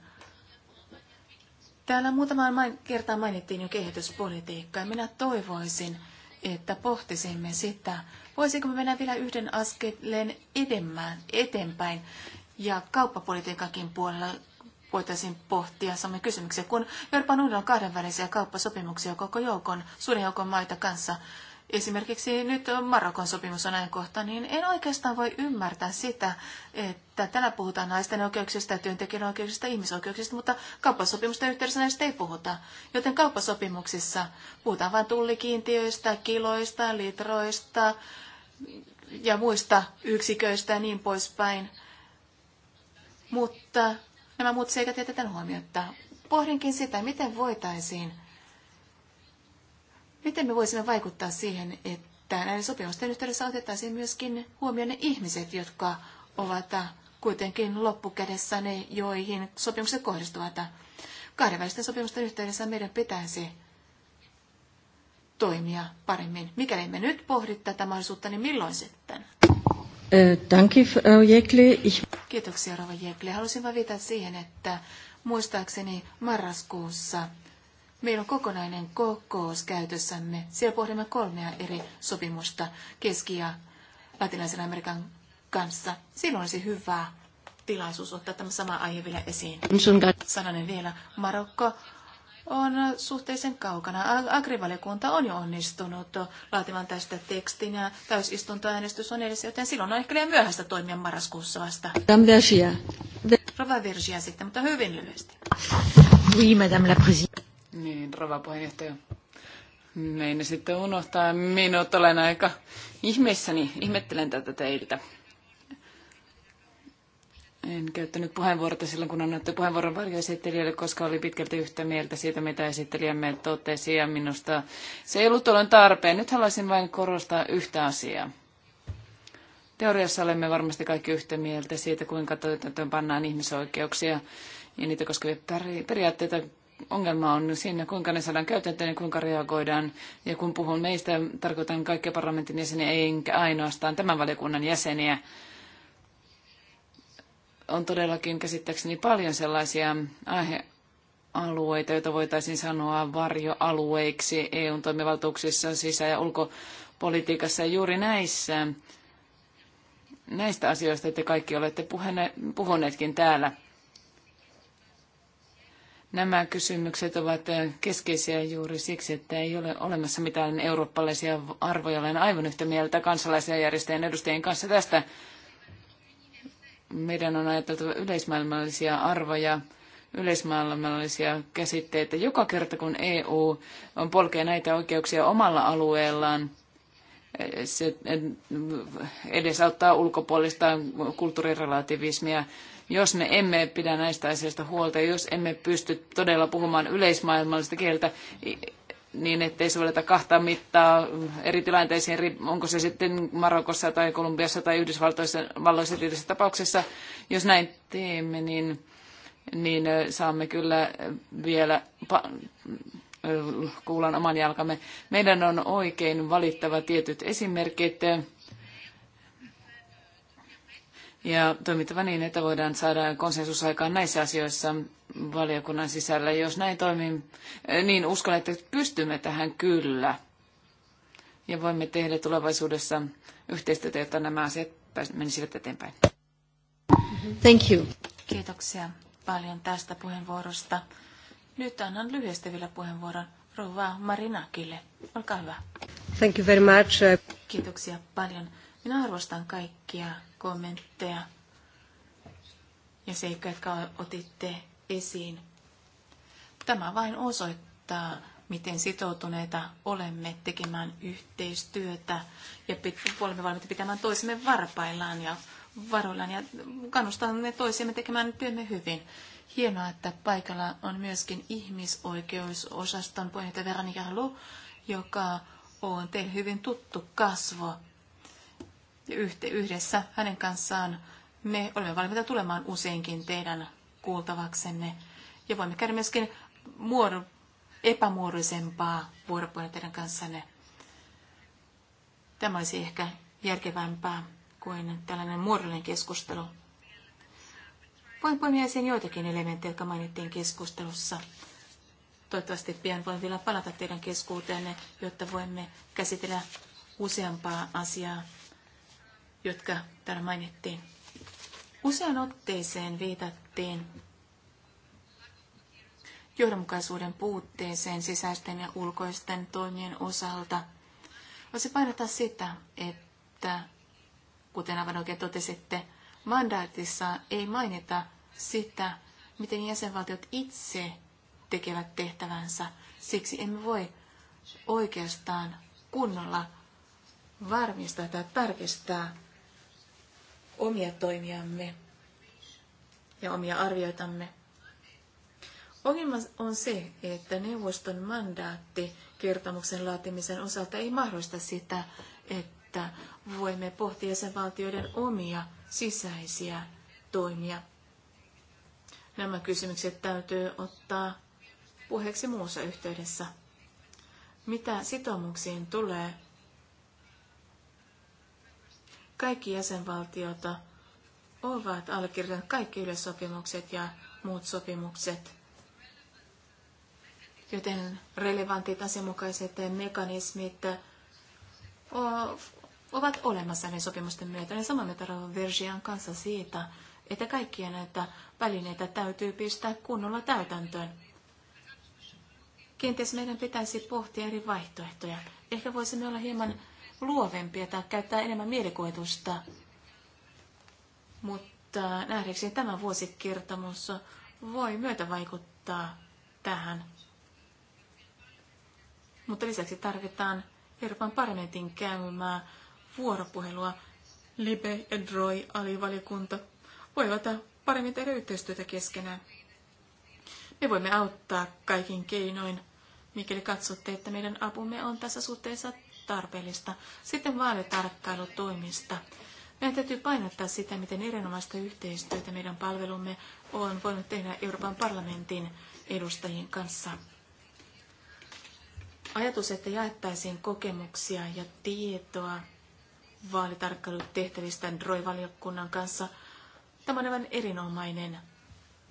Täällä muutamaan kertaan mainittiin jo kehityspolitiikka ja minä toivoisin, että pohtisimme sitä, Voisinko me mennä vielä yhden askeleen edemmän, eteenpäin ja kauppapolitiikakin puolella voitaisiin pohtia samoja kysymyksiä, kun Euroopan unionilla on kahdenvälisiä kauppasopimuksia koko joukon, suuren joukon maita kanssa. Esimerkiksi nyt Marokon sopimus on ajankohta, niin en oikeastaan voi ymmärtää sitä, että täällä puhutaan naisten oikeuksista, työntekijän oikeuksista, ihmisoikeuksista, mutta kauppasopimusten yhteydessä näistä ei puhuta. Joten kauppasopimuksissa puhutaan vain tullikiintiöistä, kiloista, litroista ja muista yksiköistä ja niin poispäin. Mutta nämä muut seikat jätetään huomiota. Pohdinkin sitä, miten voitaisiin Miten me voisimme vaikuttaa siihen, että näiden sopimusten yhteydessä otettaisiin myöskin huomioon ne ihmiset, jotka ovat kuitenkin loppukädessä ne, joihin sopimukset kohdistuvat. Kahdenvälisten sopimusten yhteydessä meidän pitäisi toimia paremmin. Mikäli me nyt pohdi tätä mahdollisuutta, niin milloin sitten? Danke, Frau Jekle. Kiitoksia, Rova Jekle. Haluaisin vain viitata siihen, että muistaakseni marraskuussa – Meillä on kokonainen kokous käytössämme. Siellä pohdimme kolmea eri sopimusta Keski- ja Latinalaisen Amerikan kanssa. Silloin olisi hyvä tilaisuus ottaa tämä sama aihe vielä esiin. Sananen vielä. Marokko on suhteellisen kaukana. Agrivaliokunta on jo onnistunut laatimaan tästä tekstin ja täysistuntoäänestys on edessä, joten silloin on ehkä liian myöhäistä toimia marraskuussa vasta. Rova Virgia sitten, mutta hyvin lyhyesti. Oui, madame la présidente. Niin, rova puheenjohtaja. Meidän sitten unohtaa. Minut olen aika ihmeissäni. Ihmettelen tätä teiltä. En käyttänyt puheenvuorota silloin, kun annoitte puheenvuoron varjoesittelijälle, koska oli pitkälti yhtä mieltä siitä, mitä esittelijämme totesi, ja minusta se ei ollut olen tarpeen. Nyt haluaisin vain korostaa yhtä asiaa. Teoriassa olemme varmasti kaikki yhtä mieltä siitä, kuinka pannaan ihmisoikeuksia ja niitä koskevia periaatteita ongelma on siinä, kuinka ne saadaan käytäntöön ja kuinka reagoidaan. Ja kun puhun meistä, tarkoitan kaikkia parlamentin jäseniä, enkä ainoastaan tämän valiokunnan jäseniä. On todellakin käsittääkseni paljon sellaisia aihealueita, joita voitaisiin sanoa varjoalueiksi EUn toimivaltuuksissa, sisä- ja ulkopolitiikassa. Ja juuri näissä, näistä asioista te kaikki olette puhuneetkin täällä. Nämä kysymykset ovat eh, keskeisiä juuri siksi, että ei ole olemassa mitään eurooppalaisia arvoja. Olen aivan yhtä mieltä kansalaisia järjestöjen edustajien kanssa tästä. Meidän on ajateltava yleismaailmallisia arvoja, yleismaailmallisia käsitteitä. Joka kerta kun EU on polkee näitä oikeuksia omalla alueellaan, eh, se eh, edesauttaa ulkopuolista kulttuurirelativismia jos me emme pidä näistä asioista huolta ja jos emme pysty todella puhumaan yleismaailmallista kieltä, niin ettei sovelleta kahta mittaa eri tilanteisiin, onko se sitten Marokossa tai Kolumbiassa tai Yhdysvalloissa valloissa tietyissä tapauksessa. Jos näin teemme, niin, niin saamme kyllä vielä kuulan oman jalkamme. Meidän on oikein valittava tietyt esimerkit ja toimittava niin, että voidaan saada konsensus aikaan näissä asioissa valiokunnan sisällä. Jos näin toimii, niin uskon, että pystymme tähän kyllä. Ja voimme tehdä tulevaisuudessa yhteistyötä, jotta nämä asiat menisivät eteenpäin. Thank you. Kiitoksia paljon tästä puheenvuorosta. Nyt annan lyhyesti vielä puheenvuoron rouva Marinakille. Olkaa hyvä. Thank you very much. Kiitoksia paljon. Minä arvostan kaikkia kommentteja ja seikkoja, jotka otitte esiin. Tämä vain osoittaa, miten sitoutuneita olemme tekemään yhteistyötä ja olemme valmiita pitämään toisemme varpaillaan ja varoillaan ja kannustamme toisemme tekemään työmme hyvin. Hienoa, että paikalla on myöskin ihmisoikeusosaston puheenjohtaja Veronika Lu, joka on teille hyvin tuttu kasvo ja yhdessä hänen kanssaan me olemme valmiita tulemaan useinkin teidän kuultavaksenne. Ja voimme käydä myöskin muodon epämuodollisempaa vuoropuhelua teidän kanssanne. Tämä olisi ehkä järkevämpää kuin tällainen muodollinen keskustelu. Voin poimia esiin joitakin elementtejä, jotka mainittiin keskustelussa. Toivottavasti pian voin vielä palata teidän keskuuteenne, jotta voimme käsitellä useampaa asiaa jotka täällä mainittiin. Usean otteeseen viitattiin johdonmukaisuuden puutteeseen sisäisten ja ulkoisten toimien osalta. Voisi painottaa sitä, että kuten aivan oikein totesitte, mandaatissa ei mainita sitä, miten jäsenvaltiot itse tekevät tehtävänsä. Siksi emme voi oikeastaan kunnolla varmistaa tai tarkistaa omia toimiamme ja omia arvioitamme. Ongelma on se, että neuvoston mandaatti kertomuksen laatimisen osalta ei mahdollista sitä, että voimme pohtia jäsenvaltioiden omia sisäisiä toimia. Nämä kysymykset täytyy ottaa puheeksi muussa yhteydessä. Mitä sitoumuksiin tulee, Kaikki jäsenvaltiota ovat allekirjoittaneet kaikki yleissopimukset ja muut sopimukset, joten relevantit asianmukaiset mekanismit ovat olemassa näiden sopimusten myötä. Ja samaa mieltä Vergian kanssa siitä, että kaikkia näitä välineitä täytyy pistää kunnolla täytäntöön. Kenties meidän pitäisi pohtia eri vaihtoehtoja. Ehkä voisimme olla hieman luovempia tai käyttää enemmän mielikuvitusta. Mutta nähdäkseni tämä vuosikertomus voi myötä vaikuttaa tähän. Mutta lisäksi tarvitaan Euroopan parlamentin käymää vuoropuhelua. Libe ja Droi alivaliokunta voivat paremmin tehdä yhteistyötä keskenään. Me voimme auttaa kaikin keinoin, mikäli katsotte, että meidän apumme on tässä suhteessa tarpeellista. Sitten vaalitarkkailutoimista. Meidän täytyy painottaa sitä, miten erinomaista yhteistyötä meidän palvelumme on voinut tehdä Euroopan parlamentin edustajien kanssa. Ajatus, että jaettaisiin kokemuksia ja tietoa vaalitarkkailutehtävistä DROI-valiokunnan kanssa, tämä on aivan erinomainen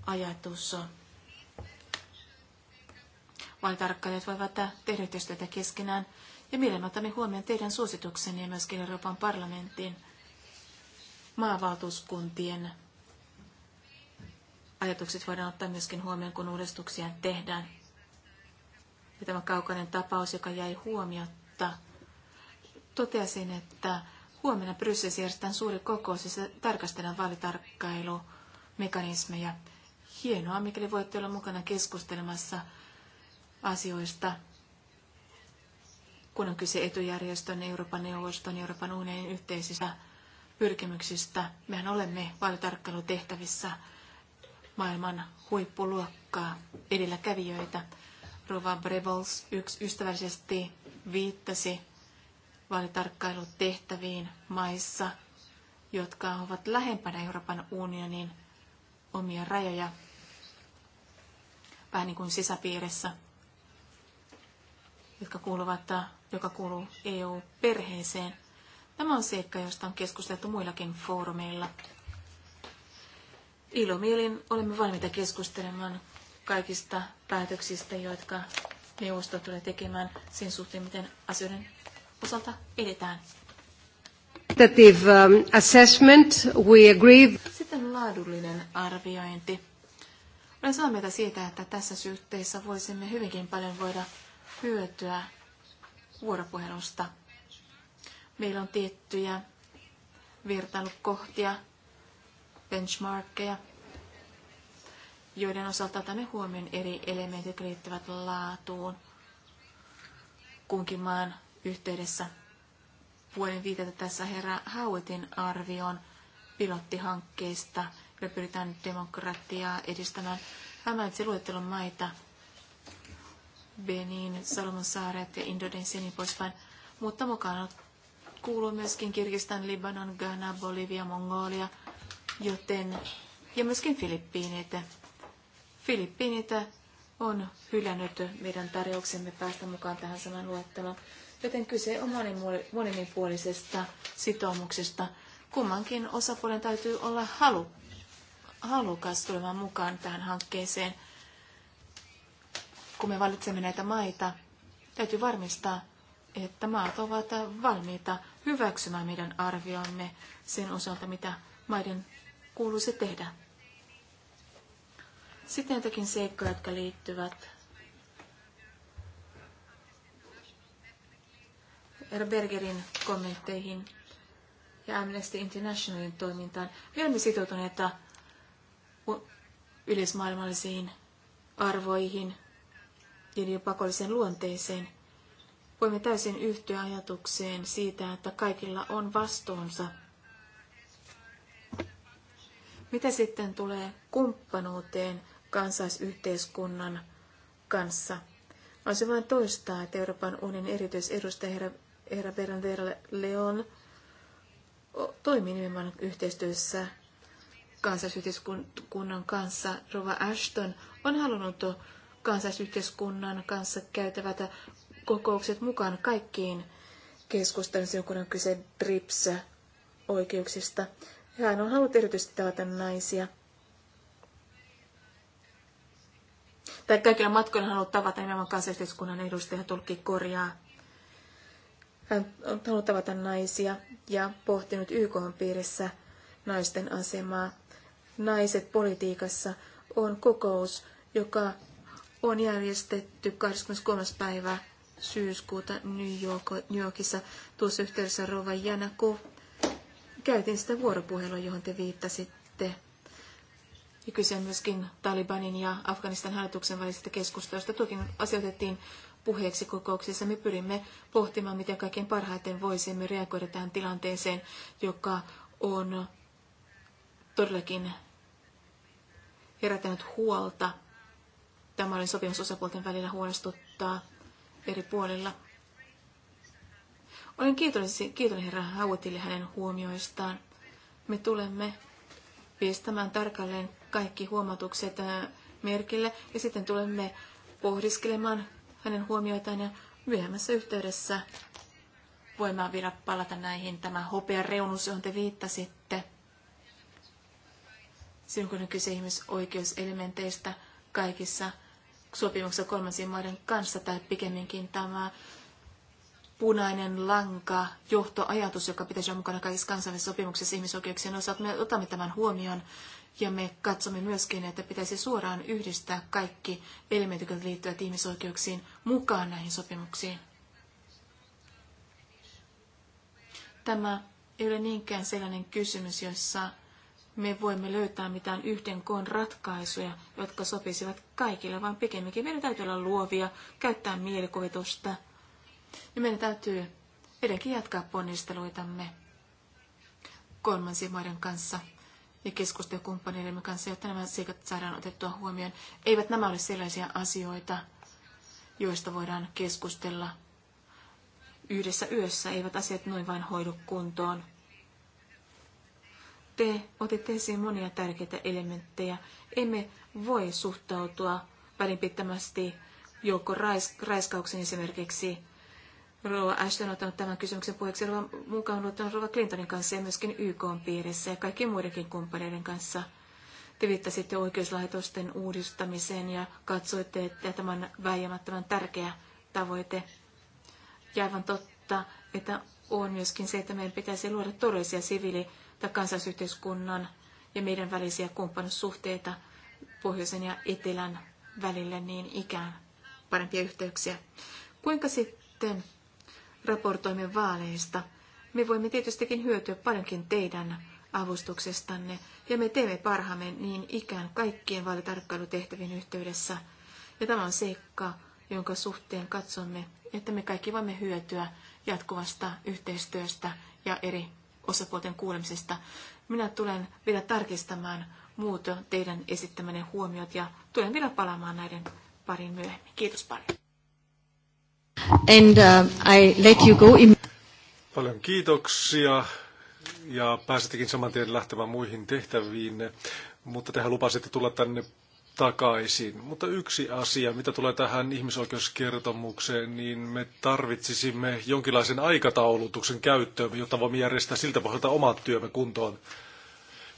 ajatus. Vaalitarkkailijat voivat tehdä yhteistyötä keskenään Ja miten otamme huomioon teidän suosituksenne ja myöskin Euroopan parlamentin maavaltuuskuntien ajatukset voidaan ottaa myöskin huomioon, kun uudistuksia tehdään. Ja tämä kaukainen tapaus, joka jäi huomiotta, totesin, että huomenna Brysselissä järjestetään suuri kokous, jossa tarkastellaan vaalitarkkailumekanismeja. Hienoa, mikäli voitte olla mukana keskustelemassa asioista kun on kyse etujärjestön, Euroopan neuvoston, Euroopan unionin yhteisistä pyrkimyksistä. Mehän olemme vaalitarkkailutehtävissä maailman huippuluokkaa edelläkävijöitä. Rova Brevols yksi ystävällisesti viittasi vaalitarkkailutehtäviin maissa, jotka ovat lähempänä Euroopan unionin omia rajoja, vähän niin kuin sisäpiirissä jotka kuuluvat, äh, joka kuuluu EU-perheeseen. Tämä on seikka, josta on keskusteltu muillakin foorumeilla. Ilomielin olemme valmiita keskustelemaan kaikista päätöksistä, jotka neuvosto tulee tekemään sen suhteen, miten asioiden osalta edetään. Um, assessment, we agree. Sitten laadullinen arviointi. Olen samaa mieltä siitä, että tässä suhteessa voisimme hyvinkin paljon voida hyötyä vuoropuhelusta. Meillä on tiettyjä vertailukohtia, benchmarkkeja, joiden osalta otamme huomioon eri elementit, jotka liittyvät laatuun kunkin maan yhteydessä. Voin viitata tässä herra Hauetin arvion pilottihankkeista, joilla pyritään demokratiaa edistämään. Hän mainitsi luettelon maita, Benin, Salomon saaret ja Indonesia niin poispäin. Mutta mukana kuuluu myöskin Kirgistan, Libanon, Ghana, Bolivia, Mongolia, joten ja myöskin Filippiinit. Filippiinit on hylännyt meidän tarjouksemme päästä mukaan tähän saman luetteloon, joten kyse on monipuolisesta sitoumuksesta. Kummankin osapuolen täytyy olla halu, halukas tulemaan mukaan tähän hankkeeseen – kun me valitsemme näitä maita, täytyy varmistaa, että maat ovat valmiita hyväksymään meidän arviomme sen osalta, mitä maiden kuuluisi tehdä. Sitten jotakin seikkoja, jotka liittyvät Bergerin kommentteihin ja Amnesty Internationalin toimintaan. Me olemme sitoutuneita yleismaailmallisiin arvoihin, ja pakolliseen luonteeseen. Voimme täysin yhtyä ajatukseen siitä, että kaikilla on vastuunsa. Mitä sitten tulee kumppanuuteen kansaisyhteiskunnan kanssa? Olisin vain toistaa, että Euroopan unionin erityisedustaja herra, herra Bernard Leon toimii nimenomaan yhteistyössä kansalaisyhteiskunnan kanssa. Rova Ashton on halunnut kansalaisyhteiskunnan kanssa käytävät kokoukset mukaan kaikkiin keskusteluun, kun on kyse BRIPS-oikeuksista. Hän on halunnut erityisesti tavata naisia. Tai kaikilla matkoilla hän on halunnut tavata nimenomaan kansalaisyhteiskunnan edustaja, tulkki korjaa. Hän on halunnut tavata naisia ja pohtinut YK piirissä naisten asemaa. Naiset politiikassa on kokous, joka on järjestetty 23. päivä syyskuuta New, York, New Yorkissa. Tuossa yhteydessä Rova Janaku käytin sitä vuoropuhelua, johon te viittasitte. Ja kyse myöskin Talibanin ja Afganistan hallituksen välisestä keskustelusta. Tuokin asioitettiin puheeksi kokouksissa. Me pyrimme pohtimaan, miten kaikkein parhaiten voisimme reagoida tähän tilanteeseen, joka on todellakin herättänyt huolta Tämä oli sopimus osapuolten välillä huolestuttaa eri puolilla. Olen kiitollinen, kiitollinen herra Hauetille hänen huomioistaan. Me tulemme pistämään tarkalleen kaikki huomautukset äh, merkille ja sitten tulemme pohdiskelemaan hänen huomioitaan ja myöhemmässä yhteydessä voimaan vielä palata näihin. Tämä hopea reunus, johon te viittasitte, silloin kun on kyse ihmisoikeuselementeistä – kaikissa sopimuksissa kolmansien maiden kanssa, tai pikemminkin tämä punainen lanka, johtoajatus, joka pitäisi olla mukana kaikissa kansainvälisissä sopimuksissa ihmisoikeuksien osalta. Me otamme tämän huomioon ja me katsomme myöskin, että pitäisi suoraan yhdistää kaikki elementit, jotka liittyvät ihmisoikeuksiin mukaan näihin sopimuksiin. Tämä ei ole niinkään sellainen kysymys, jossa me voimme löytää mitään yhden koon ratkaisuja, jotka sopisivat kaikille, vaan pikemminkin meidän täytyy olla luovia, käyttää mielikuvitusta. Ja meidän täytyy edelleenkin jatkaa ponnisteluitamme kolmansien maiden kanssa ja keskustelukumppaneidemme kanssa, jotta nämä seikat saadaan otettua huomioon. Eivät nämä ole sellaisia asioita, joista voidaan keskustella yhdessä yössä, eivät asiat noin vain hoidu kuntoon. Te otitte esiin monia tärkeitä elementtejä. Emme voi suhtautua välinpittämästi joukko rais, raiskauksen esimerkiksi. Rova Ashton on ottanut tämän kysymyksen puheeksi Rova, mukaan ottanut Rova Clintonin kanssa ja myöskin YK piirissä ja kaikkien muidenkin kumppaneiden kanssa. Te viittasitte oikeuslaitosten uudistamiseen ja katsoitte, että tämä on väijämättömän tärkeä tavoite. Ja aivan totta, että on myöskin se, että meidän pitäisi luoda todellisia siviili- tai kansalaisyhteiskunnan ja meidän välisiä kumppanussuhteita pohjoisen ja etelän välille niin ikään parempia yhteyksiä. Kuinka sitten raportoimme vaaleista? Me voimme tietystikin hyötyä paljonkin teidän avustuksestanne ja me teemme parhaamme niin ikään kaikkien vaalitarkkailutehtävien yhteydessä. Ja tämä on seikka, jonka suhteen katsomme, että me kaikki voimme hyötyä jatkuvasta yhteistyöstä ja eri osapuolten kuulemisesta. Minä tulen vielä tarkistamaan muut teidän esittämänne huomiot ja tulen vielä palaamaan näiden parin myöhemmin. Kiitos paljon. And uh, I let you go in... Paljon kiitoksia ja pääsittekin saman tien lähtemään muihin tehtäviin, mutta tehän lupasitte tulla tänne takaisin. Mutta yksi asia, mitä tulee tähän ihmisoikeuskertomukseen, niin me tarvitsisimme jonkinlaisen aikataulutuksen käyttöön, jotta voimme järjestää siltä pohjalta omat työmme kuntoon.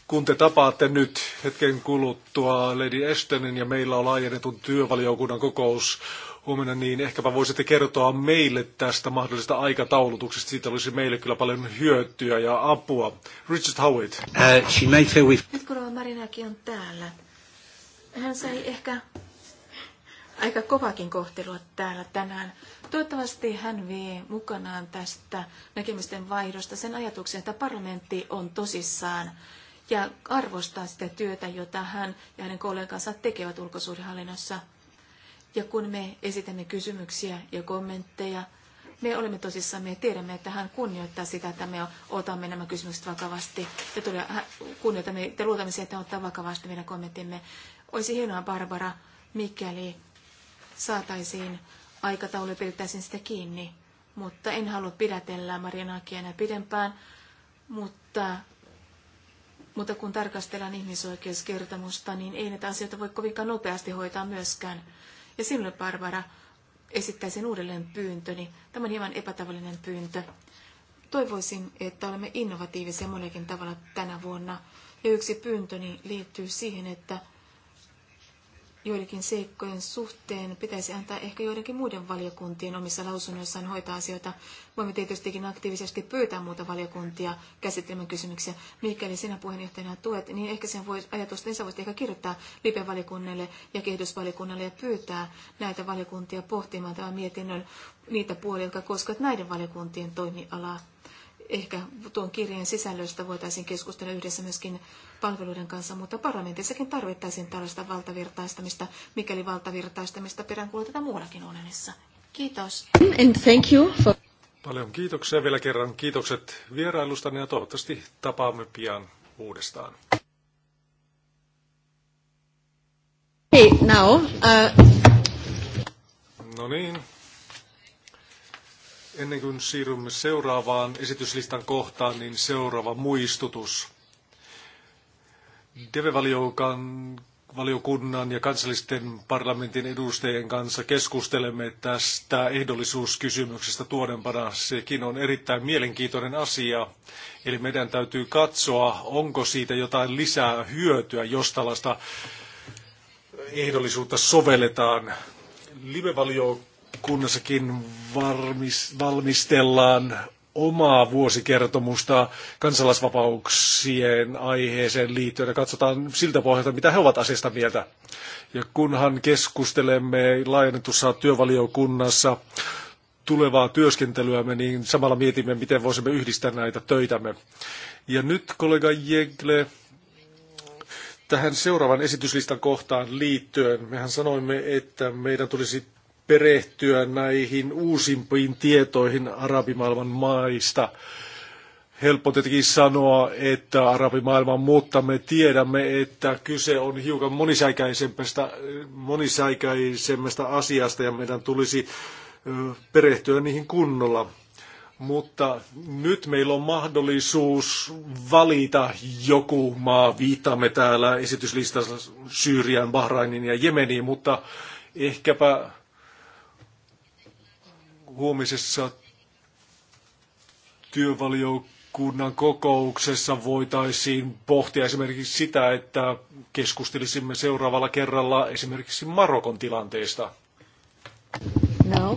Kun te tapaatte nyt hetken kuluttua Lady Ashtonin ja meillä on laajennetun työvaliokunnan kokous huomenna, niin ehkäpä voisitte kertoa meille tästä mahdollisesta aikataulutuksesta. Siitä olisi meille kyllä paljon hyötyä ja apua. Richard Howitt. Uh, she may feel with... Nyt kun Marinaki on täällä, Hän sai ehkä aika kovakin kohtelua täällä tänään. Toivottavasti hän vie mukanaan tästä näkemysten vaihdosta sen ajatuksen, että parlamentti on tosissaan ja arvostaa sitä työtä, jota hän ja hänen kollegansa tekevät ulkosuhdehallinnossa. Ja kun me esitämme kysymyksiä ja kommentteja, me olemme tosissamme ja tiedämme, että hän kunnioittaa sitä, että me otamme nämä kysymykset vakavasti ja tulee, kunnioitamme ja luotamme siihen, että ottaa vakavasti meidän kommenttimme. Olisi hienoa, Barbara, mikäli saataisiin aikataulu ja pidettäisiin sitä kiinni. Mutta en halua pidätellä Marinakia enää pidempään, mutta, mutta kun tarkastellaan ihmisoikeuskertomusta, niin ei näitä asioita voi kovinkaan nopeasti hoitaa myöskään. Ja silloin, Barbara, esittäisin uudelleen pyyntöni. Tämä on hieman epätavallinen pyyntö. Toivoisin, että olemme innovatiivisia monellakin tavalla tänä vuonna. Ja yksi pyyntöni liittyy siihen, että joidenkin seikkojen suhteen pitäisi antaa ehkä joidenkin muiden valiokuntien omissa lausunnoissaan hoitaa asioita. Voimme tietystikin aktiivisesti pyytää muuta valiokuntia käsittelemään kysymyksiä. Mikäli sinä puheenjohtajana tuet, niin ehkä sen voi, ajatusta niin sä voit ehkä kirjoittaa lipevaliokunnalle ja kehitysvaliokunnalle ja pyytää näitä valiokuntia pohtimaan tämän mietinnön niitä puolia, jotka koskevat näiden valiokuntien toimialaa. Ehkä tuon kirjeen sisällöstä voitaisiin keskustella yhdessä myöskin palveluiden kanssa, mutta parlamentissakin tarvittaisiin tällaista valtavirtaistamista, mikäli valtavirtaistamista peräänkuulutetaan muuallakin unionissa. Kiitos. And thank you for... Paljon kiitoksia vielä kerran. Kiitokset vierailustanne ja toivottavasti tapaamme pian uudestaan. Hey, now, uh... No niin. Ennen kuin siirrymme seuraavaan esityslistan kohtaan, niin seuraava muistutus. Devevaliokunnan ja kansallisten parlamentin edustajien kanssa keskustelemme tästä ehdollisuuskysymyksestä tuodempana. Sekin on erittäin mielenkiintoinen asia. Eli meidän täytyy katsoa, onko siitä jotain lisää hyötyä, jos tällaista ehdollisuutta sovelletaan. Livevaliokunnassakin varmis, valmistellaan omaa vuosikertomusta kansalaisvapauksien aiheeseen liittyen ja katsotaan siltä pohjalta, mitä he ovat asiasta mieltä. Ja kunhan keskustelemme laajennetussa työvaliokunnassa tulevaa työskentelyämme, niin samalla mietimme, miten voisimme yhdistää näitä töitämme. Ja nyt kollega Jegle, tähän seuraavan esityslistan kohtaan liittyen, mehän sanoimme, että meidän tulisi perehtyä näihin uusimpiin tietoihin arabimaailman maista. Helppo tietenkin sanoa, että arabimaailma, mutta me tiedämme, että kyse on hiukan monisäikäisemmästä, monisäikäisemmästä asiasta ja meidän tulisi perehtyä niihin kunnolla. Mutta nyt meillä on mahdollisuus valita joku maa. Viittaamme täällä esityslistassa Syyrian, Bahrainin ja Jemeniin, mutta ehkäpä huomisessa työvaliokunnan kokouksessa voitaisiin pohtia esimerkiksi sitä, että keskustelisimme seuraavalla kerralla esimerkiksi Marokon tilanteesta. No.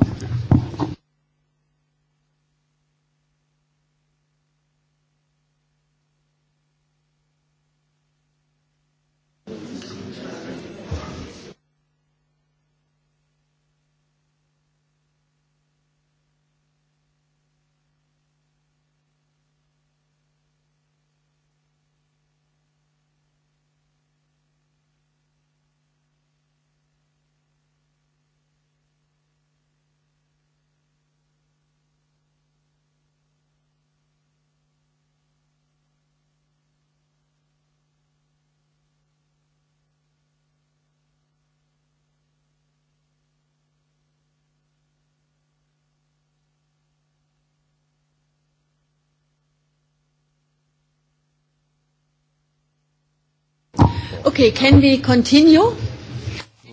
Okay, can we continue?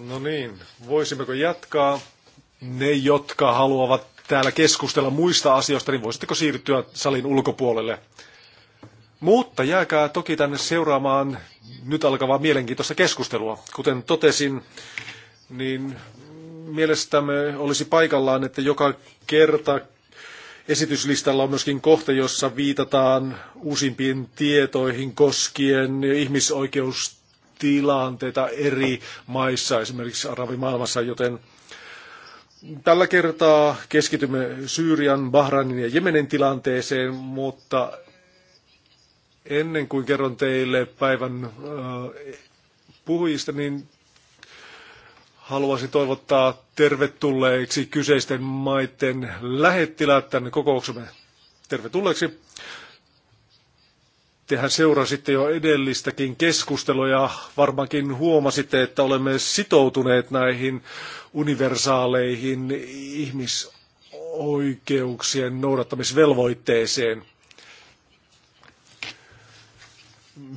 No niin, voisimmeko jatkaa? Ne, jotka haluavat täällä keskustella muista asioista, niin voisitteko siirtyä salin ulkopuolelle? Mutta jääkää toki tänne seuraamaan nyt alkavaa mielenkiintoista keskustelua. Kuten totesin, niin mielestämme olisi paikallaan, että joka kerta esityslistalla on myöskin kohta, jossa viitataan uusimpiin tietoihin koskien ihmisoikeus tilanteita eri maissa, esimerkiksi arabimaailmassa, joten tällä kertaa keskitymme Syyrian, Bahrainin ja Jemenin tilanteeseen, mutta ennen kuin kerron teille päivän äh, puhujista, niin haluaisin toivottaa tervetulleiksi kyseisten maiden lähettilät tänne kokouksemme. Tervetulleeksi. Tehän seurasitte jo edellistäkin keskustelua ja varmaankin huomasitte, että olemme sitoutuneet näihin universaaleihin ihmisoikeuksien noudattamisvelvoitteeseen.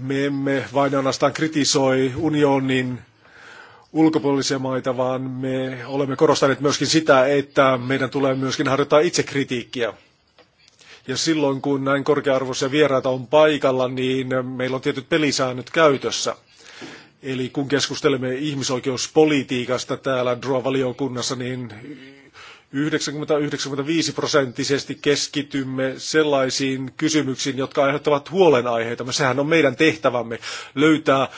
Me emme vain ainoastaan kritisoi unionin ulkopuolisia maita, vaan me olemme korostaneet myöskin sitä, että meidän tulee myöskin harjoittaa itsekritiikkiä. Ja silloin kun näin korkearvoisia vieraita on paikalla, niin meillä on tietyt pelisäännöt käytössä. Eli kun keskustelemme ihmisoikeuspolitiikasta täällä DROA-valiokunnassa, niin 90-95 prosenttisesti keskitymme sellaisiin kysymyksiin, jotka aiheuttavat huolenaiheita. Sehän on meidän tehtävämme löytää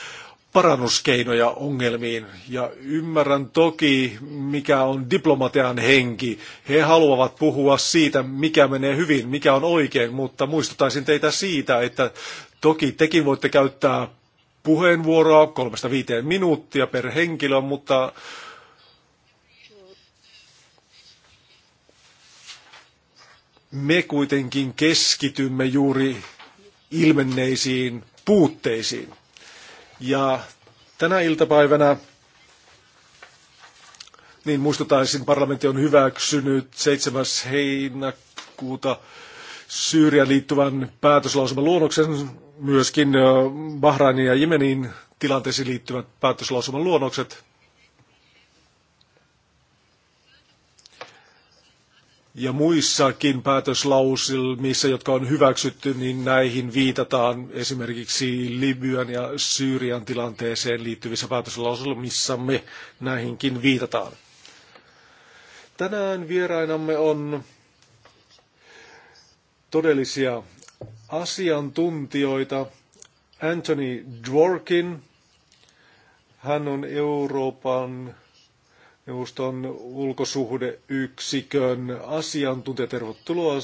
parannuskeinoja ongelmiin. Ja ymmärrän toki, mikä on diplomatian henki. He haluavat puhua siitä, mikä menee hyvin, mikä on oikein, mutta muistutaisin teitä siitä, että toki tekin voitte käyttää puheenvuoroa kolmesta viiteen minuuttia per henkilö, mutta me kuitenkin keskitymme juuri ilmenneisiin puutteisiin. Ja tänä iltapäivänä niin muistutaisin, parlamentti on hyväksynyt 7. heinäkuuta Syyrian liittyvän päätöslausuman luonnoksen, myöskin Bahrainin ja Jemenin tilanteisiin liittyvät päätöslausuman luonnokset. Ja muissakin päätöslausilmissa, jotka on hyväksytty, niin näihin viitataan esimerkiksi Libyan ja Syyrian tilanteeseen liittyvissä päätöslauselmissamme näihinkin viitataan. Tänään vierainamme on todellisia asiantuntijoita. Anthony Dworkin, hän on Euroopan neuvoston ulkosuhdeyksikön asiantuntija. Tervetuloa.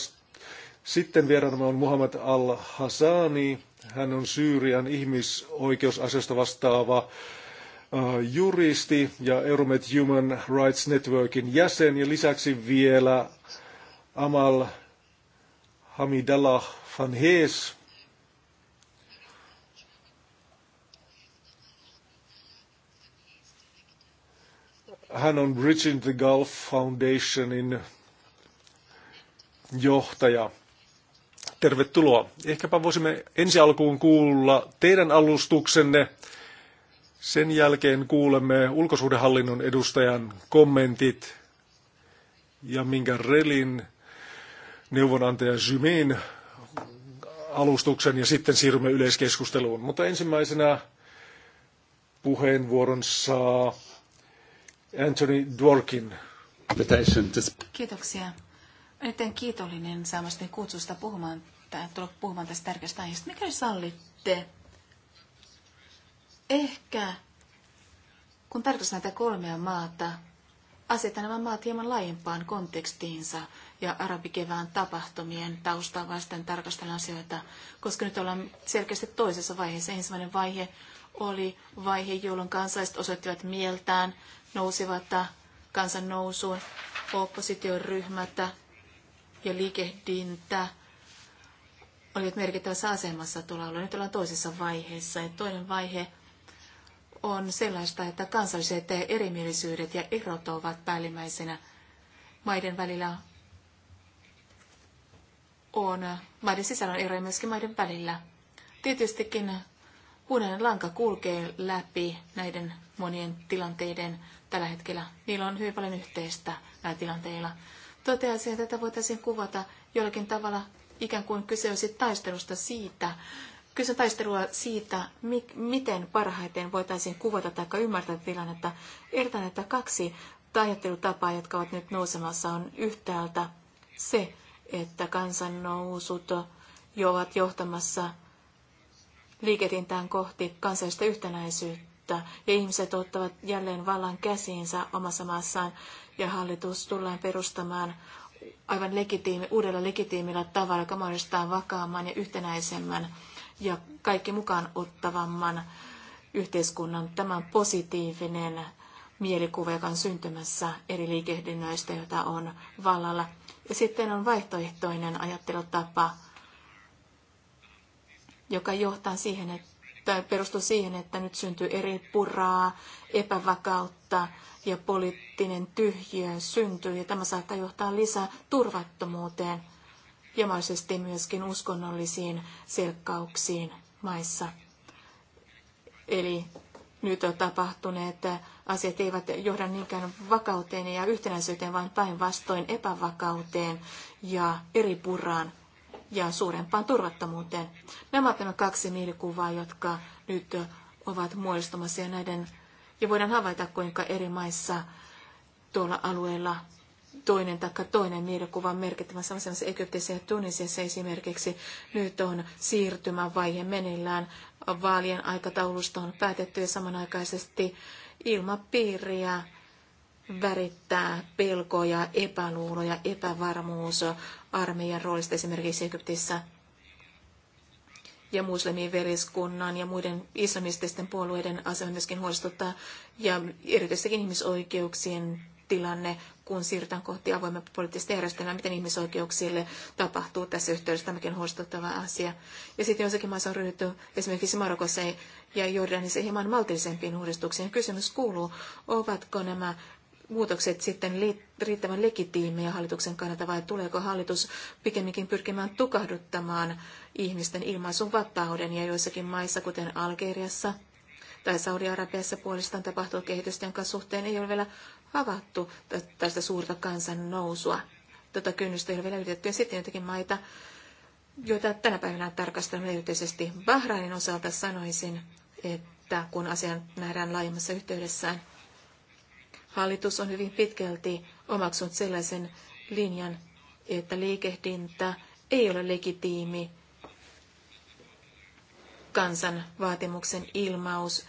Sitten vieraanamme on Muhammad Al-Hassani. Hän on Syyrian ihmisoikeusasioista vastaava äh, juristi ja Euromed Human Rights Networkin jäsen ja lisäksi vielä Amal Hamidallah van Hees, hän on Bridging the Gulf Foundationin johtaja. Tervetuloa. Ehkäpä voisimme ensi alkuun kuulla teidän alustuksenne. Sen jälkeen kuulemme ulkosuhdehallinnon edustajan kommentit ja minkä Relin neuvonantaja Jymin alustuksen ja sitten siirrymme yleiskeskusteluun. Mutta ensimmäisenä puheenvuoron saa Anthony Dworkin. Kiitoksia. Olen kiitollinen saamastani kutsusta puhumaan, tai tulla puhumaan tästä tärkeästä aiheesta. Mikä sallitte? Ehkä, kun tarkastan näitä kolmea maata, asetan nämä maat hieman laajempaan kontekstiinsa ja arabikevään tapahtumien taustaa vasten tarkastellaan asioita, koska nyt ollaan selkeästi toisessa vaiheessa. Ensimmäinen vaihe oli vaihe, jolloin kansalaiset osoittivat mieltään nousivat kansan nousuun, opposition ryhmät ja liikehdintä olivat merkittävässä asemassa tuolla alueella. Nyt ollaan toisessa vaiheessa. Ja toinen vaihe on sellaista, että kansalliset erimielisyydet ja erot ovat päällimmäisenä maiden välillä on maiden sisällä on eroja myöskin maiden välillä. Tietystikin punainen lanka kulkee läpi näiden monien tilanteiden tällä hetkellä. Niillä on hyvin paljon yhteistä näillä tilanteilla. Toteaisin, että tätä voitaisiin kuvata jollakin tavalla ikään kuin kyse olisi taistelusta siitä, kyse taistelua siitä, mi- miten parhaiten voitaisiin kuvata tai ymmärtää tilannetta. Erittäin, että kaksi ajattelutapaa, jotka ovat nyt nousemassa, on yhtäältä se, että kansannousut jo ovat johtamassa liikehdintään kohti kansallista yhtenäisyyttä vakautta ja ihmiset ottavat jälleen vallan käsiinsä omassa maassaan ja hallitus tullaan perustamaan aivan legitiimi, uudella legitiimillä tavalla, joka mahdollistaa vakaamman ja yhtenäisemmän ja kaikki mukaan ottavamman yhteiskunnan. Tämän positiivinen mielikuva, joka on syntymässä eri liikehdinnöistä, joita on vallalla. Ja sitten on vaihtoehtoinen ajattelutapa, joka johtaa siihen, että perustuu siihen, että nyt syntyy eri puraa, epävakautta ja poliittinen tyhjiö syntyy. Ja tämä saattaa johtaa lisää turvattomuuteen ja mahdollisesti myöskin uskonnollisiin selkkauksiin maissa. Eli nyt on tapahtuneet asiat eivät johda niinkään vakauteen ja yhtenäisyyteen, vaan päinvastoin epävakauteen ja eri puraan ja suurempaan turvattomuuteen. Nämä ovat nämä kaksi mielikuvaa, jotka nyt ovat muodostumassa ja näiden, ja voidaan havaita, kuinka eri maissa tuolla alueella toinen tai toinen mielikuva on merkittävässä asemassa. Egyptissä ja Tunisiassa esimerkiksi nyt on siirtymävaihe meneillään. Vaalien aikataulusta on päätetty ja samanaikaisesti ilmapiiriä värittää pelkoja, epäluuloja, epävarmuus armeijan roolista esimerkiksi Egyptissä ja muslimien veriskunnan ja muiden islamististen puolueiden asema myöskin huolestuttaa ja erityisesti ihmisoikeuksien tilanne, kun siirrytään kohti avoimen poliittista järjestelmää, miten ihmisoikeuksille tapahtuu tässä yhteydessä tämäkin huolestuttava asia. Ja sitten jossakin maassa on ryhdytty esimerkiksi Marokossa ja Jordanissa hieman maltillisempiin uudistuksiin. Kysymys kuuluu, ovatko nämä muutokset sitten riittävän legitiimejä hallituksen kannalta vai tuleeko hallitus pikemminkin pyrkimään tukahduttamaan ihmisten ilmaisun vapauden ja joissakin maissa, kuten Algeriassa tai Saudi-Arabiassa puolestaan tapahtunut kehitystä, jonka suhteen ei ole vielä havaittu tästä suurta kansan nousua. Tätä tota kynnystä ei ole vielä ylitetty ja sitten jotakin maita, joita tänä päivänä tarkastelemme erityisesti Bahrainin osalta sanoisin, että kun asian nähdään laajemmassa yhteydessään – Hallitus on hyvin pitkälti omaksunut sellaisen linjan, että liikehdintä ei ole legitiimi kansan vaatimuksen ilmaus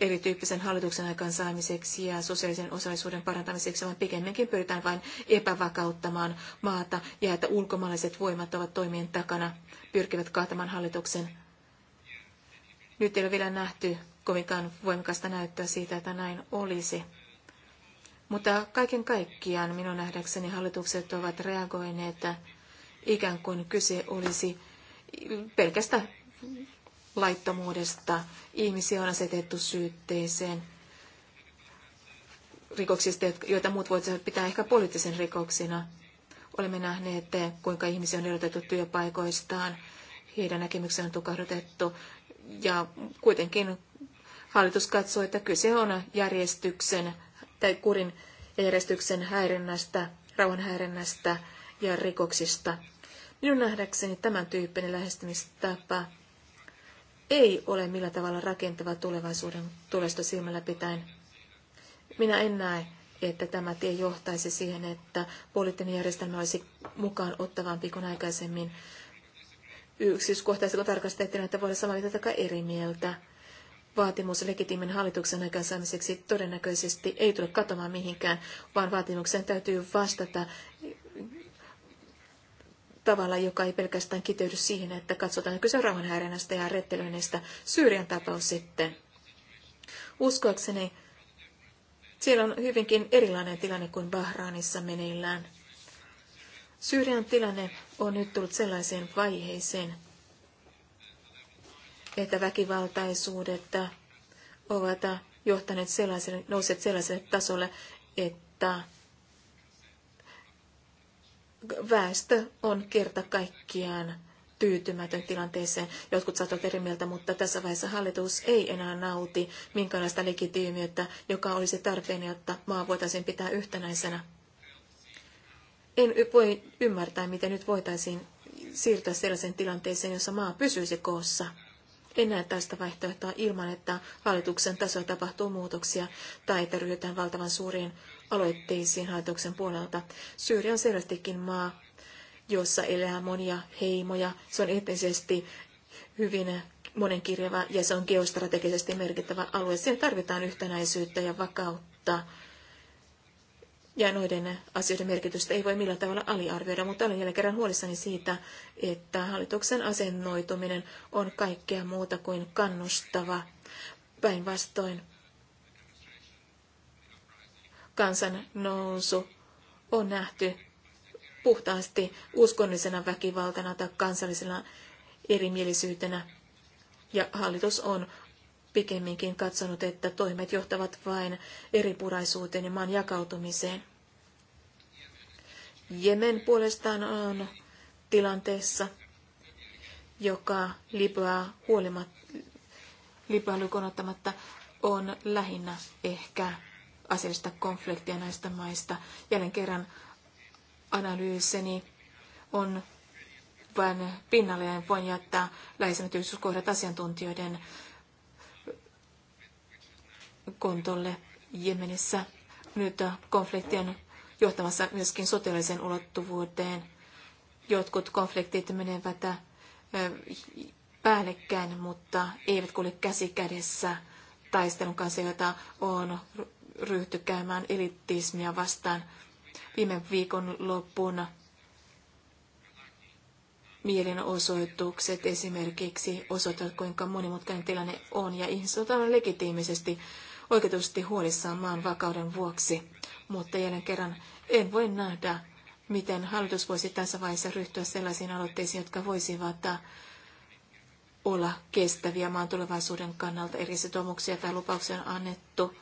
erityyppisen hallituksen aikaansaamiseksi ja sosiaalisen osallisuuden parantamiseksi, vaan pikemminkin pyritään vain epävakauttamaan maata ja että ulkomaalaiset voimat ovat toimien takana, pyrkivät kaatamaan hallituksen. Nyt ei ole vielä nähty kovinkaan voimakasta näyttöä siitä, että näin olisi. Mutta kaiken kaikkiaan minun nähdäkseni hallitukset ovat reagoineet ikään kuin kyse olisi pelkästä laittomuudesta. Ihmisiä on asetettu syytteeseen rikoksista, joita muut voisivat pitää ehkä poliittisen rikoksina. Olemme nähneet, kuinka ihmisiä on erotettu työpaikoistaan, heidän näkemyksensä on tukahdutettu ja kuitenkin Hallitus katsoo, että kyse on järjestyksen tai kurin järjestyksen häirinnästä, rauhanhäirinnästä ja rikoksista. Minun nähdäkseni tämän tyyppinen lähestymistapa ei ole millä tavalla rakentava tulevaisuuden tulesta silmällä pitäen. Minä en näe, että tämä tie johtaisi siihen, että poliittinen järjestelmä olisi mukaan ottavampi kuin aikaisemmin. Yksityiskohtaisella tarkastettiin, että voidaan samaa mieltä tai eri mieltä vaatimus legitiimin hallituksen aikaansaamiseksi todennäköisesti ei tule katomaan mihinkään, vaan vaatimukseen täytyy vastata tavalla, joka ei pelkästään kiteydy siihen, että katsotaan kyse rauhanhäirinnästä ja rettelöinnistä. Syyrian tapaus sitten. Uskoakseni siellä on hyvinkin erilainen tilanne kuin Bahraanissa meneillään. Syyrian tilanne on nyt tullut sellaiseen vaiheeseen, että väkivaltaisuudet ovat johtaneet sellaisen, nousseet sellaiselle tasolle, että väestö on kerta kaikkiaan tyytymätön tilanteeseen. Jotkut saattavat eri mieltä, mutta tässä vaiheessa hallitus ei enää nauti minkäänlaista legitiimiötä, joka olisi tarpeen, jotta maa voitaisiin pitää yhtenäisenä. En voi ymmärtää, miten nyt voitaisiin siirtyä sellaiseen tilanteeseen, jossa maa pysyisi koossa. En näe tästä vaihtoehtoa ilman, että hallituksen tasolla tapahtuu muutoksia tai että ryhdytään valtavan suuriin aloitteisiin hallituksen puolelta. Syyria on selvästikin maa, jossa elää monia heimoja. Se on etnisesti hyvin monenkirjava ja se on geostrategisesti merkittävä alue. Siinä tarvitaan yhtenäisyyttä ja vakautta Ja noiden asioiden merkitystä ei voi millään tavalla aliarvioida, mutta olen jälleen kerran huolissani siitä, että hallituksen asennoituminen on kaikkea muuta kuin kannustava. Päinvastoin kansan nousu on nähty puhtaasti uskonnollisena väkivaltana tai kansallisena erimielisyytenä. Ja hallitus on pikemminkin katsonut, että toimet johtavat vain eripuraisuuteen ja maan jakautumiseen. Jemen puolestaan on tilanteessa, joka Libyaa huolimatta, Libyaa lukunottamatta on lähinnä ehkä aseellista konfliktia näistä maista. Jälleen kerran analyyseni on vain pinnalle ja voin jättää läheisemmät yksityiskohdat asiantuntijoiden kontolle Jemenissä. Nyt konflikti on johtamassa myöskin sotilaisen ulottuvuuteen. Jotkut konfliktit menevät päällekkäin, mutta eivät kulje käsi kädessä taistelun kanssa, jota on ryhty käymään elittismia vastaan. Viime viikon loppuna mielenosoitukset esimerkiksi osoittavat, kuinka monimutkainen tilanne on, ja ihmiset ovat legitiimisesti oikeutusti huolissaan maan vakauden vuoksi, mutta jälleen kerran en voi nähdä, miten hallitus voisi tässä vaiheessa ryhtyä sellaisiin aloitteisiin, jotka voisivat äh, olla kestäviä maan tulevaisuuden kannalta. Eri sitoumuksia tai lupauksia on annettu.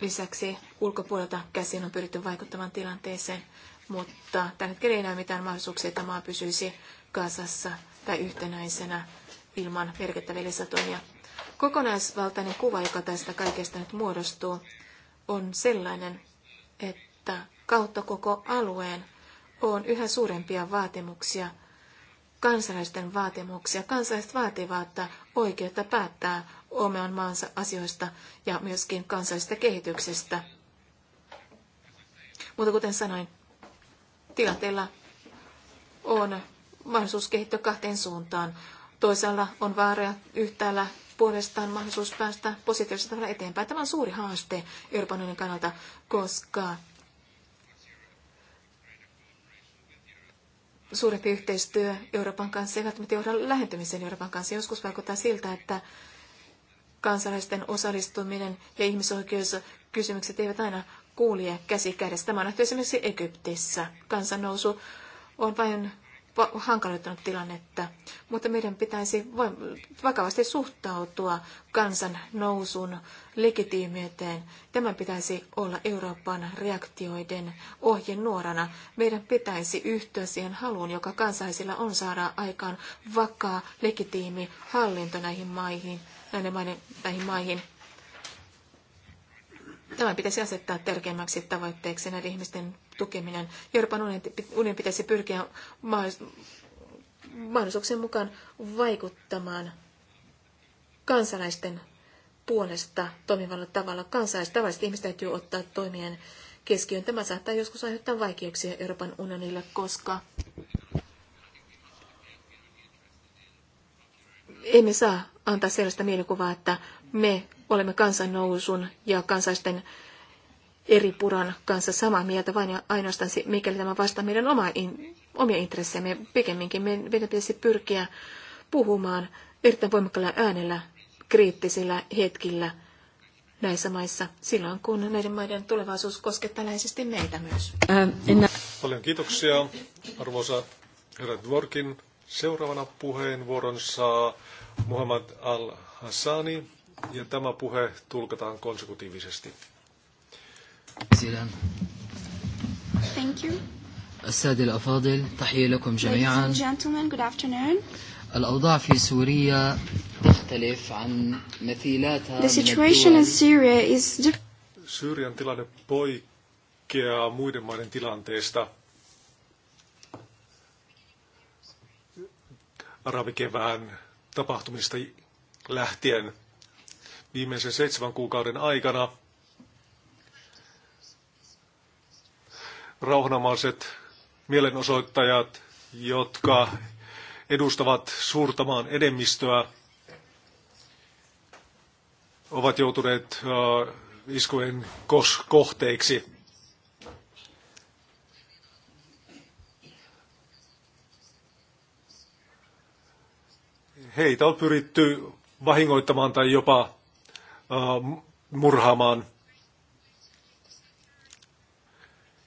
Lisäksi ulkopuolelta käsin on pyritty vaikuttamaan tilanteeseen, mutta tällä hetkellä ei näy mitään mahdollisuuksia, että maa pysyisi Kasassa tai yhtenäisenä ilman merkittäviä lisätoimia. Kokonaisvaltainen kuva, joka tästä kaikesta nyt muodostuu, on sellainen, että kautta koko alueen on yhä suurempia vaatimuksia, kansalaisten vaatimuksia. Kansalaiset vaativat oikeutta päättää oman maansa asioista ja myöskin kansallisesta kehityksestä. Mutta kuten sanoin, tilanteella on mahdollisuus kehittyä kahteen suuntaan. Toisaalla on vaaroja yhtäällä puolestaan mahdollisuus päästä positiivisella tavalla eteenpäin. Tämä on suuri haaste Euroopan unionin kannalta, koska suurempi yhteistyö Euroopan kanssa ei välttämättä johda lähentymiseen Euroopan kanssa. Joskus vaikuttaa siltä, että kansalaisten osallistuminen ja ihmisoikeuskysymykset eivät aina kuulje käsi kädessä. Tämä on nähty esimerkiksi Egyptissä. Kansannousu on vain hankaloittanut tilannetta, mutta meidän pitäisi vakavasti suhtautua kansan nousun legitiimiyteen. Tämän pitäisi olla Euroopan reaktioiden ohjenuorana. Meidän pitäisi yhtyä siihen haluun, joka kansaisilla on saada aikaan vakaa, legitiimi hallinto näihin maihin, näihin maihin. Näihin maihin. Tämä pitäisi asettaa tärkeimmäksi tavoitteeksi näiden ihmisten tukeminen. Euroopan unionin pitäisi pyrkiä mahdollisuuksien mukaan vaikuttamaan kansalaisten puolesta toimivalla tavalla. Kansalaiset tavalliset ihmiset täytyy ottaa toimien keskiöön. Tämä saattaa joskus aiheuttaa vaikeuksia Euroopan unionille, koska emme saa antaa sellaista mielikuvaa, että me olemme kansannousun ja kansaisten eri puran kanssa samaa mieltä vain ja ainoastaan, mikäli tämä vastaa meidän oma in, omia intressejämme. Pikemminkin meidän pitäisi pyrkiä puhumaan erittäin voimakkaalla äänellä kriittisillä hetkillä näissä maissa, silloin kun näiden maiden tulevaisuus koskettaa läheisesti meitä myös. Ää, äh, enä... Paljon kiitoksia, arvoisa herra Dvorkin. Seuraavana puheenvuoron saa Muhammad Al-Hassani, ja tämä puhe tulkataan konsekutiivisesti. Thank you. السادة الأفاضل تحية لكم جميعا الأوضاع في سوريا تختلف عن مثيلاتها The situation in Syria is different. Syyrian tilanne poikkeaa muiden maiden tilanteesta. Arabikevään tapahtumista lähtien viimeisen seitsemän kuukauden aikana rauhanomaiset mielenosoittajat, jotka edustavat suurta maan enemmistöä, ovat joutuneet iskujen kohteiksi. Heitä on pyritty vahingoittamaan tai jopa murhaamaan.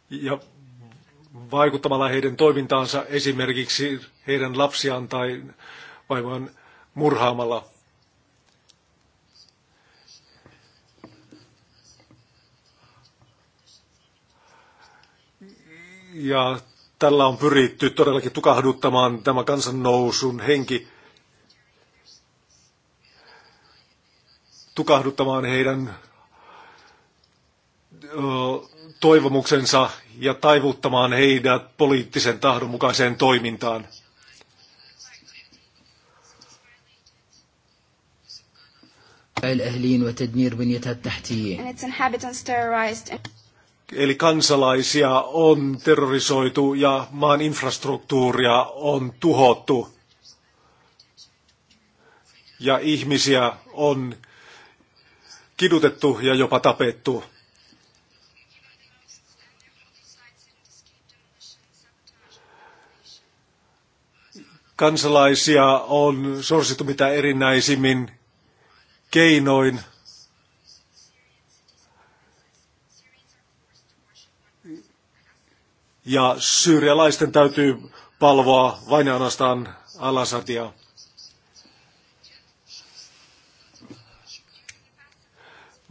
Ja vaikuttamalla heidän toimintaansa esimerkiksi heidän lapsiaan tai vaimoaan murhaamalla. Ja tällä on pyritty todellakin tukahduttamaan tämä kansannousun henki. tukahduttamaan heidän toivomuksensa ja taivuttamaan heidät poliittisen tahdon mukaiseen toimintaan. Eli kansalaisia on terrorisoitu ja maan infrastruktuuria on tuhottu ja ihmisiä on kidutettu ja jopa tapettu. Kansalaisia on sorsittu mitä erinäisimmin keinoin. Ja syyrialaisten täytyy palvoa vain ainoastaan Al-Assadia.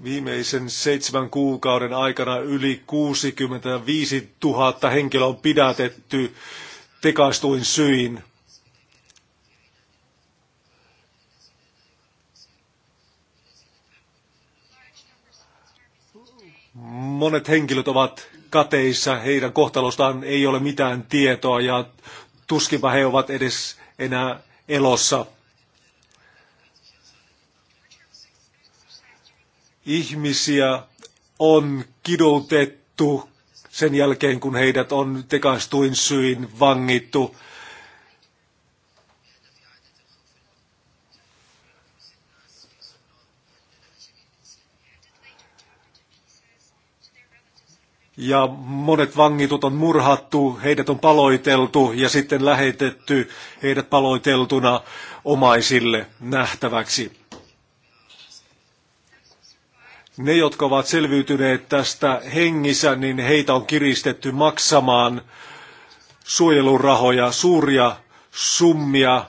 Viimeisen seitsemän kuukauden aikana yli 65 000 henkilöä on pidätetty tekaistuin syin. Monet henkilöt ovat kateissa, heidän kohtalostaan ei ole mitään tietoa ja tuskinpa he ovat edes enää elossa. Ihmisiä on kidutettu sen jälkeen, kun heidät on tekaistuin syin vangittu. ja monet vangitut on murhattu, heidät on paloiteltu ja sitten lähetetty heidät paloiteltuna omaisille nähtäväksi. Ne, jotka ovat selviytyneet tästä hengissä, niin heitä on kiristetty maksamaan suojelurahoja, suuria summia.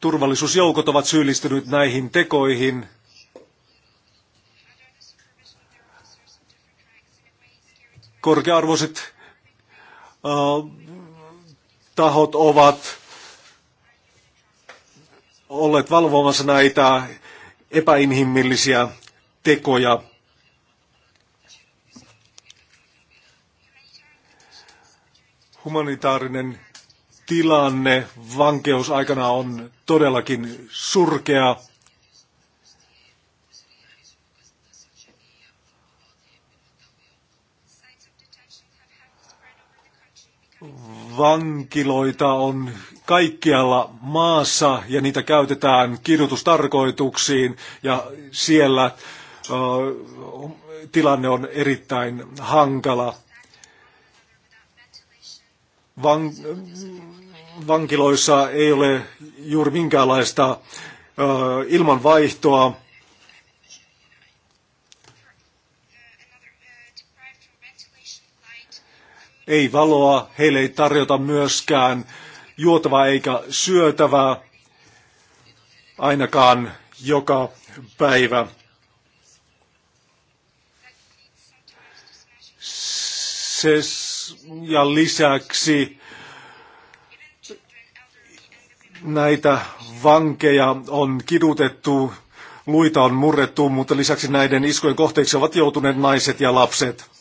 Turvallisuusjoukot ovat syyllistyneet näihin tekoihin. Korkearvoiset uh, tahot ovat olleet valvomassa näitä epäinhimillisiä tekoja. Humanitaarinen tilanne vankeusaikana on todellakin surkea. vankiloita on kaikkialla maassa ja niitä käytetään kirjoitustarkoituksiin ja siellä ö, tilanne on erittäin hankala. Van, vankiloissa ei ole juuri minkäänlaista ö, ilmanvaihtoa ei valoa, heille ei tarjota myöskään juotavaa eikä syötävää ainakaan joka päivä. Se, ja lisäksi näitä vankeja on kidutettu, luita on murrettu, mutta lisäksi näiden iskujen kohteiksi ovat joutuneet naiset ja lapset.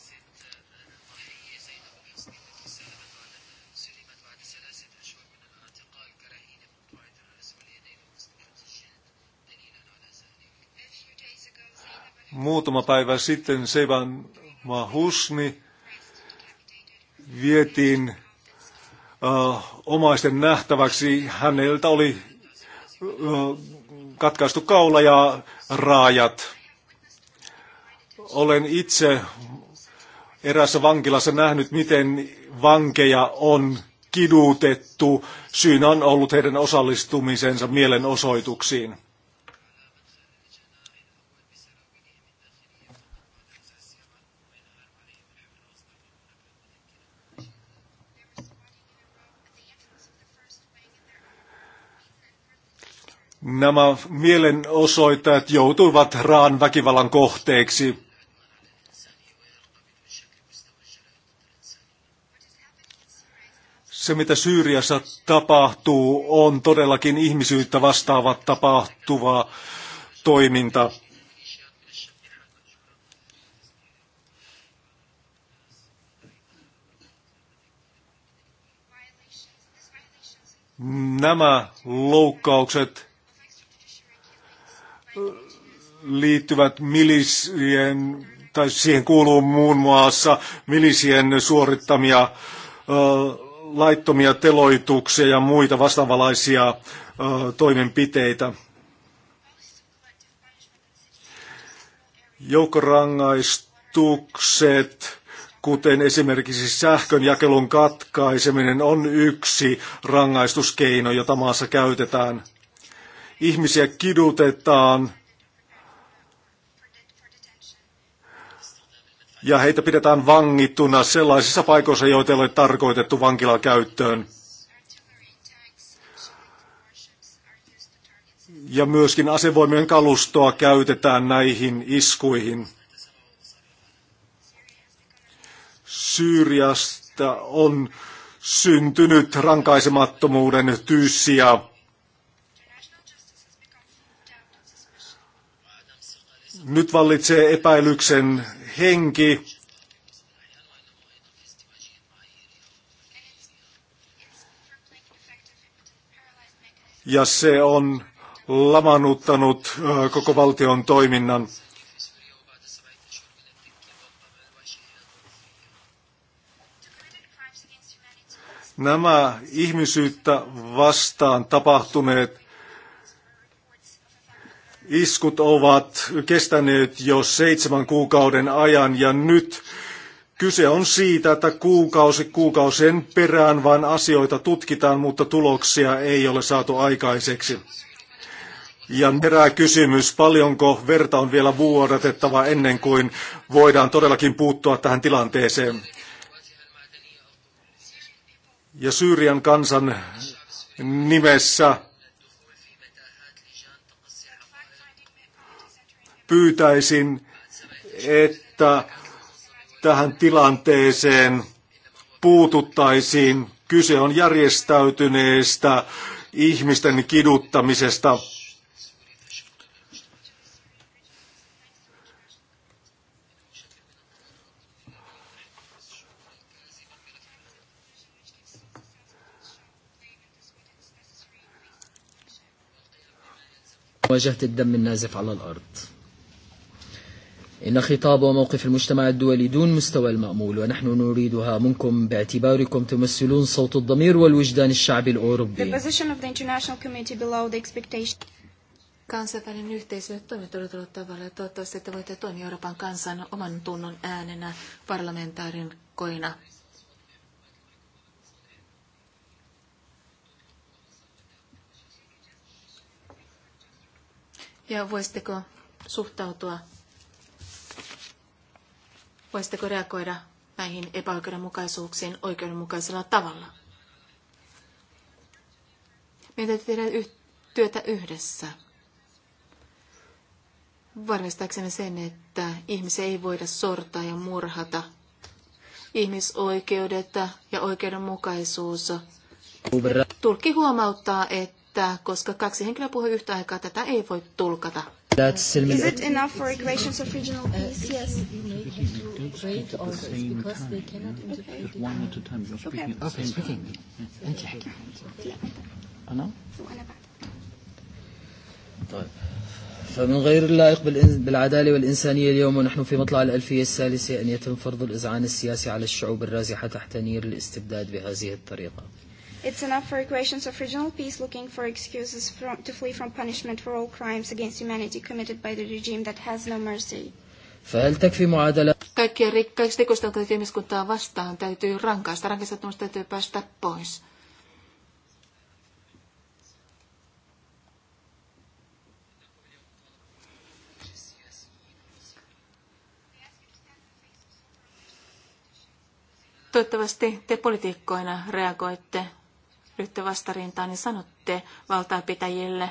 muutama päivä sitten Sevan Mahusni vietiin äh, omaisten nähtäväksi. Häneltä oli äh, katkaistu kaula ja raajat. Olen itse erässä vankilassa nähnyt, miten vankeja on kidutettu. Syynä on ollut heidän osallistumisensa mielenosoituksiin. Nämä mielenosoittajat joutuivat raan väkivallan kohteeksi. Se, mitä Syyriassa tapahtuu, on todellakin ihmisyyttä vastaava tapahtuva toiminta. Nämä loukkaukset liittyvät milisien, tai siihen kuuluu muun muassa milisien suorittamia laittomia teloituksia ja muita vastaavanlaisia toimenpiteitä. Joukkorangaistukset, kuten esimerkiksi sähkönjakelun katkaiseminen, on yksi rangaistuskeino, jota maassa käytetään – ihmisiä kidutetaan ja heitä pidetään vangittuna sellaisissa paikoissa, joita ei ole tarkoitettu vankilakäyttöön. Ja myöskin asevoimien kalustoa käytetään näihin iskuihin. Syyriasta on syntynyt rankaisemattomuuden tyyssiä. Nyt vallitsee epäilyksen henki. Ja se on lamanuttanut koko valtion toiminnan. Nämä ihmisyyttä vastaan tapahtuneet Iskut ovat kestäneet jo seitsemän kuukauden ajan ja nyt kyse on siitä, että kuukausi kuukausien perään vain asioita tutkitaan, mutta tuloksia ei ole saatu aikaiseksi. Ja herää kysymys, paljonko verta on vielä vuodatettava ennen kuin voidaan todellakin puuttua tähän tilanteeseen. Ja Syyrian kansan nimessä Pyytäisin, että tähän tilanteeseen puututtaisiin. Kyse on järjestäytyneestä ihmisten kiduttamisesta. واجهت الدم النازف على الأرض إن خطاب وموقف المجتمع الدولي دون مستوى المأمول ونحن نريدها منكم باعتباركم تمثلون صوت الضمير والوجدان الشعبي الأوروبي. The position of the International Committee below the expectation. Kansainvälinen yhteisö nyt toimii todetulla tavalla ja toivottavasti te voitte toimia Euroopan kansan oman tunnon äänenä parlamentaarikoina. Ja voisitteko suhtautua Voisitteko reagoida näihin epäoikeudenmukaisuuksiin oikeudenmukaisella tavalla? Meidän täytyy tehdä työtä yhdessä. Varmistaaksemme sen, että ihmisiä ei voida sortaa ja murhata. Ihmisoikeudet ja oikeudenmukaisuus. Tulkki huomauttaa, että koska kaksi henkilöä puhuu yhtä aikaa, tätä ei voi tulkata. That's Is it enough for equations of regional peace? Uh, yes. You, you need to wait or because they cannot yeah? interpret okay. one at a time. You're speaking. Okay. Okay. Speaking. Okay. أنا؟ طيب فمن غير اللائق بالعدالة والإنسانية اليوم ونحن في مطلع الألفية الثالثة أن يتم فرض الإذعان السياسي على الشعوب الرازحة تحت نير الاستبداد بهذه الطريقة. It's enough for equations of regional peace looking for excuses from, to flee from punishment for all crimes against humanity committed by the regime that has no mercy. فلتكفي معادلة Kaikkia rikkaiksi tekoista ihmiskuntaa vastaan täytyy rankaista. Rankaistattomuus täytyy päästä pois. Toivottavasti te politiikkoina reagoitte ryhtyä vastarintaan, niin sanotte valtaapitäjille,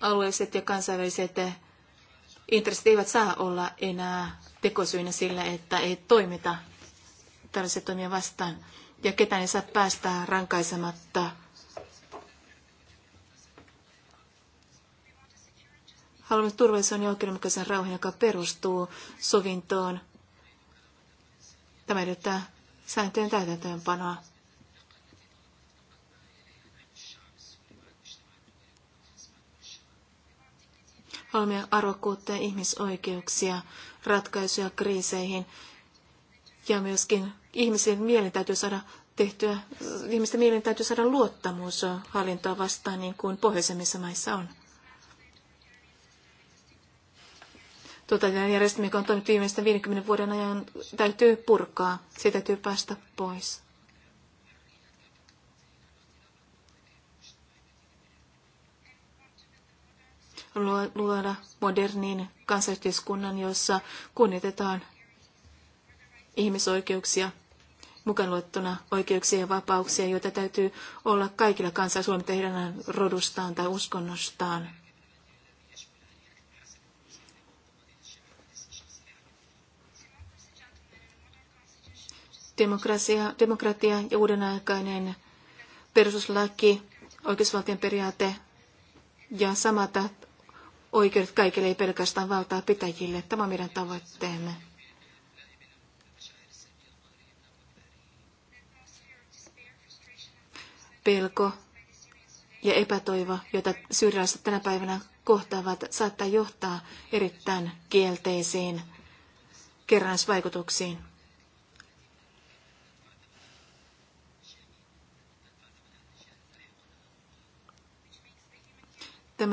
alueelliset ja kansainväliset intressit eivät saa olla enää tekosyinä sillä, että ei toimita tällaisia toimia vastaan. Ja ketään ei saa päästää rankaisematta Haluamme turvallisen ja oikeudenmukaisen rauhan, joka perustuu sovintoon. Tämä edellyttää sääntöjen täytäntöönpanoa. Haluamme arvokkuutta ja ihmisoikeuksia, ratkaisuja kriiseihin ja myöskin ihmisen mielen täytyy saada tehtyä, ihmisten mielen täytyy saada luottamus hallintoa vastaan niin kuin pohjoisemmissa maissa on. tuotantojen järjestelmä, joka on toiminut viimeisten 50 vuoden ajan, täytyy purkaa. Siitä täytyy päästä pois. luoda modernin kansayhteiskunnan, jossa kunnioitetaan ihmisoikeuksia, mukaan luettuna oikeuksia ja vapauksia, joita täytyy olla kaikilla kansaa Suomessa heidän rodustaan tai uskonnostaan. demokratia, demokratia ja uudenaikainen perustuslaki, oikeusvaltion periaate ja samat oikeudet kaikille, ei pelkästään valtaa pitäjille. Tämä on meidän tavoitteemme. Pelko ja epätoivo, jota syyrialaiset tänä päivänä kohtaavat, saattaa johtaa erittäin kielteisiin kerransvaikutuksiin.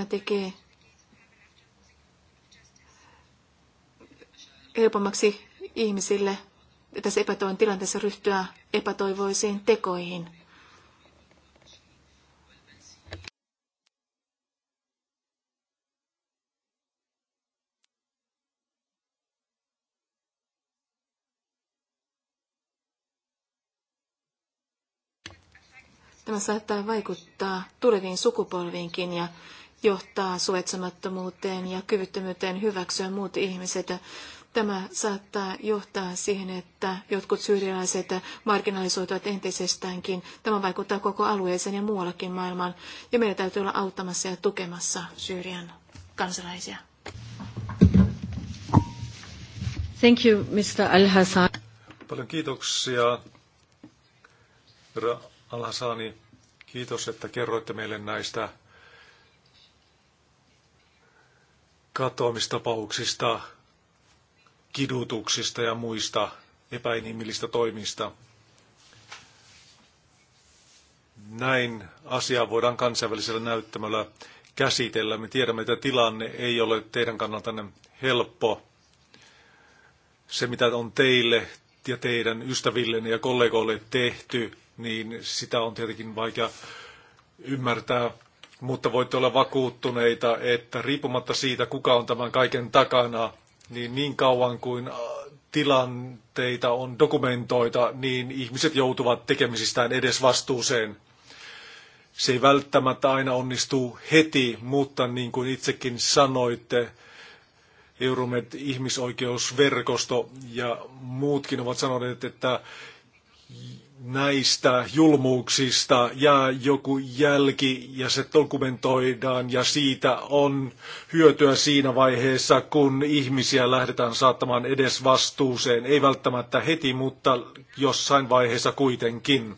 tekee helpommaksi ihmisille tässä epätoivon tilanteessa ryhtyä epätoivoisiin tekoihin. Tämä saattaa vaikuttaa tuleviin sukupolviinkin ja johtaa suvetsemattomuuteen ja kyvyttömyyteen hyväksyä muut ihmiset. Tämä saattaa johtaa siihen, että jotkut syyrialaiset marginalisoituvat entisestäänkin. Tämä vaikuttaa koko alueeseen ja muuallakin maailmaan. Ja meidän täytyy olla auttamassa ja tukemassa Syyrian kansalaisia. Thank you, Mr. Al-Hassan. Paljon kiitoksia, herra Al-Hassani. Kiitos, että kerroitte meille näistä katoamistapauksista, kidutuksista ja muista epäinhimillistä toimista. Näin asiaa voidaan kansainvälisellä näyttämällä käsitellä. Me tiedämme, että tilanne ei ole teidän kannaltanne helppo. Se, mitä on teille ja teidän ystävillenne ja kollegoille tehty, niin sitä on tietenkin vaikea ymmärtää mutta voitte olla vakuuttuneita, että riippumatta siitä, kuka on tämän kaiken takana, niin niin kauan kuin äh, tilanteita on dokumentoita, niin ihmiset joutuvat tekemisistään edes vastuuseen. Se ei välttämättä aina onnistuu heti, mutta niin kuin itsekin sanoitte, Euromed ihmisoikeusverkosto ja muutkin ovat sanoneet, että näistä julmuuksista jää joku jälki ja se dokumentoidaan ja siitä on hyötyä siinä vaiheessa, kun ihmisiä lähdetään saattamaan edes vastuuseen. Ei välttämättä heti, mutta jossain vaiheessa kuitenkin.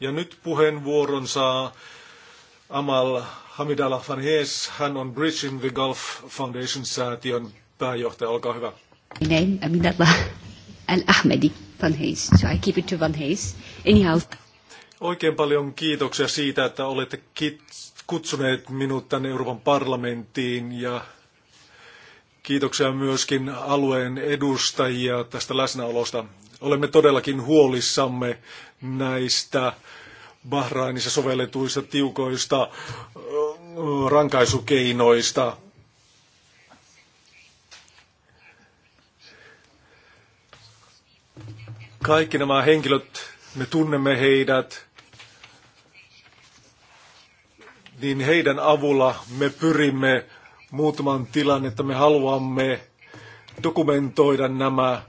Ja nyt puheenvuoron saa Amal Hamidala van Hees. Hän on Bridging the Gulf Foundation-säätiön pääjohtaja. Olkaa hyvä. Minä Aminallah Al-Ahmadi. Van Hees, so I keep it to Van Hees. Anyhow. Oikein paljon kiitoksia siitä, että olette kutsuneet minut tänne Euroopan parlamenttiin ja kiitoksia myöskin alueen edustajia tästä läsnäolosta. Olemme todellakin huolissamme näistä Bahrainissa sovelletuista tiukoista rankaisukeinoista Kaikki nämä henkilöt, me tunnemme heidät, niin heidän avulla me pyrimme muutaman tilan, että me haluamme dokumentoida nämä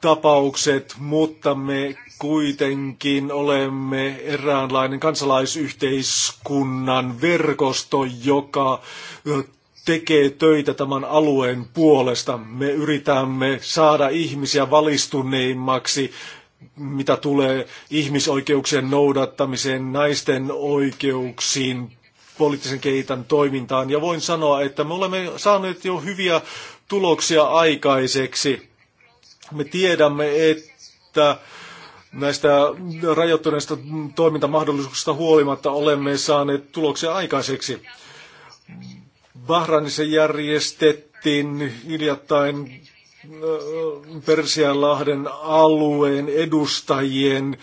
tapaukset, mutta me kuitenkin olemme eräänlainen kansalaisyhteiskunnan verkosto, joka tekee töitä tämän alueen puolesta. Me yritämme saada ihmisiä valistuneimmaksi, mitä tulee ihmisoikeuksien noudattamiseen, naisten oikeuksiin, poliittisen keitän toimintaan. Ja voin sanoa, että me olemme saaneet jo hyviä tuloksia aikaiseksi. Me tiedämme, että näistä rajoittuneista toimintamahdollisuuksista huolimatta olemme saaneet tuloksia aikaiseksi. Bahrainissa järjestettiin hiljattain äh, Persianlahden alueen edustajien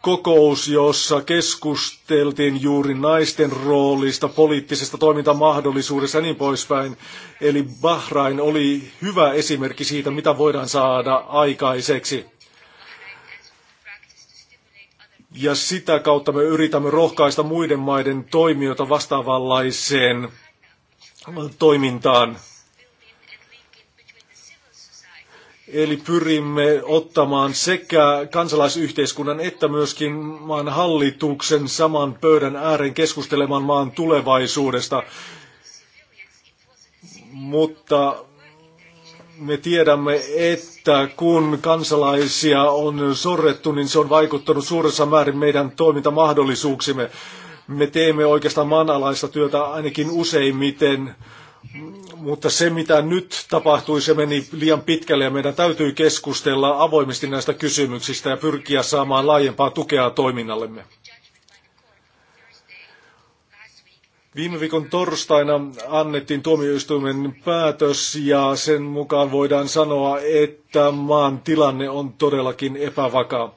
kokous, jossa keskusteltiin juuri naisten roolista, poliittisesta toimintamahdollisuudesta ja niin poispäin. Eli Bahrain oli hyvä esimerkki siitä, mitä voidaan saada aikaiseksi. Ja sitä kautta me yritämme rohkaista muiden maiden toimijoita vastaavanlaiseen toimintaan. Eli pyrimme ottamaan sekä kansalaisyhteiskunnan että myöskin maan hallituksen saman pöydän ääreen keskustelemaan maan tulevaisuudesta. Mutta me tiedämme, että kun kansalaisia on sorrettu, niin se on vaikuttanut suuressa määrin meidän toimintamahdollisuuksimme me teemme oikeastaan maanalaista työtä ainakin useimmiten, mutta se mitä nyt tapahtui, se meni liian pitkälle ja meidän täytyy keskustella avoimesti näistä kysymyksistä ja pyrkiä saamaan laajempaa tukea toiminnallemme. Viime viikon torstaina annettiin tuomioistuimen päätös ja sen mukaan voidaan sanoa, että maan tilanne on todellakin epävakaa.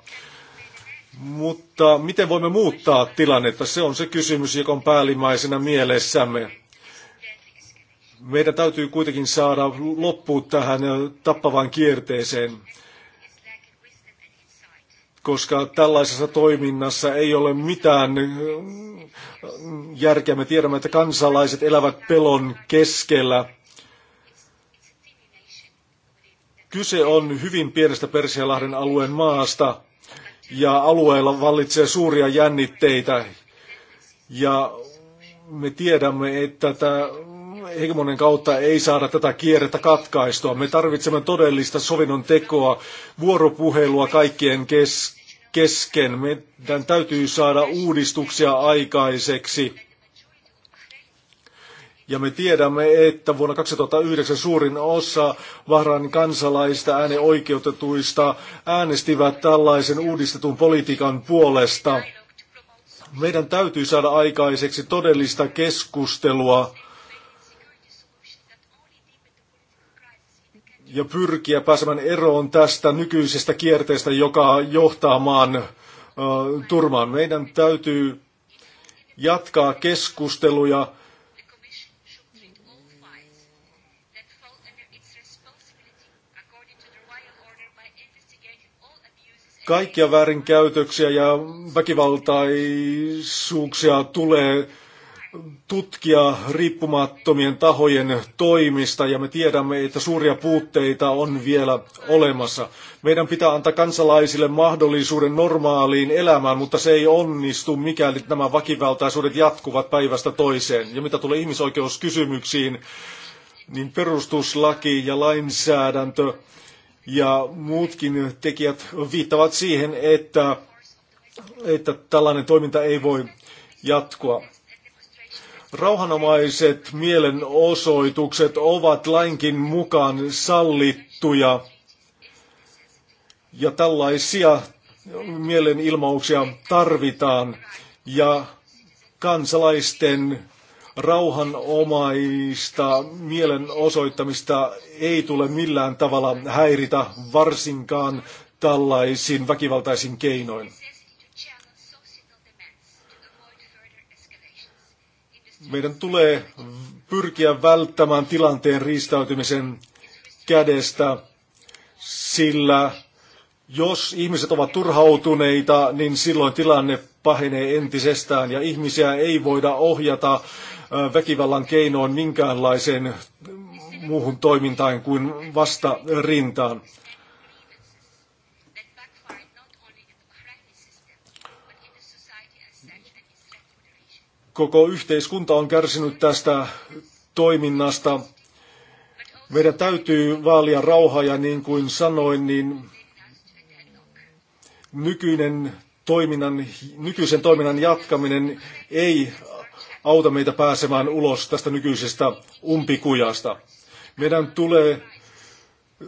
Mutta miten voimme muuttaa tilannetta? Se on se kysymys, joka on päällimmäisenä mielessämme. Meidän täytyy kuitenkin saada loppuun tähän tappavaan kierteeseen, koska tällaisessa toiminnassa ei ole mitään äh, järkeä. Me tiedämme, että kansalaiset elävät pelon keskellä. Kyse on hyvin pienestä Persialahden alueen maasta, ja alueella vallitsee suuria jännitteitä. Ja me tiedämme, että tämä Hegemonen kautta ei saada tätä kierrettä katkaistua. Me tarvitsemme todellista sovinnon tekoa, vuoropuhelua kaikkien kes- kesken. Meidän täytyy saada uudistuksia aikaiseksi Ja me tiedämme, että vuonna 2009 suurin osa Bahrainin kansalaista ääneoikeutetuista äänestivät tällaisen uudistetun politiikan puolesta. Meidän täytyy saada aikaiseksi todellista keskustelua ja pyrkiä pääsemään eroon tästä nykyisestä kierteestä, joka johtaa maan ö, turmaan. Meidän täytyy jatkaa keskusteluja Kaikkia väärinkäytöksiä ja väkivaltaisuuksia tulee tutkia riippumattomien tahojen toimista ja me tiedämme, että suuria puutteita on vielä olemassa. Meidän pitää antaa kansalaisille mahdollisuuden normaaliin elämään, mutta se ei onnistu, mikäli nämä väkivaltaisuudet jatkuvat päivästä toiseen. Ja mitä tulee ihmisoikeuskysymyksiin, niin perustuslaki ja lainsäädäntö ja muutkin tekijät viittavat siihen, että, että tällainen toiminta ei voi jatkua. Rauhanomaiset mielenosoitukset ovat lainkin mukaan sallittuja ja tällaisia mielenilmauksia tarvitaan ja kansalaisten rauhanomaista mielenosoittamista ei tule millään tavalla häiritä varsinkaan tällaisin väkivaltaisin keinoin. Meidän tulee pyrkiä välttämään tilanteen riistäytymisen kädestä, sillä jos ihmiset ovat turhautuneita, niin silloin tilanne pahenee entisestään ja ihmisiä ei voida ohjata väkivallan keinoon minkäänlaiseen muuhun toimintaan kuin vasta rintaan. Koko yhteiskunta on kärsinyt tästä toiminnasta. Meidän täytyy vaalia rauhaa ja niin kuin sanoin, niin nykyinen toiminnan, nykyisen toiminnan jatkaminen ei auta meitä pääsemään ulos tästä nykyisestä umpikujasta. Meidän tulee eh,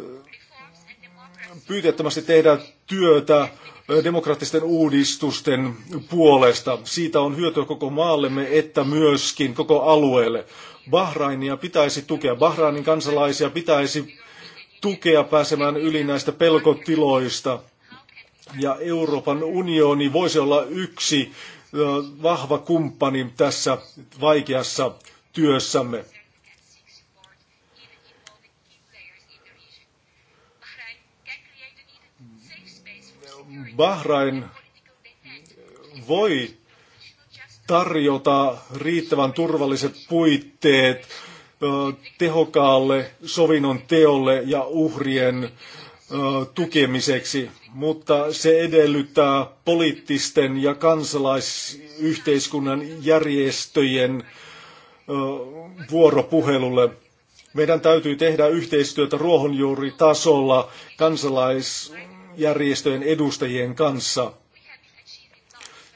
pyytettömästi tehdä työtä eh, demokraattisten uudistusten puolesta. Siitä on hyötyä koko maallemme, että myöskin koko alueelle. Bahrainia pitäisi tukea, Bahrainin kansalaisia pitäisi tukea pääsemään yli näistä pelkotiloista. Ja Euroopan unioni voisi olla yksi vahva kumppani tässä vaikeassa työssämme. Bahrain voi tarjota riittävän turvalliset puitteet tehokkaalle sovinnon teolle ja uhrien tukemiseksi mutta se edellyttää poliittisten ja kansalaisyhteiskunnan järjestöjen vuoropuhelulle. Meidän täytyy tehdä yhteistyötä ruohonjuuritasolla kansalaisjärjestöjen edustajien kanssa.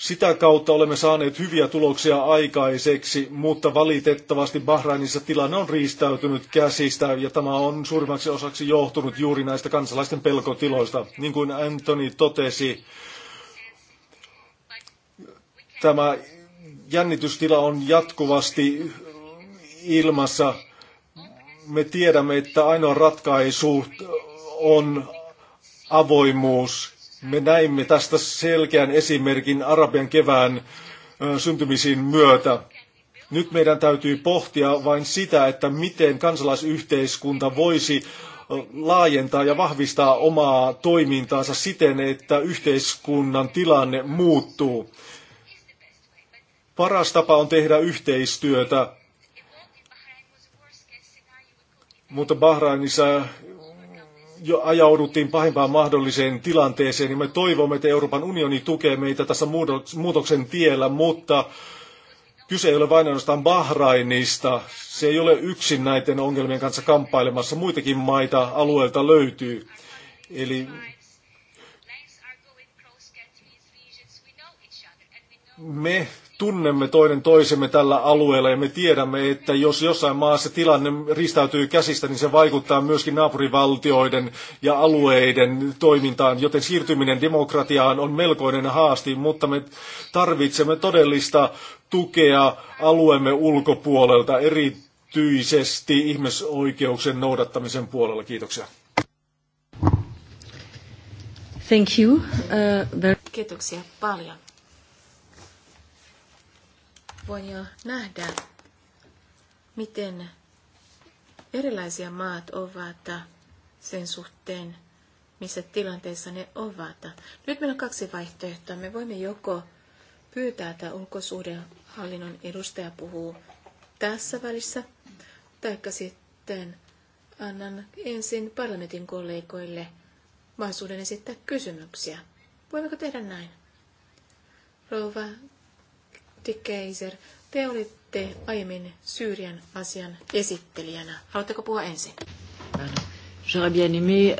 Sitä kautta olemme saaneet hyviä tuloksia aikaiseksi, mutta valitettavasti Bahrainissa tilanne on riistäytynyt käsistä ja tämä on suurimmaksi osaksi johtunut juuri näistä kansalaisten pelkotiloista. Niin kuin Anthony totesi, tämä jännitystila on jatkuvasti ilmassa. Me tiedämme, että ainoa ratkaisu on avoimuus Me näimme tästä selkeän esimerkin Arabian kevään syntymisiin myötä. Nyt meidän täytyy pohtia vain sitä, että miten kansalaisyhteiskunta voisi laajentaa ja vahvistaa omaa toimintaansa siten, että yhteiskunnan tilanne muuttuu. Paras tapa on tehdä yhteistyötä, mutta Bahrainissa jo ajauduttiin pahimpaan mahdolliseen tilanteeseen, niin me toivomme, että Euroopan unioni tukee meitä tässä muutoksen tiellä, mutta kyse ei ole vain ainoastaan Bahrainista. Se ei ole yksin näiden ongelmien kanssa kamppailemassa. Muitakin maita alueelta löytyy. Eli me tunnemme toinen toisemme tällä alueella ja me tiedämme, että jos jossain maassa tilanne ristäytyy käsistä, niin se vaikuttaa myöskin naapurivaltioiden ja alueiden toimintaan, joten siirtyminen demokratiaan on melkoinen haaste, mutta me tarvitsemme todellista tukea alueemme ulkopuolelta, erityisesti ihmisoikeuksien noudattamisen puolella. Kiitoksia. Thank you. Uh, very... Kiitoksia paljon voin jo nähdä, miten erilaisia maat ovat sen suhteen, missä tilanteessa ne ovat. Nyt meillä on kaksi vaihtoehtoa. Me voimme joko pyytää, että ulkosuhdehallinnon edustaja puhuu tässä välissä, taikka sitten annan ensin parlamentin kollegoille mahdollisuuden esittää kysymyksiä. Voimmeko tehdä näin? Rouva Antti Keiser, te olitte aiemmin Syyrian asian esittelijänä. Haluatteko puhua ensin?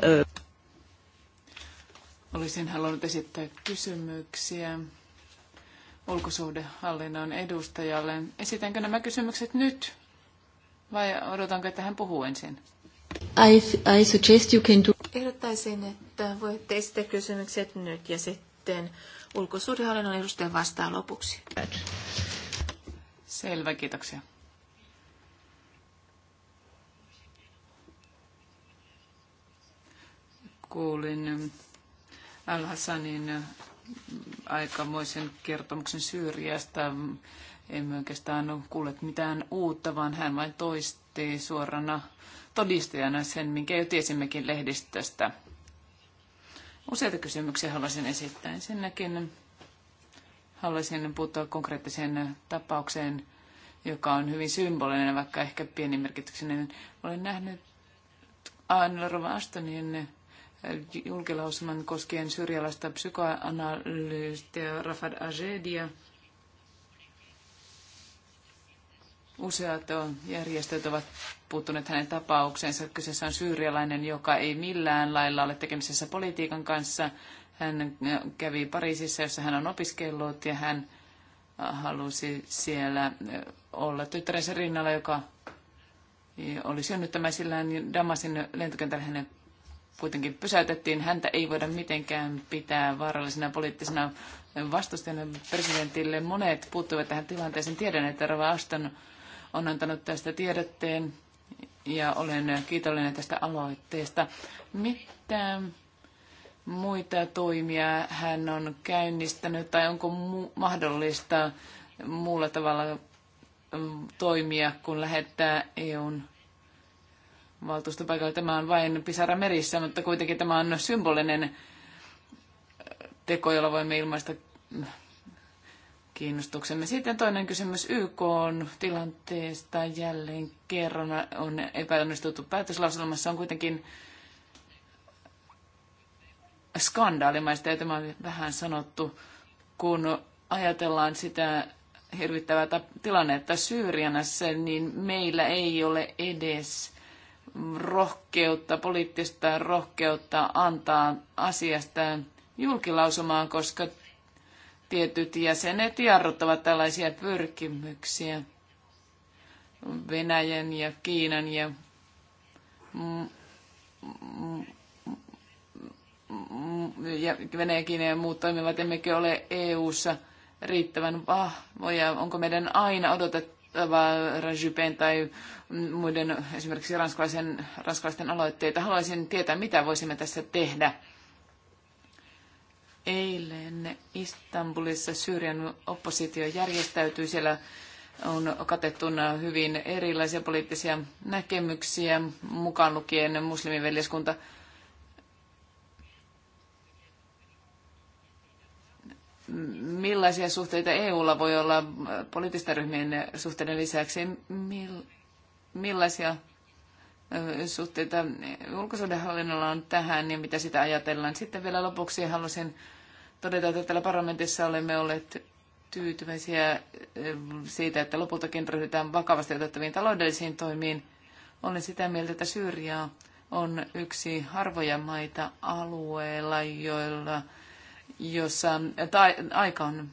Euh, Olisin halunnut esittää kysymyksiä ulkosuhdehallinnon edustajalle. Esitänkö nämä kysymykset nyt vai odotanko, että hän puhuu ensin? I, I suggest you can do... Ehdottaisin, että voitte esittää kysymykset nyt ja sitten Ulkosuurihallinnon edustaja vastaa lopuksi. Selvä, kiitoksia. Kuulin Al-Hassanin aikamoisen kertomuksen Syyriasta. Emme oikeastaan kuulleet mitään uutta, vaan hän vain toisti suorana todistajana sen, minkä jo tiesimmekin lehdistöstä. Useita kysymyksiä haluaisin esittää. Ensinnäkin haluaisin puuttua konkreettiseen tapaukseen, joka on hyvin symbolinen, vaikka ehkä pieni merkityksinen. Olen nähnyt Anna Rova Astonin julkilausuman koskien syrjäläistä psykoanalyystiä Rafad Ajedia. Useat järjestöt ovat puuttuneet hänen tapaukseensa. Kyseessä on syyrialainen, joka ei millään lailla ole tekemisessä politiikan kanssa. Hän kävi Pariisissa, jossa hän on opiskellut ja hän äh, halusi siellä äh, olla tyttärensä rinnalla, joka äh, oli synnyttämäisillään Damasin lentokentällä hänen kuitenkin pysäytettiin. Häntä ei voida mitenkään pitää vaarallisena poliittisena vastustajana presidentille. Monet puuttuivat tähän tilanteeseen. Tiedän, että Rava Aston on antanut tästä tiedotteen ja olen kiitollinen tästä aloitteesta. Mitä muita toimia hän on käynnistänyt tai onko mu- mahdollista muulla tavalla mm, toimia, kun lähettää EUn valtuustopaikalle. Tämä on vain pisara merissä, mutta kuitenkin tämä on symbolinen teko, jolla voimme ilmaista mm, kiinnostuksemme. Sitten toinen kysymys YK on tilanteesta jälleen kerran on epäonnistuttu päätöslauselmassa on kuitenkin skandaalimaista ja tämä on vähän sanottu, kun ajatellaan sitä hirvittävää tilannetta Syyrianassa, niin meillä ei ole edes rohkeutta, poliittista rohkeutta antaa asiasta julkilausumaan, koska tietyt jäsenet jarruttavat tällaisia pyrkimyksiä. Venäjän ja Kiinan ja ja Venäjäkin ja muut toimivat, emmekö ole EU-ssa riittävän vahvoja. Onko meidän aina odotettava Rajupen tai muiden esimerkiksi ranskalaisen, ranskalaisten aloitteita? Haluaisin tietää, mitä voisimme tässä tehdä. Eilen Istanbulissa Syyrian oppositio järjestäytyi. Siellä on katettuna hyvin erilaisia poliittisia näkemyksiä, mukaan lukien muslimiveljeskunta. Millaisia suhteita EUlla voi olla poliittisten ryhmien suhteiden lisäksi? Millaisia suhteita ulkosuhdehallinnolla on tähän ja mitä sitä ajatellaan? Sitten vielä lopuksi haluaisin todeta, että täällä parlamentissa olemme olleet tyytyväisiä eh, siitä, että lopultakin ryhdytään vakavasti otettaviin taloudellisiin toimiin. Olen sitä mieltä, että Syyria on yksi harvoja maita alueella, joilla, jossa tai, aika on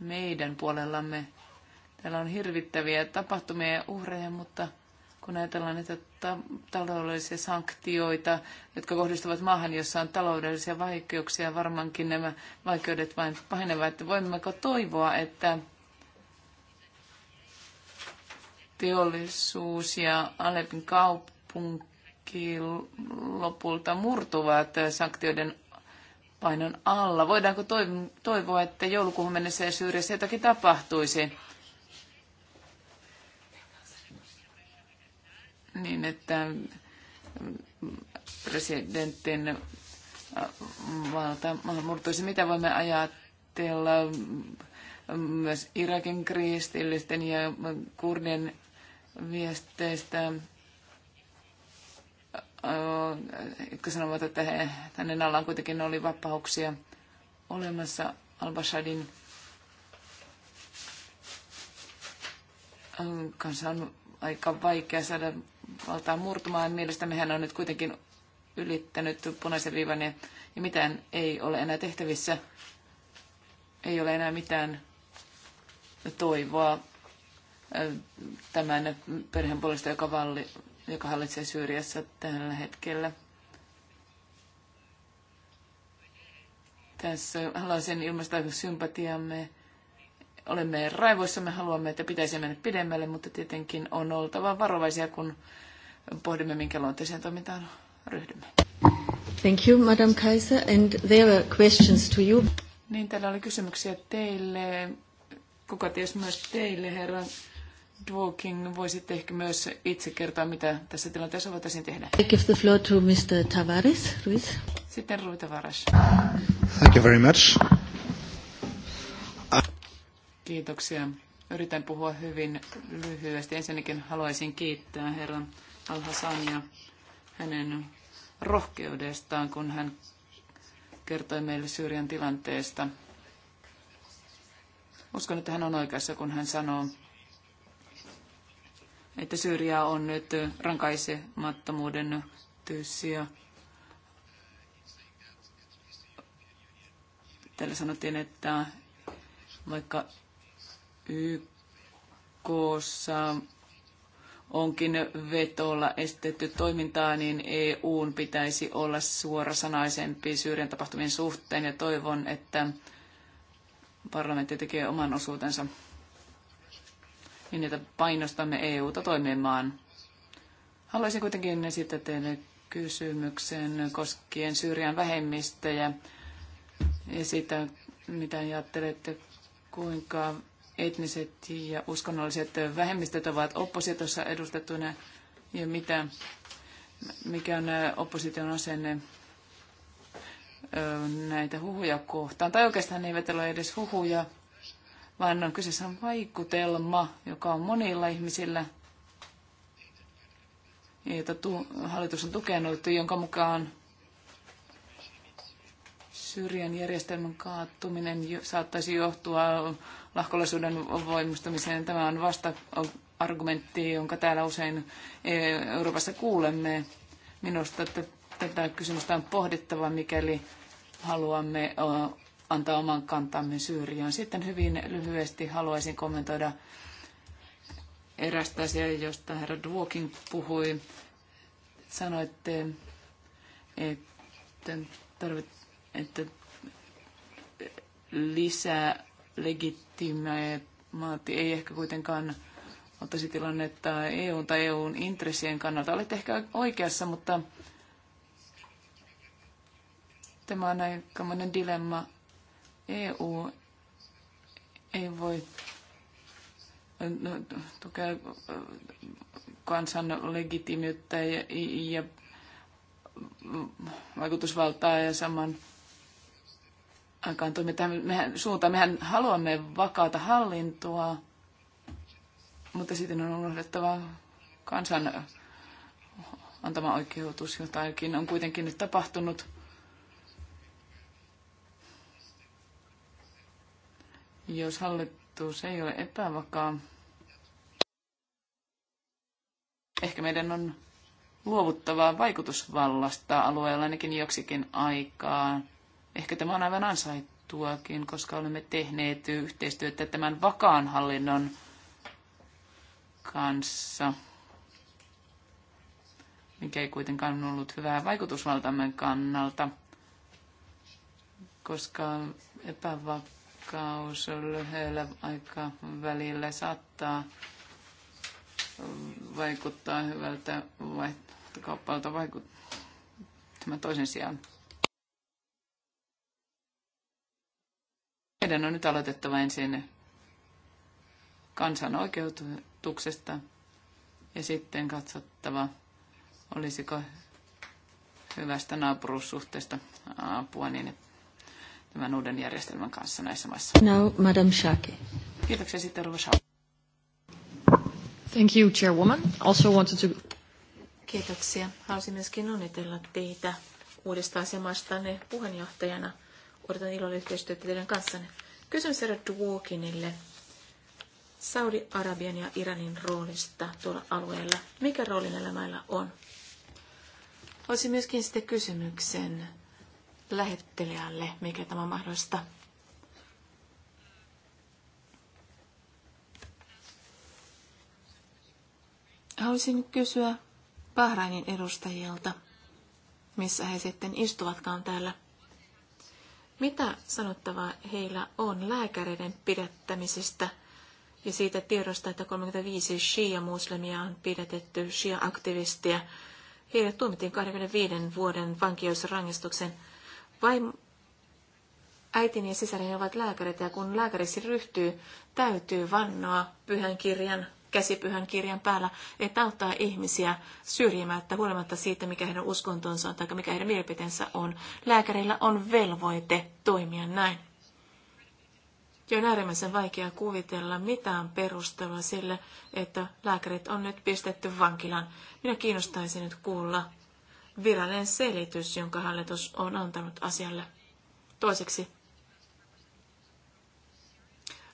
meidän puolellamme. Täällä on hirvittäviä tapahtumia ja uhreja, mutta kun ajatellaan niitä ta- taloudellisia sanktioita, jotka kohdistuvat maahan, jossa on taloudellisia vaikeuksia, varmaankin nämä vaikeudet vain pahenevat. Voimmeko toivoa, että teollisuus ja Alepin kaupunki lopulta murtuvat sanktioiden painon alla? Voidaanko toivoa, että joulukuuhun mennessä Syyriassa jotakin tapahtuisi? niin, että presidentin valta murtuisi. Mitä voimme ajatella myös Irakin kristillisten ja kurdien viesteistä, jotka sanovat, että he, hänen allaan kuitenkin oli vapauksia olemassa Al-Bashadin kanssa on aika vaikea saada valtaa murtumaan. Mielestäni hän on nyt kuitenkin ylittänyt punaisen viivan ja, ja mitään ei ole enää tehtävissä. Ei ole enää mitään toivoa tämän perheen puolesta, joka, valli, joka hallitsee Syyriassa tällä hetkellä. Tässä haluaisin ilmaista sympatiamme olemme raivoissamme, haluamme, että pitäisi mennä pidemmälle, mutta tietenkin on oltava varovaisia, kun pohdimme, minkä luonteiseen toimintaan ryhdymme. Thank you, Madam Kaiser. And there were questions to you. Niin, täällä oli kysymyksiä teille. Kuka ties myös teille, herra Dwoking. Voisitte ehkä myös itse kertoa, mitä tässä tilanteessa voitaisiin tehdä. I give the floor to Mr. Tavares, Ruiz. Sitten Rui Tavares. Thank you very much. Kiitoksia. Yritän puhua hyvin lyhyesti. Ensinnäkin haluaisin kiittää herra Al-Hassania hänen rohkeudestaan, kun hän kertoi meille Syyrian tilanteesta. Uskon, että hän on oikeassa, kun hän sanoo, että Syyria on nyt rankaisemattomuuden tyyssiä. Täällä sanottiin, että vaikka YKssa onkin vetolla estetty toimintaa, niin EUn pitäisi olla suorasanaisempi Syyrian tapahtumien suhteen ja toivon, että parlamentti tekee oman osuutensa niin, että painostamme EUta toimimaan. Haluaisin kuitenkin esittää teille kysymyksen koskien Syyrian vähemmistöjä ja sitä, mitä ajattelette, kuinka etniset ja uskonnolliset vähemmistöt ovat oppositiossa edustettuina ja mitä, mikä on opposition asenne näitä huhuja kohtaan. Tai oikeastaan ne eivät ole edes huhuja, vaan on kyseessä on vaikutelma, joka on monilla ihmisillä, jota tu- hallitus on tukenut, jonka mukaan Syyrian järjestelmän kaattuminen saattaisi johtua lahkolaisuuden voimistumiseen. Tämä on vasta argumentti, jonka täällä usein e, Euroopassa kuulemme. Minusta tätä kysymystä on pohdittava, mikäli haluamme antaa oman kantamme Syyriaan. Sitten hyvin lyhyesti haluaisin kommentoida erästä asiaa, josta herra Dwokin puhui. Sanoitte, että, tarvit, että lisää legitimaati ei ehkä kuitenkaan ottaisi tilannetta EUn tai EUn intressien kannalta. Olet ehkä oikeassa, mutta tämä on aikamoinen dilemma. EU ei voi tukea äh, kansan legitimiyttä ja, ja vaikutusvaltaa ja saman aikaantui mitään mehän, suuntaan. Mehän haluamme vakaata hallintoa, mutta sitten on unohdettava kansan antama oikeutus. Jotakin on kuitenkin nyt tapahtunut. Jos hallitus ei ole epävakaa, ehkä meidän on luovuttavaa vaikutusvallasta alueella ainakin joksikin aikaa Ehkä tämä on aivan ansaittuakin, koska olemme tehneet yhteistyötä tämän vakaan hallinnon kanssa, mikä ei kuitenkaan ollut hyvää vaikutusvaltamme kannalta, koska epävakaus lyhyellä aikavälillä saattaa vaikuttaa hyvältä vai kauppalta vaikuttaa tämän toisen sijaan. Meidän on nyt aloitettava ensin kansan oikeutuksesta ja sitten katsottava, olisiko hyvästä naapuruussuhteesta apua niin tämän uuden järjestelmän kanssa näissä maissa. Now, Madam Shaki. Kiitoksia sitten, Ruva Shaki. Thank you, Chairwoman. Also wanted to... Kiitoksia. Haluaisin myöskin onnitella teitä uudesta asemastanne puheenjohtajana – Odotan ilolla yhteistyötä teidän kanssanne. Kysymys herra Dworkinille Saudi-Arabian ja Iranin roolista tuolla alueella. Mikä rooli näillä mailla on? Olisi myöskin sitten kysymyksen lähettelijälle, mikä tämä on mahdollista. Haluaisin kysyä Bahrainin edustajilta, missä he sitten istuvatkaan täällä – Mitä sanottavaa heillä on lääkäreiden pidättämisestä ja siitä tiedosta, että 35 shia-muslimia on pidätetty shia-aktivistia? Heille tuomittiin 25 vuoden vankeusrangistuksen. Vai äitini ja sisareni ovat lääkäreitä ja kun lääkäriksi ryhtyy, täytyy vannoa pyhän kirjan käsipyhän kirjan päällä, että auttaa ihmisiä syrjimättä huolimatta siitä, mikä heidän uskontonsa on tai mikä heidän mielipiteensä on. Lääkärillä on velvoite toimia näin. Ja on äärimmäisen vaikea kuvitella mitään perustelua sille, että lääkärit on nyt pistetty vankilaan. Minä kiinnostaisin nyt kuulla virallinen selitys, jonka hallitus on antanut asialle. Toiseksi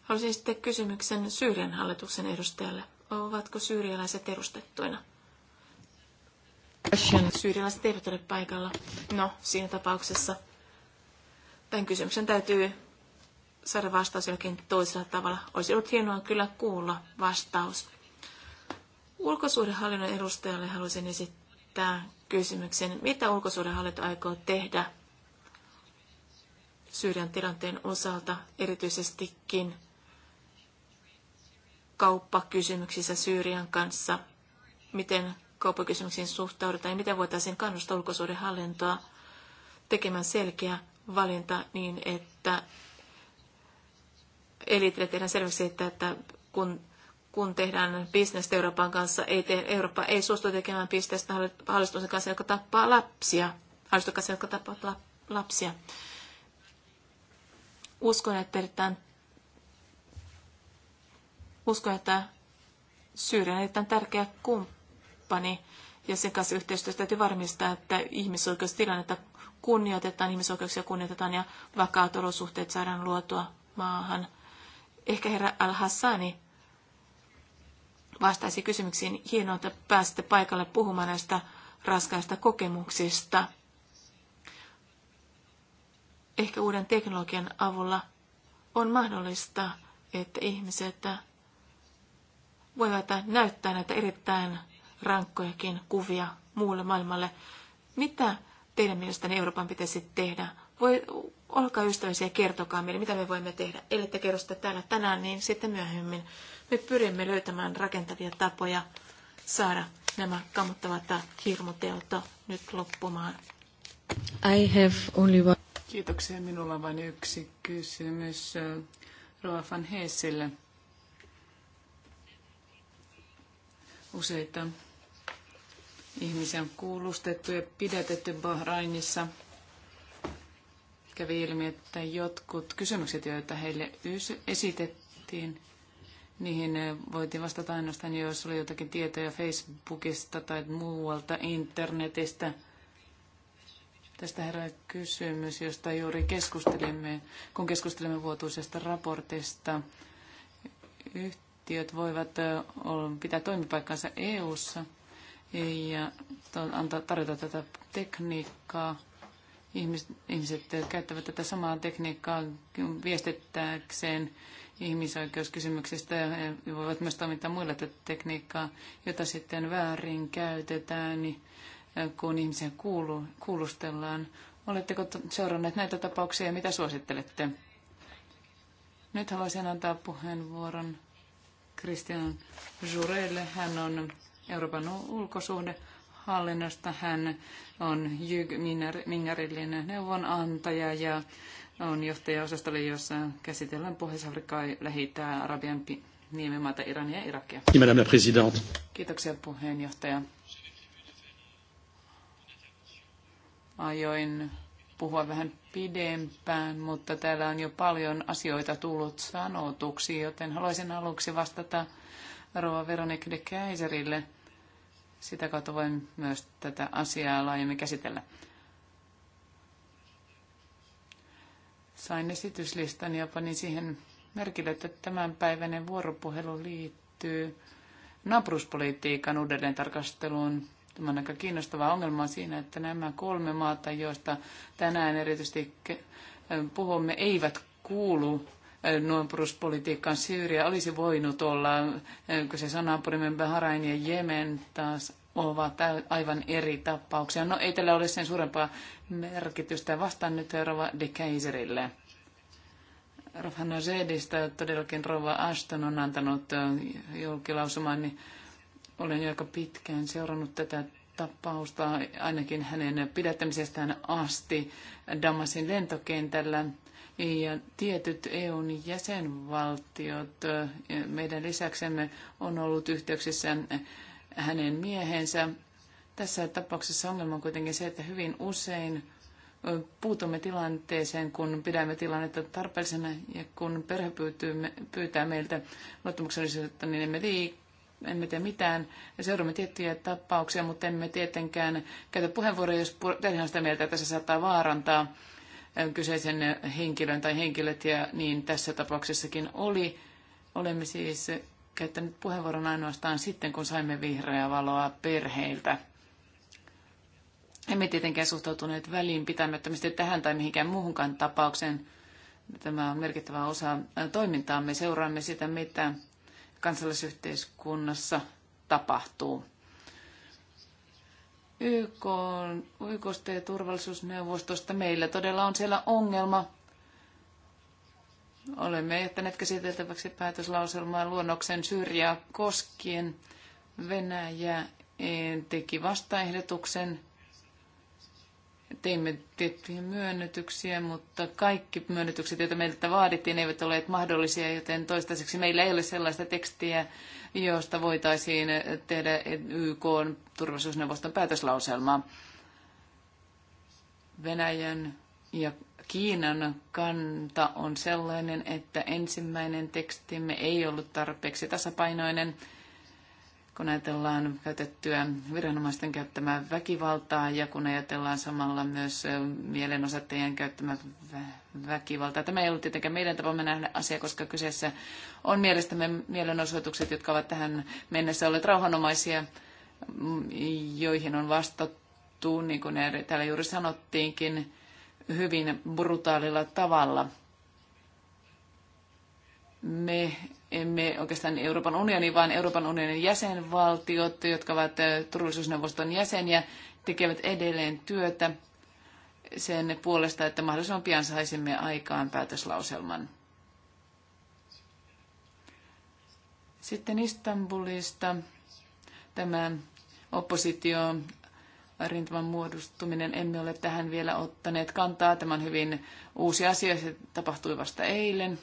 Haluaisin sitten kysymyksen Syyrian hallituksen edustajalle. Ovatko syyrialaiset edustettuina? Syyrialaiset eivät ole paikalla. No, siinä tapauksessa tämän kysymyksen täytyy saada vastaus jollakin toisella tavalla. Olisi ollut hienoa kyllä kuulla vastaus. Ulkosuudenhallinnon edustajalle haluaisin esittää kysymyksen, mitä ulkosuudenhallinto aikoo tehdä Syyrian tilanteen osalta erityisestikin kauppakysymyksissä Syyrian kanssa, miten kauppakysymyksiin suhtaudutaan ja miten voitaisiin kannustaa ulkosuuden hallintoa tekemään selkeä valinta niin, että elitille tehdään selväksi, että, että kun, kun tehdään bisnestä Euroopan kanssa, ei te, Eurooppa ei suostu tekemään bisnestä hallituksen kanssa, joka tappaa lapsia. Hallituksen kanssa, jotka tappavat lapsia. Uskon, että erittäin Uskon, että Syyria on erittäin tärkeä kumppani ja sen kanssa yhteistyössä täytyy varmistaa, että ihmisoikeustilannetta kunnioitetaan, ihmisoikeuksia kunnioitetaan ja vakaat olosuhteet saadaan luotua maahan. Ehkä herra Al-Hassani vastaisi kysymyksiin. Hienoa, että pääsitte paikalle puhumaan näistä raskaista kokemuksista. Ehkä uuden teknologian avulla on mahdollista, että ihmiset voivat näyttää näitä erittäin rankkojakin kuvia muulle maailmalle. Mitä teidän mielestänne Euroopan pitäisi tehdä? Voi, olkaa ystävällisiä ja kertokaa meille, mitä me voimme tehdä. Ellette kerro sitä täällä tänään, niin sitten myöhemmin. Me pyrimme löytämään rakentavia tapoja saada nämä kammottavat hirmuteot nyt loppumaan. I have only one. Kiitoksia. Minulla on vain yksi kysymys äh, Roa van Heesille. Useita ihmisiä on kuulustettu ja pidätetty Bahrainissa. Kävi ilmi, että jotkut kysymykset, joita heille esitettiin, niihin voitiin vastata ainoastaan, jos oli jotakin tietoja Facebookista tai muualta internetistä. Tästä herää kysymys, josta juuri keskustelimme, kun keskustelimme vuotuisesta raportista. Yhtä jäsenvaltiot voivat pitää toimipaikkansa EU-ssa ja antaa tarjota tätä tekniikkaa. Ihmiset, ihmiset käyttävät tätä samaa tekniikkaa viestittääkseen ihmisoikeuskysymyksistä ja voivat myös toimittaa muille tätä tekniikkaa, jota sitten väärin käytetään, niin kun ihmisiä kuulu, kuulustellaan. Oletteko seuranneet näitä tapauksia ja mitä suosittelette? Nyt haluaisin antaa puheenvuoron Christian Jurelle. Hän on Euroopan ulkosuhdehallinnosta. Hän on Jyg Mingarillinen neuvonantaja ja on johtajaosastolle, jossa käsitellään Pohjois-Afrikkaa, lähi Arabian niemimaata, Irania ja Irakia. Madame la Présidente. Kiitoksia puheenjohtaja. Ajoin puhua vähän pidempään, mutta täällä on jo paljon asioita tullut sanotuksi, joten haluaisin aluksi vastata Rova Veronique de Kaiserille. Sitä kautta voin myös tätä asiaa laajemmin käsitellä. Sain esityslistan ja panin siihen merkille, että tämänpäiväinen vuoropuhelu liittyy naapuruspolitiikan uudelleen tarkasteluun Tämä on aika kiinnostava ongelma siinä, että nämä kolme maata, joista tänään erityisesti puhumme, eivät kuulu nuoruspolitiikkaan. Syyria olisi voinut olla, kun se sanapurimen Bahrain ja Jemen taas ovat aivan eri tapauksia. No ei tällä ole sen suurempaa merkitystä. Vastaan nyt Rova de Keiserille. Rova Zedistä todellakin Rova Ashton on antanut julkilausuman, niin Olen aika pitkään seurannut tätä tapausta, ainakin hänen pidättämisestään asti Damasin lentokentällä. Ja tietyt EUn jäsenvaltiot meidän lisäksemme on ollut yhteyksissä hänen miehensä. Tässä tapauksessa ongelma on kuitenkin se, että hyvin usein puutumme tilanteeseen, kun pidämme tilannetta tarpeellisena ja kun perhe pyytää meiltä luottamuksellisuutta, niin emme liik- emme tee mitään ja seuraamme tiettyjä tapauksia, mutta emme tietenkään käytä puheenvuoroja, jos tehdään sitä mieltä, että se saattaa vaarantaa kyseisen henkilön tai henkilöt, ja niin tässä tapauksessakin oli. Olemme siis käyttänyt puheenvuoron ainoastaan sitten, kun saimme vihreää valoa perheiltä. Emme tietenkään suhtautuneet väliin pitämättömästi tähän tai mihinkään muuhunkaan tapaukseen. Tämä on merkittävä osa toimintaamme. Seuraamme sitä, mitä kansalaisyhteiskunnassa tapahtuu. YK, YKsta ja turvallisuusneuvostosta meillä todella on siellä ongelma. Olemme jättäneet käsiteltäväksi päätöslauselmaa luonnoksen syrjää koskien. Venäjä eh, teki vastaehdotuksen teimme tiettyjä myönnytyksiä, mutta kaikki myönnytykset, joita meiltä vaadittiin, eivät olleet mahdollisia, joten toistaiseksi meillä ei ole sellaista tekstiä, josta voitaisiin tehdä YK turvallisuusneuvoston päätöslauselmaa. Venäjän ja Kiinan kanta on sellainen, että ensimmäinen tekstimme ei ollut tarpeeksi tasapainoinen kun ajatellaan käytettyä viranomaisten käyttämää väkivaltaa ja kun ajatellaan samalla myös mielenosoittajien käyttämää väkivaltaa. Tämä ei ollut tietenkään meidän tapamme nähdä asia, koska kyseessä on mielestämme mielenosoitukset, jotka ovat tähän mennessä olleet rauhanomaisia, mm, joihin on vastattu, niin kuin täällä juuri sanottiinkin, hyvin brutaalilla tavalla. Me emme oikeastaan Euroopan unioni, vaan Euroopan unionin jäsenvaltiot, jotka ovat eh, turvallisuusneuvoston jäseniä, tekevät edelleen työtä sen puolesta, että mahdollisimman pian saisimme aikaan päätöslauselman. Sitten Istanbulista tämä oppositio rintaman muodostuminen. Emme ole tähän vielä ottaneet kantaa. Tämä on hyvin uusi asia. Se tapahtui vasta eilen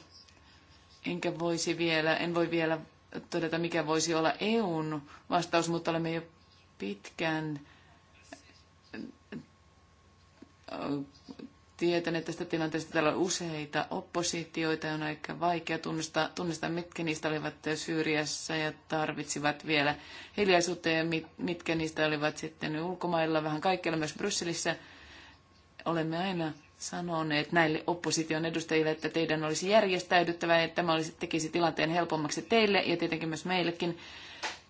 enkä voisi vielä, en voi vielä todeta, mikä voisi olla EUn vastaus, mutta olemme jo pitkään äh, tietäneet tästä tilanteesta. Täällä on useita oppositioita ja on aika vaikea tunnistaa, tunnistaa mitkä niistä olivat Syyriassa ja tarvitsivat vielä hiljaisuutta ja mitkä niistä olivat sitten ulkomailla, vähän kaikkialla myös Brysselissä. Olemme aina sanoneet näille opposition edustajille, että teidän olisi järjestäydyttävä, että tämä olisi, tekisi tilanteen helpommaksi teille ja tietenkin myös meillekin.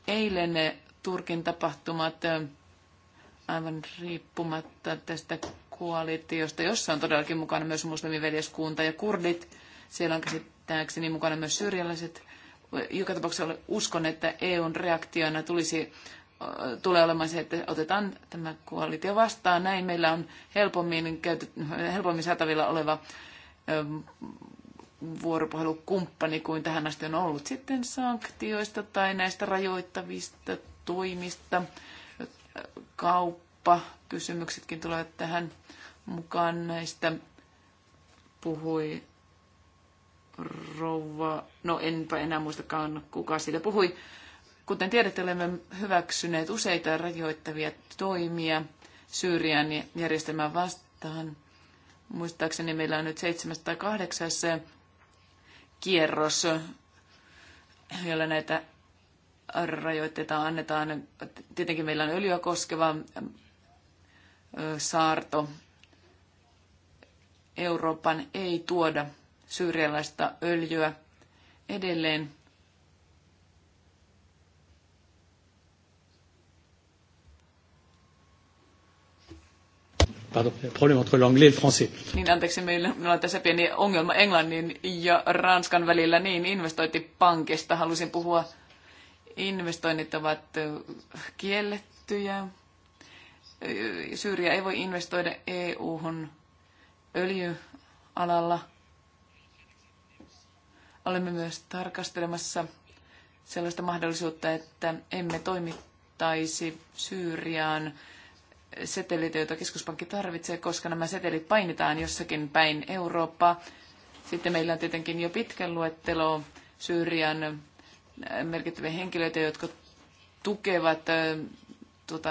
Eilen Turkin tapahtumat aivan riippumatta tästä koalitiosta, jossa on todellakin mukana myös muslimiveljeskunta ja kurdit. Siellä on käsittääkseni mukana myös syrjäläiset. Joka tapauksessa uskon, että EUn reaktiona tulisi tulee olemaan se, että otetaan tämä koalitio vastaan. Näin meillä on helpommin, helpommin saatavilla oleva vuoropuhelukumppani kuin tähän asti on ollut. Sitten sanktioista tai näistä rajoittavista toimista. Kauppa, kysymyksetkin tulevat tähän mukaan näistä. Puhui rouva, no enpä enää muistakaan kuka siitä puhui Kuten tiedätte, olemme hyväksyneet useita rajoittavia toimia Syyrian järjestelmää vastaan. Muistaakseni meillä on nyt 708 kierros, jolla näitä rajoitteita annetaan. Tietenkin meillä on öljyä koskeva saarto. Euroopan ei tuoda syyrialaista öljyä edelleen pardon, problème entre l'anglais et le français. Niin, anteeksi, minulla on tässä pieni ongelma englannin ja ranskan välillä, niin investointipankista halusin puhua. Investoinnit ovat kiellettyjä. Syyria ei voi investoida EU-hun öljyalalla. Olemme myös tarkastelemassa sellaista mahdollisuutta, että emme toimittaisi Syyriaan seteleitä, joita keskuspankki tarvitsee, koska nämä setelit painetaan jossakin päin Eurooppaa. Sitten meillä on tietenkin jo pitkä luettelo Syyrian äh, merkittäviä henkilöitä, jotka tukevat äh, tuota,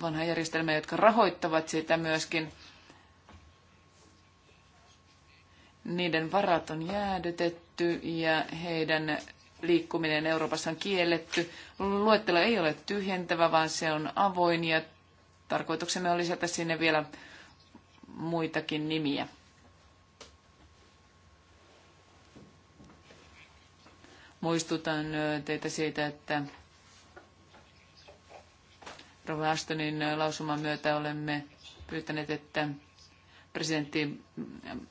vanhaa järjestelmää, jotka rahoittavat sitä myöskin. Niiden varat on jäädytetty ja heidän liikkuminen Euroopassa on kielletty. Luettelo ei ole tyhjentävä, vaan se on avoin ja Tarkoituksemme on lisätä sinne vielä muitakin nimiä. Muistutan teitä siitä, että Rova Astonin lausuman myötä olemme pyytäneet, että presidentti mm,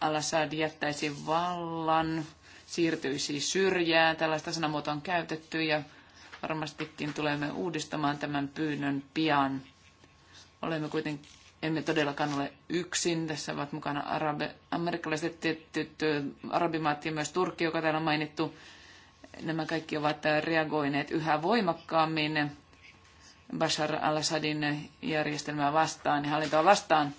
Al-Assad jättäisi vallan, siirtyisi syrjään. Tällaista sanamuotoa on käytetty ja Varmastikin tulemme uudistamaan tämän pyynnön pian. Olemme kuitenkin emme todellakaan ole yksin. Tässä ovat mukana arabi, amerikkalaiset tietyt arabimaat ja myös Turkki, joka täällä on mainittu. Nämä kaikki ovat reagoineet yhä voimakkaammin Bashar al-Assadin järjestelmää vastaan ja hallintoa vastaan.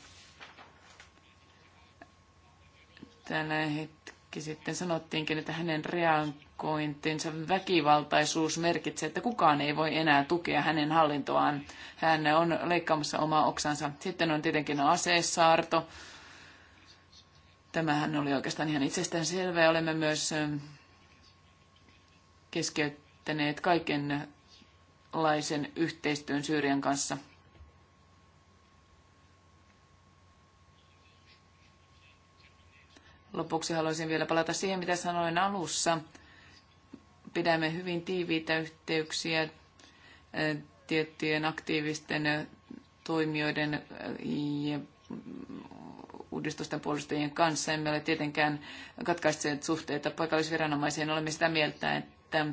Tällä hetki sitten sanottiinkin, että hänen reagointinsa tupakointinsa väkivaltaisuus merkitsee, että kukaan ei voi enää tukea hänen hallintoaan. Hän on leikkaamassa omaa oksansa. Sitten on tietenkin aseessaarto. Tämähän oli oikeastaan ihan itsestään selvää. Olemme myös keskeyttäneet kaikenlaisen yhteistyön Syyrian kanssa. Lopuksi haluaisin vielä palata siihen, mitä sanoin alussa pidämme hyvin tiiviitä yhteyksiä tiettyjen aktiivisten toimijoiden ja uudistusten puolustajien kanssa. Emme ole tietenkään katkaisseet suhteita paikallisviranomaisiin. Olemme sitä mieltä, että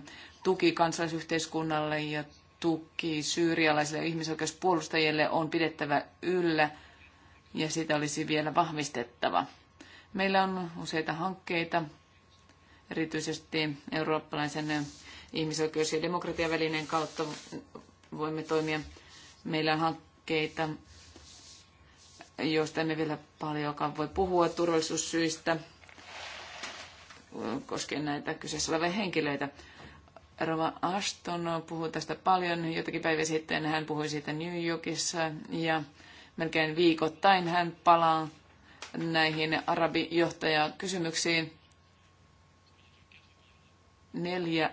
tuki kansalaisyhteiskunnalle ja tuki syyrialaisille ihmisoikeuspuolustajille on pidettävä yllä ja sitä olisi vielä vahvistettava. Meillä on useita hankkeita erityisesti eurooppalaisen ihmisoikeus- ja demokratiavälineen kautta voimme toimia. Meillä on hankkeita, joista emme vielä paljonkaan voi puhua turvallisuussyistä koskien näitä kyseessä olevia henkilöitä. Rova Ashton puhui tästä paljon. Jotakin päivä sitten hän puhui siitä New Yorkissa ja melkein viikoittain hän palaa näihin arabijohtajakysymyksiin. Neljä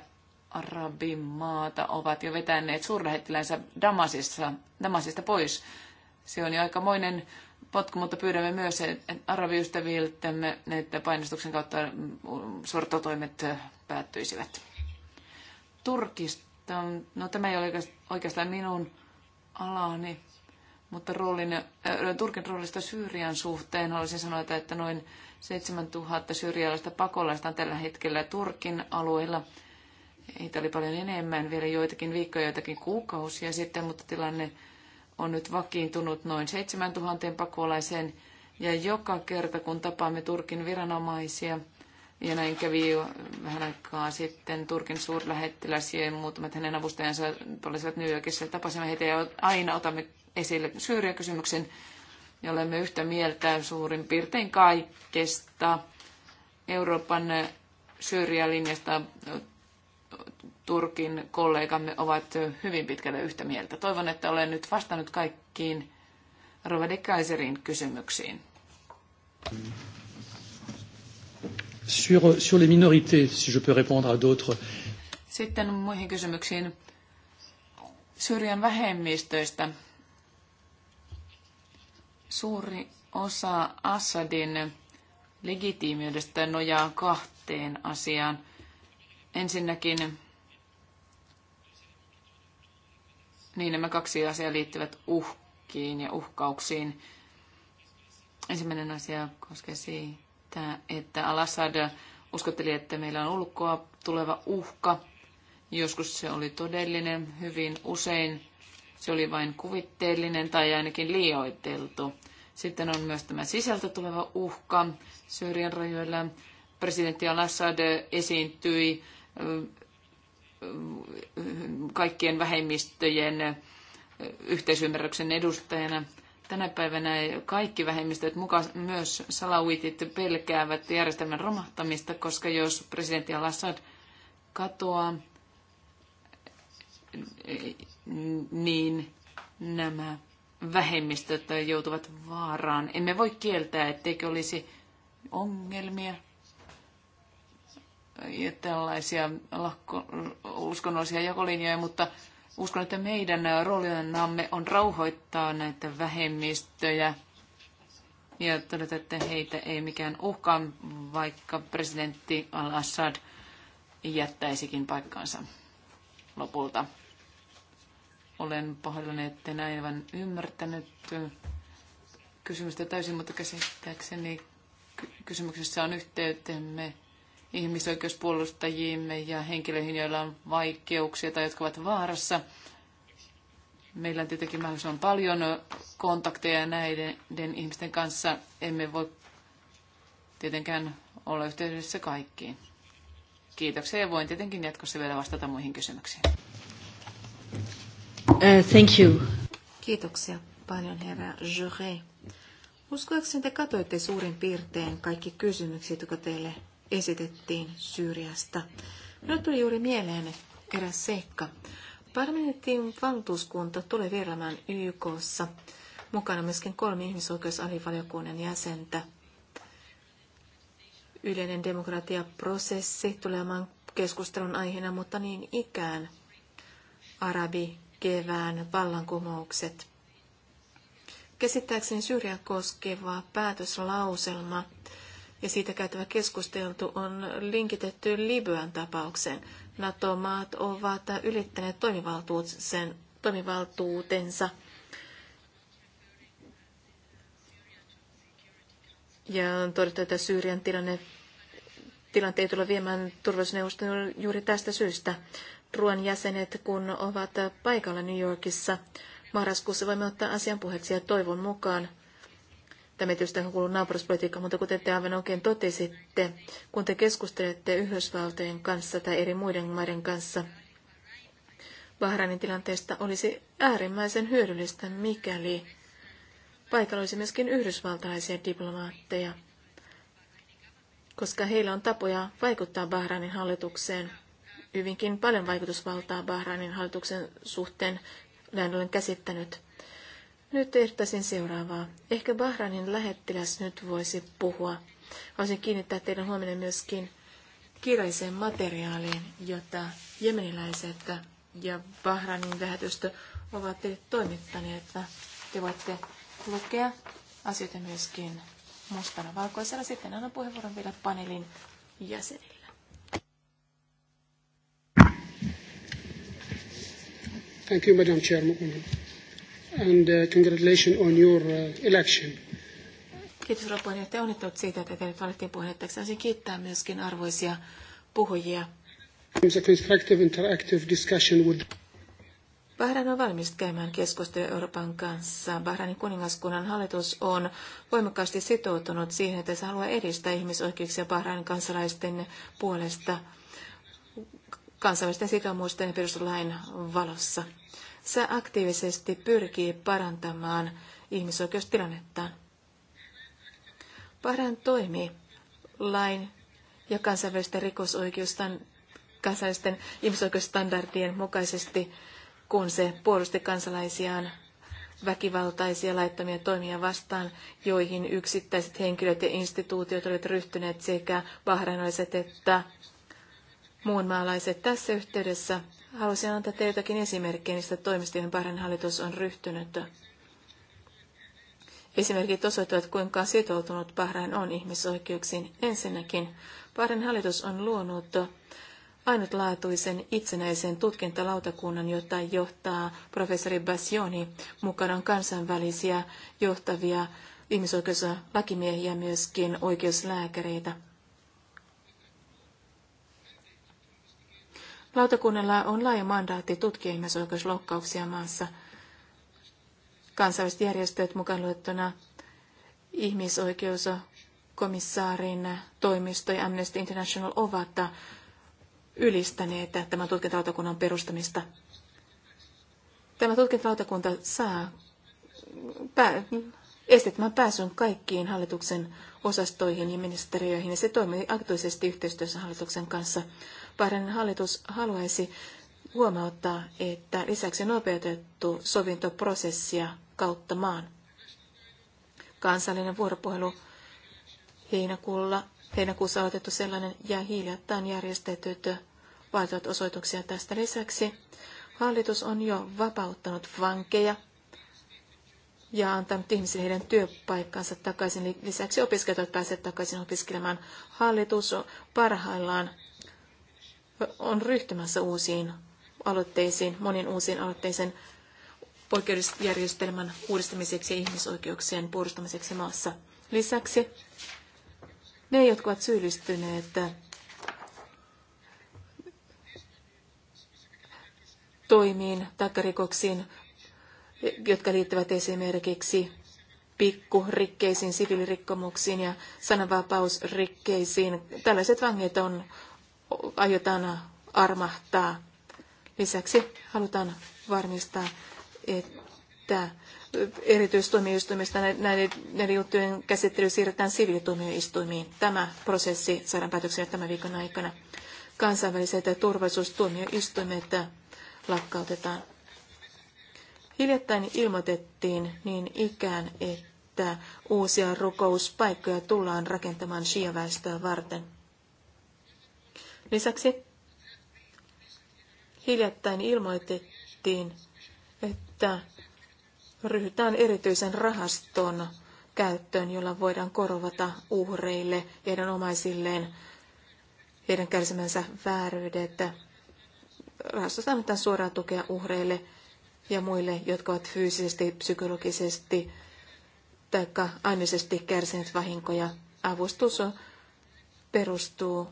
arabimaata ovat jo vetäneet suurlähettilänsä Damasissa, Damasista pois. Se on jo aikamoinen potku, mutta pyydämme myös arabiystäviltämme, että painostuksen kautta sortotoimet päättyisivät. Turkista, no tämä ei ole oikeastaan minun alani, mutta roolin, äh, Turkin roolista Syyrian suhteen haluaisin sanoa, että noin 7000 syrjäläistä pakolaista on tällä hetkellä Turkin alueella. Heitä oli paljon enemmän, vielä joitakin viikkoja, joitakin kuukausia sitten, mutta tilanne on nyt vakiintunut noin 7000 pakolaiseen. Ja joka kerta, kun tapaamme Turkin viranomaisia, ja näin kävi jo vähän aikaa sitten Turkin suurlähettiläs ja muutamat hänen avustajansa olisivat New Yorkissa. Tapasimme heitä ja aina otamme esille Syyriä-kysymyksen ja olemme yhtä mieltä suurin piirtein kaikesta Euroopan syrjälinjasta Turkin kollegamme ovat hyvin pitkälle yhtä mieltä. Toivon, että olen nyt vastannut kaikkiin Rovade Kaiserin kysymyksiin. Sur, sur les minorités, si je peux répondre à d'autres. Sitten muihin kysymyksiin Syyrian vähemmistöistä Suuri osa Assadin legitiimiydestä nojaa kahteen asiaan. Ensinnäkin niin nämä kaksi asiaa liittyvät uhkiin ja uhkauksiin. Ensimmäinen asia koskee siitä, että Al-Assad uskotteli, että meillä on ulkoa tuleva uhka. Joskus se oli todellinen, hyvin usein Se oli vain kuvitteellinen tai ainakin liioiteltu. Sitten on myös tämä sisältä tuleva uhka Syyrian rajoilla. Presidentti al-Assad esiintyi kaikkien vähemmistöjen yhteisymmärryksen edustajana. Tänä päivänä kaikki vähemmistöt, mukaan myös salawitit, pelkäävät järjestelmän romahtamista, koska jos presidentti al-Assad katoaa, niin nämä vähemmistöt joutuvat vaaraan. Emme voi kieltää, etteikö olisi ongelmia ja tällaisia lakko, uskonnollisia jakolinjoja, mutta uskon, että meidän roolinamme on rauhoittaa näitä vähemmistöjä ja todeta, että heitä ei mikään uhkaa, vaikka presidentti al-Assad jättäisikin paikkaansa lopulta. Olen pahoillani, että näin aivan ymmärtänyt kysymystä täysin, mutta käsittääkseni kysymyksessä on yhteytemme ihmisoikeuspuolustajiimme ja henkilöihin, joilla on vaikeuksia tai jotka ovat vaarassa. Meillä on tietenkin mahdollisimman paljon kontakteja näiden ihmisten kanssa. Emme voi tietenkään olla yhteydessä kaikkiin. Kiitoksia ja voin tietenkin jatkossa vielä vastata muihin kysymyksiin. Uh, thank you. Kiitoksia paljon herra Jure. Uskoakseni te katoitte suurin piirtein kaikki kysymykset, jotka teille esitettiin Syyriasta. Minulle tuli juuri mieleen eräs seikka. Parlamentin valtuuskunta tulee vierailemaan YKssa. Mukana myöskin kolme ihmisoikeusalivaliokunnan jäsentä. Yleinen demokratiaprosessi tulee olemaan keskustelun aiheena, mutta niin ikään arabi kevään vallankumoukset. Käsittääkseni syrjää koskeva päätöslauselma ja siitä käytävä keskusteltu on linkitetty Libyan tapaukseen. NATO-maat ovat ylittäneet toimivaltuutensa. Ja on todettu, että Syyrian tilanne, tilanteet tulee viemään turvallisuusneuvoston juuri tästä syystä. Ruoan jäsenet, kun ovat paikalla New Yorkissa. Marraskuussa voimme ottaa asian puheeksi ja toivon mukaan. Tämä tietysti on kuullut naapuruspolitiikkaan, mutta kuten te aivan oikein totesitte, kun te keskustelette Yhdysvaltojen kanssa tai eri muiden maiden kanssa, Bahrainin tilanteesta olisi äärimmäisen hyödyllistä, mikäli paikalla olisi myöskin yhdysvaltalaisia diplomaatteja, koska heillä on tapoja vaikuttaa Bahrainin hallitukseen – hyvinkin paljon vaikutusvaltaa Bahrainin hallituksen suhteen, näin olen käsittänyt. Nyt ehdottaisin seuraavaa. Ehkä Bahrainin lähettiläs nyt voisi puhua. Haluaisin kiinnittää teidän huomioon myöskin kirjalliseen materiaaliin, jota jemeniläiset ja Bahrainin lähetystö ovat teille toimittaneet. Te voitte lukea asioita myöskin mustana valkoisella. Sitten annan puheenvuoron vielä paneelin jäsenille. Thank you, Madam Chairwoman. And uh, congratulations on your uh, election. Kiitos rouva puheenjohtaja. Onnittelut siitä, että teidät valittiin puheenjohtajaksi. Haluaisin kiittää myöskin arvoisia puhujia. Bahrain on valmis käymään keskustelua Euroopan kanssa. Bahrainin kuningaskunnan hallitus on voimakkaasti sitoutunut siihen, että se haluaa edistää ihmisoikeuksia Bahrainin kansalaisten puolesta – kansainvälisten sitoumusten ja perustuslain valossa. Se aktiivisesti pyrkii parantamaan ihmisoikeustilannettaan. Bahrain toimii lain ja kansainvälisten rikosoikeustan, kansainvälisten ihmisoikeusstandardien mukaisesti, kun se puolusti kansalaisiaan väkivaltaisia laittomia toimia vastaan, joihin yksittäiset henkilöt ja instituutiot olivat ryhtyneet sekä bahrainolaiset että muunmaalaiset. Tässä yhteydessä haluaisin antaa teiltäkin esimerkkejä niistä toimista, joihin Bahrain hallitus on ryhtynyt. Esimerkit osoittavat, kuinka sitoutunut Bahrain on ihmisoikeuksiin. Ensinnäkin Bahrain hallitus on luonut ainutlaatuisen itsenäisen tutkintalautakunnan, jota johtaa professori Bassioni. Mukana on kansainvälisiä johtavia ihmisoikeuslakimiehiä myöskin oikeuslääkäreitä. Lautakunnalla on laaja mandaatti tutkia ihmisoikeusloukkauksia maassa. Kansainväliset järjestöt mukaan luettuna ihmisoikeuskomissaarin toimisto ja Amnesty International ovat ylistäneet tämän tutkintalautakunnan perustamista. Tämä tutkintalautakunta saa pää, estettämään pääsyn kaikkiin hallituksen osastoihin ja ministeriöihin, ja se toimii aktiivisesti yhteistyössä hallituksen kanssa. Bahrainin hallitus haluaisi huomauttaa, että lisäksi nopeutettu sovintoprosessia kautta maan. Kansallinen vuoropuhelu heinäkuulla, heinäkuussa aloitettu sellainen ja hiljattain järjestetyt valtavat osoituksia tästä lisäksi. Hallitus on jo vapauttanut vankeja ja antanut ihmisille heidän työpaikkansa takaisin. Lisäksi opiskelijat pääsevät takaisin opiskelemaan. Hallitus parhaillaan on ryhtymässä uusiin aloitteisiin, monin uusiin aloitteisiin oikeusjärjestelmän uudistamiseksi ja ihmisoikeuksien puolustamiseksi maassa. Lisäksi ne, jotka ovat syyllistyneet toimiin tai rikoksiin, jotka liittyvät esimerkiksi pikkurikkeisiin, siviilirikkomuksiin ja sananvapausrikkeisiin. Tällaiset vangit on aiotaan armahtaa. Lisäksi halutaan varmistaa, että erityistuomioistuimista näiden, näiden juttujen käsittely siirretään siviilituomioistuimiin. Tämä prosessi saadaan päätökseen tämän viikon aikana. Kansainväliset turvallisuustuomioistuimet lakkautetaan. Hiljattain ilmoitettiin niin ikään, että uusia rukouspaikkoja tullaan rakentamaan shiaväestöä varten. Lisäksi hiljattain ilmoitettiin, että ryhdytään erityisen rahaston käyttöön, jolla voidaan korvata uhreille, heidän omaisilleen, heidän kärsimänsä vääryydet. Rahastosta annetaan suoraa tukea uhreille ja muille, jotka ovat fyysisesti, psykologisesti tai aineisesti kärsineet vahinkoja. Avustus perustuu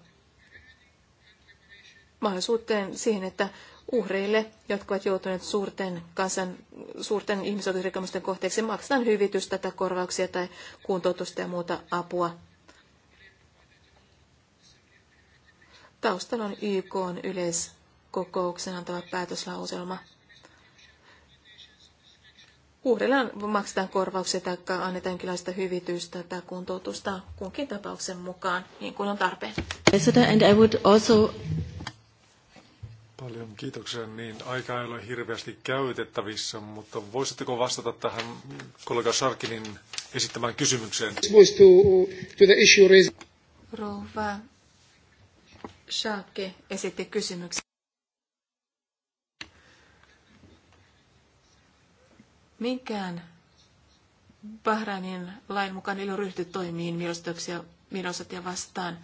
mahdollisuuteen siihen, että uhreille, jotka ovat joutuneet suurten, kansan, suurten ihmisoikeusrikkomusten kohteeksi, maksetaan hyvitystä tai korvauksia tai kuntoutusta ja muuta apua. Taustalla on YK on yleiskokouksen antava päätöslauselma. Uhrilla maksetaan korvauksia tai annetaan jonkinlaista hyvitystä tai kuntoutusta kunkin tapauksen mukaan, niin kuin on tarpeen. Paljon kiitoksia. Niin aika ei ole hirveästi käytettävissä, mutta voisitteko vastata tähän kollega Sarkinin esittämään kysymykseen? Rouva Sharke esitti kysymyksen. Minkään Bahrainin lain mukaan ei ole ryhty toimiin mielenosoituksia vastaan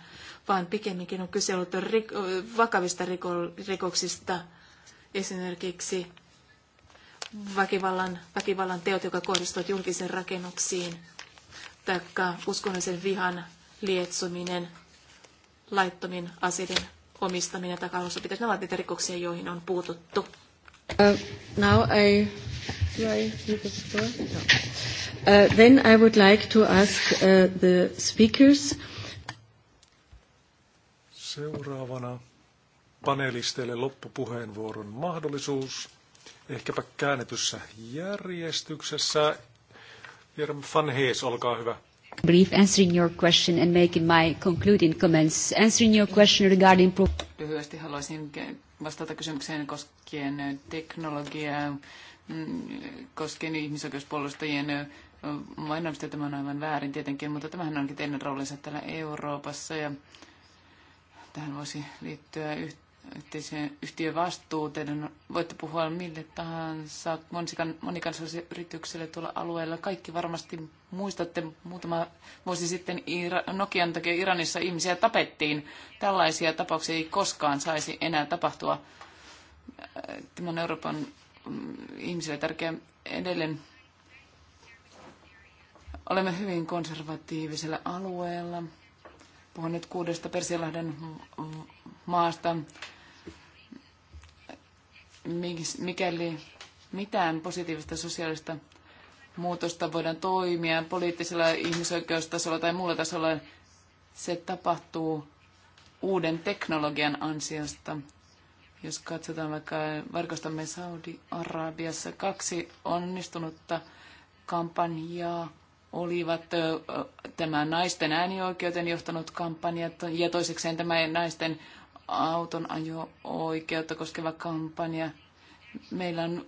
vaan pikemminkin on kyse ollut riko- vakavista riko- rikoksista, esimerkiksi väkivallan, väkivallan teot, jotka kohdistuvat julkisiin rakennuksiin, tai uskonnollisen vihan lietsominen, laittomin aseiden omistaminen tai pitäisi Ne ovat niitä rikoksia, joihin on puututtu. Uh, now I, do I need the floor? No. Uh, then I would like to ask uh, the speakers Seuraavana panelisteille loppupuheenvuoron mahdollisuus, ehkäpä käännetyssä järjestyksessä. Jerm van Hees, olkaa hyvä. Brief answering your question and making my concluding comments. Answering your question regarding... Lyhyesti haluaisin vastata kysymykseen koskien teknologiaa, mm, koskien ihmisoikeuspuolustajien mainostamista. Tämä on aivan väärin tietenkin, mutta tämähän onkin teidän roolinsa täällä Euroopassa ja tähän voisi liittyä yhteiseen yhtiön vastuu. Teidän voitte puhua mille tahansa monikansalliselle yritykselle tuolla alueella. Kaikki varmasti muistatte, muutama vuosi sitten Nokian takia Iranissa ihmisiä tapettiin. Tällaisia tapauksia ei koskaan saisi enää tapahtua. Tämä on Euroopan mm, ihmisille tärkeä edelleen. Olemme hyvin konservatiivisella alueella Puhun nyt kuudesta Persialahden maasta. Mikäli mitään positiivista sosiaalista muutosta voidaan toimia poliittisella ihmisoikeustasolla tai muulla tasolla, se tapahtuu uuden teknologian ansiosta. Jos katsotaan vaikka verkostamme Saudi-Arabiassa kaksi onnistunutta kampanjaa olivat tämä naisten äänioikeuteen johtanut kampanjat ja toisekseen tämä naisten auton ajo-oikeutta koskeva kampanja. Meillä on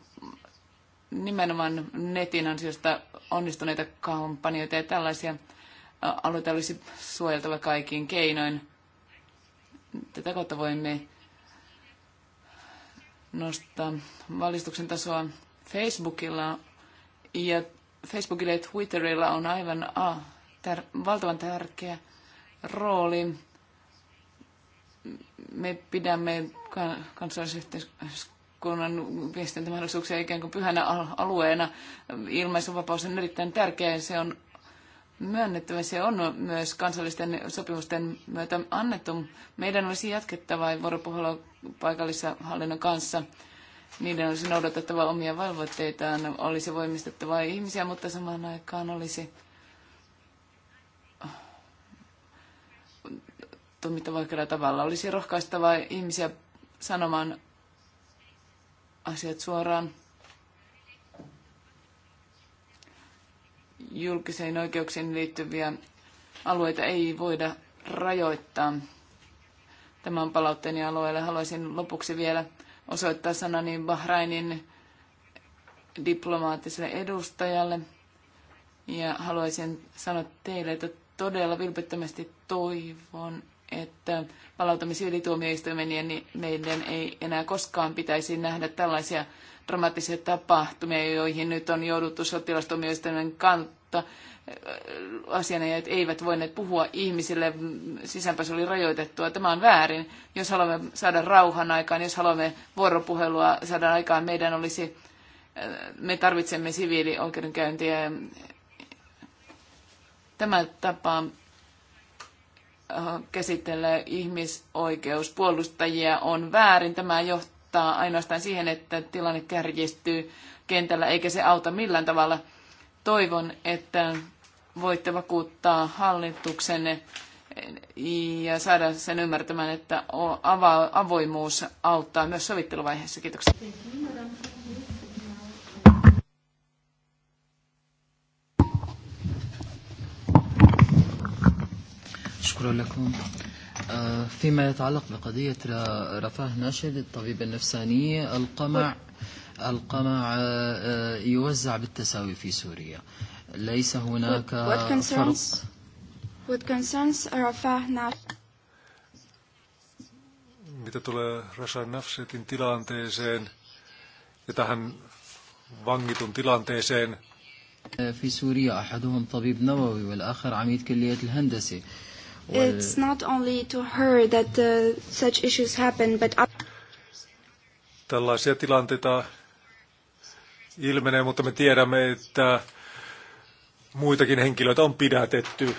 nimenomaan netin ansiosta onnistuneita kampanjoita ja tällaisia aloita olisi suojeltava kaikin keinoin. Tätä kautta voimme nostaa valistuksen tasoa Facebookilla ja Facebookille ja Twitterilla on aivan a, tär, valtavan tärkeä rooli. Me pidämme kansalaisyhteiskunnan viestintämahdollisuuksia ikään kuin pyhänä alueena. Ilmaisunvapaus on erittäin tärkeä. Se on myönnettävä. Se on myös kansallisten sopimusten myötä annettu. Meidän olisi jatkettava vuoropuhelua paikallisen hallinnon kanssa niiden olisi noudatettava omia valvoitteitaan, olisi voimistettava ihmisiä, mutta samaan aikaan olisi tuomittava oikealla tavalla. Olisi rohkaistava ihmisiä sanomaan asiat suoraan. Julkisiin oikeuksiin liittyviä alueita ei voida rajoittaa. Tämän palautteeni alueelle haluaisin lopuksi vielä osoittaa sanani Bahrainin diplomaattiselle edustajalle. Ja haluaisin sanoa teille, että todella vilpittömästi toivon, että palautamisen ylituomioistuimen ja niin meidän ei enää koskaan pitäisi nähdä tällaisia dramaattisia tapahtumia, joihin nyt on jouduttu sotilastuomioistuimen kautta asianajajat eivät voineet puhua ihmisille, sisäänpä se oli rajoitettua. Tämä on väärin. Jos haluamme saada rauhan aikaan, jos haluamme vuoropuhelua saada aikaan, meidän olisi, me tarvitsemme siviilioikeudenkäyntiä. Tämä tapa äh, käsitellä ihmisoikeuspuolustajia on väärin. Tämä johtaa ainoastaan siihen, että tilanne kärjistyy kentällä, eikä se auta millään tavalla – Toivon, että voitte vakuuttaa hallituksenne ja saada sen ymmärtämään, että avoimuus auttaa myös sovitteluvaiheessa. Kiitoksia. شكرا لكم فيما يتعلق بقضية رفاه ناشد الطبيب النفساني القمع القمع يوزع بالتساوي في سوريا ليس هناك فرق What concerns Rafah now? Mitä tulee Rasan Nafsetin tilanteeseen ja tähän vangitun tilanteeseen? في سوريا أحدهم طبيب نووي والآخر عميد كلية الهندسة. It's not only to her that uh, such issues happen, but Tällaisia tilanteita ilmenee, mutta me tiedämme, että muitakin henkilöitä on pidätetty.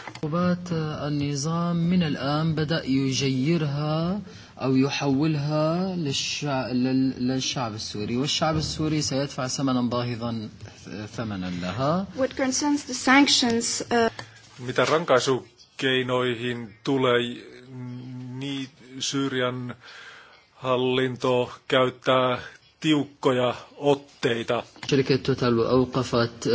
أو يحولها للشعب السوري والشعب السوري سيدفع ثمنا باهظا ثمنا لها What concerns the sanctions, uh... Mitä rankaisukeinoihin tulee, niin Syyrian hallinto käyttää tiukkoja otteita – شركة توتال أوقفت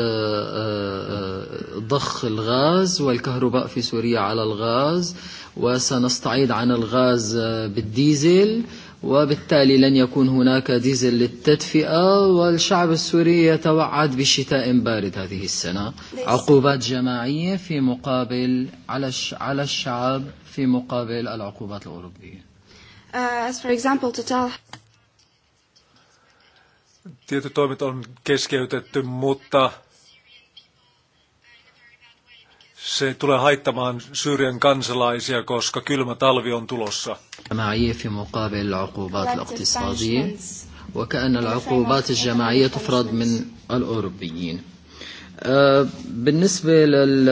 ضخ الغاز والكهرباء في سوريا على الغاز وسنستعيد عن الغاز بالديزل وبالتالي لن يكون هناك ديزل للتدفئة والشعب السوري يتوعد بشتاء بارد هذه السنة عقوبات جماعية في مقابل على على الشعب في مقابل العقوبات الأوروبية. Uh, as for example, Total tietyt toimet on keskeytetty, mutta se tulee haittamaan Syyrian kansalaisia, koska kylmä talvi on tulossa. وكأن العقوبات الجماعية تفرض من الأوروبيين بالنسبة لل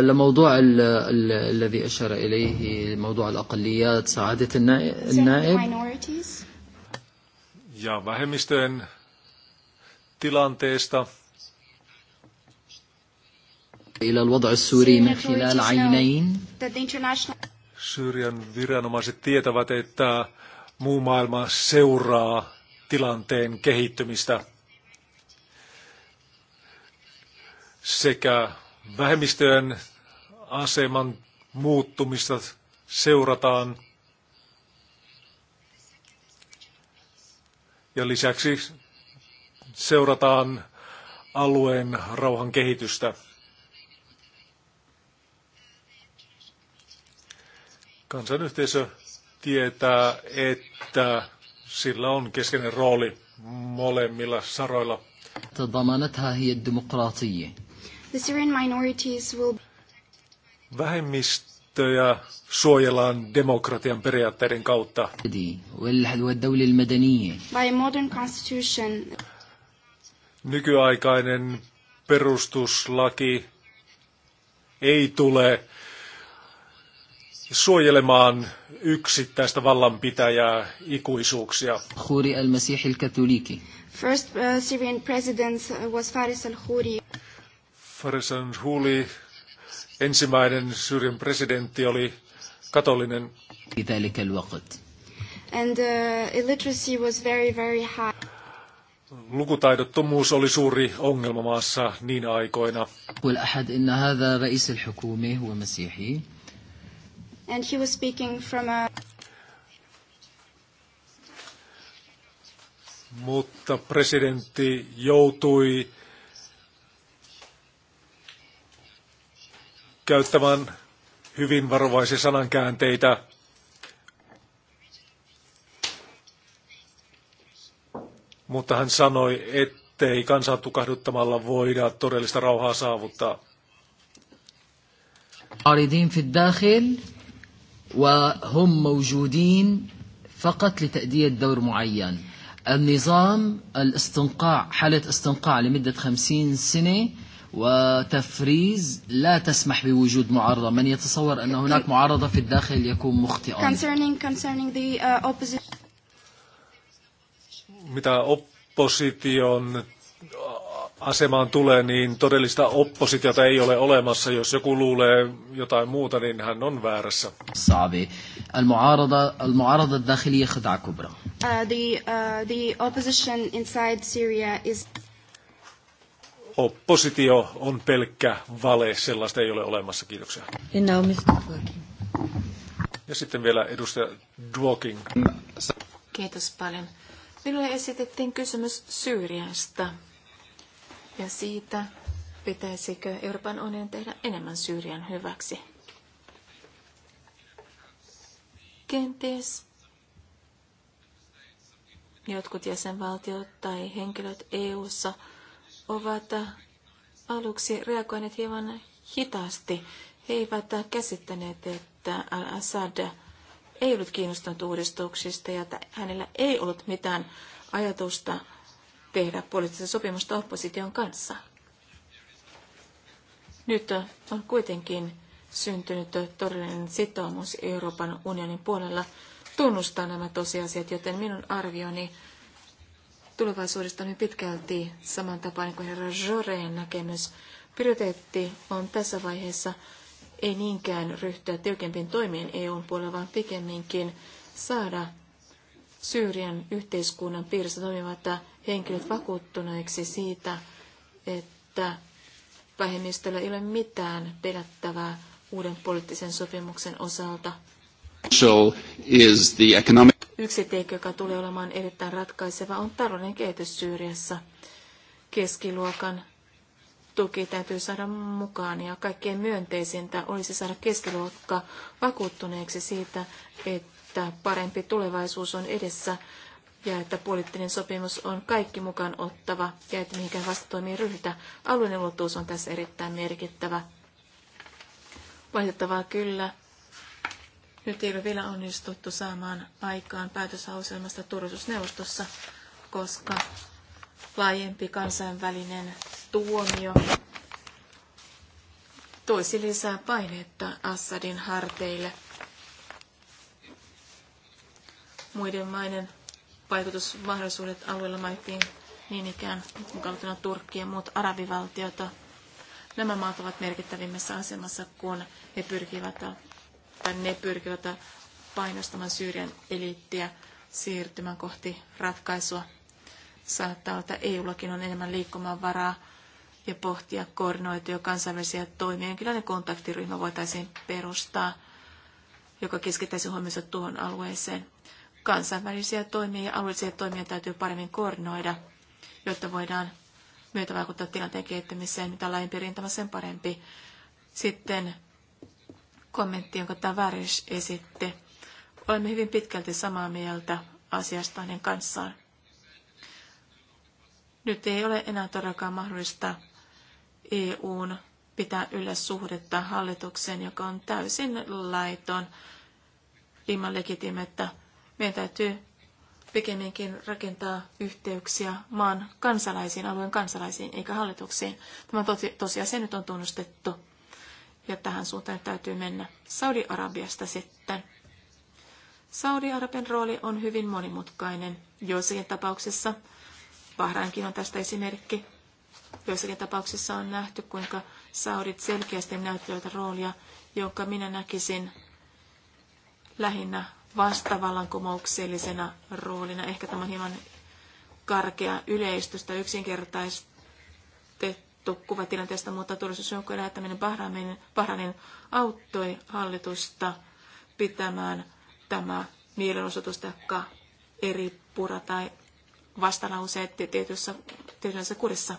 لموضوع ال ال الذي أشار إليه موضوع الأقليات سعادة النائب ja vähemmistöjen tilanteesta. Syyrian viranomaiset tietävät, että muu maailma seuraa tilanteen kehittymistä sekä vähemmistöjen aseman muuttumista seurataan – Ja lisäksi seurataan alueen rauhan kehitystä. Kansanyhteisö tietää, että sillä on keskeinen rooli molemmilla saroilla. Vähemmistöt ympäristöä suojellaan demokratian periaatteiden kautta. By modern constitution. Nykyaikainen perustuslaki ei tule suojelemaan yksittäistä vallanpitäjää ikuisuuksia. Khoury al-Masih al-Katoliki. First uh, Syrian president was Faris al-Khoury. Faris al-Khoury Ensimmäinen Syyrian presidentti oli katolinen. And, uh, illiteracy was very, very high. Lukutaidottomuus oli suuri ongelma maassa niin aikoina. والأحد إن هذا رئيس الحكومة هو مسيحي. And he was speaking from a... Mutta presidentti joutui käyttämään hyvin varovaisia sanankäänteitä. Mutta hän sanoi, ettei kansaa tukahduttamalla voida todellista rauhaa saavuttaa. عارضين في الداخل وهم موجودين فقط لتأدية دور معين النظام الاستنقاع حالة استنقاع لمدة خمسين سنة وتفريز لا تسمح بوجود معارضة من يتصور أن هناك معارضة في الداخل يكون مخطئا concerning, concerning the, uh, opposition. mitä opposition uh, asemaan tulee, niin todellista oppositiota ei ole olemassa. Jos joku luulee jotain muuta, niin hän on väärässä. Saavi. المعارضة المعارضة الداخلية خدعة كبرى. Uh, the, uh, the opposition inside Syria is oppositio on pelkkä vale, sellaista ei ole olemassa. Kiitoksia. Ja sitten vielä edustaja Dwoking. Kiitos paljon. Minulle esitettiin kysymys Syyriasta ja siitä, pitäisikö Euroopan unionin tehdä enemmän Syyrian hyväksi. Kenties jotkut jäsenvaltiot tai henkilöt EU:ssa ssa ovat aluksi reagoineet hieman hitaasti. He eivät käsittäneet, että al-Assad ei ollut kiinnostunut uudistuksista ja että hänellä ei ollut mitään ajatusta tehdä poliittista sopimusta opposition kanssa. Nyt on kuitenkin syntynyt todellinen sitoumus Euroopan unionin puolella tunnustaa nämä tosiasiat, joten minun arvioni tulevaisuudesta on pitkälti samantapainen kuin herra Joreen näkemys. Prioriteetti on tässä vaiheessa ei niinkään ryhtyä tiukempiin toimiin EUn puolella, vaan pikemminkin saada Syyrian yhteiskunnan piirissä toimivat henkilöt vakuuttuneiksi siitä, että vähemmistöllä ei ole mitään pelättävää uuden poliittisen sopimuksen osalta. Is the economic... Yksi tekijä, joka tulee olemaan erittäin ratkaiseva, on talouden kehitys Syyriassa. Keskiluokan tuki täytyy saada mukaan ja kaikkein myönteisintä olisi saada keskiluokka vakuuttuneeksi siitä, että parempi tulevaisuus on edessä ja että poliittinen sopimus on kaikki mukaan ottava ja että mihinkään vastatoimiin ryhdytä. Alueellinen ulottuvuus on tässä erittäin merkittävä. Valitettavaa kyllä, Nyt ei ole vielä onnistuttu saamaan aikaan päätösauselmasta turvallisuusneuvostossa, koska laajempi kansainvälinen tuomio toisi lisää painetta Assadin harteille. Muiden maiden vaikutusmahdollisuudet alueella mainittiin niin ikään, mukaan Turkki ja muut arabivaltiota. Nämä maat ovat merkittävimmässä asemassa, kun he pyrkivät tai ne pyrkivät painostamaan Syyrian eliittiä siirtymään kohti ratkaisua. Saattaa olla, että EUllakin on enemmän liikkumavaraa ja pohtia koordinoituja kansainvälisiä toimia. Jonkinlainen kontaktiryhmä voitaisiin perustaa, joka keskittäisi huomioon tuohon alueeseen. Kansainvälisiä toimia ja alueellisia toimia täytyy paremmin koordinoida, jotta voidaan myötä vaikuttaa tilanteen kehittymiseen, mitä laajempi rintama, sen parempi. Sitten kommentti, jonka Tavares esitti. Olemme hyvin pitkälti samaa mieltä asiasta hänen kanssaan. Nyt ei ole enää todellakaan mahdollista EUn pitää yllä suhdetta hallitukseen, joka on täysin laiton ilman legitimettä. Meidän täytyy pikemminkin rakentaa yhteyksiä maan kansalaisiin, alueen kansalaisiin eikä hallituksiin. Tämä tosi, tosiasia nyt on tunnustettu ja tähän suuntaan täytyy mennä. Saudi-Arabiasta sitten. Saudi-Arabian rooli on hyvin monimutkainen. Joissakin tapauksissa, Bahrainkin on tästä esimerkki, joissakin tapauksissa on nähty, kuinka saudit selkeästi näyttelevät roolia, jonka minä näkisin lähinnä vastavallankumouksellisena roolina. Ehkä tämä on hieman karkea yleistystä, yksinkertais, annettu kuva tilanteesta, mutta turvallisuusjoukkojen lähettäminen Bahrainin, Bahrainin auttoi hallitusta pitämään tämä mielenosoitus tai eri pura tai vastalauseet tietyissä, tietyissä kurissa.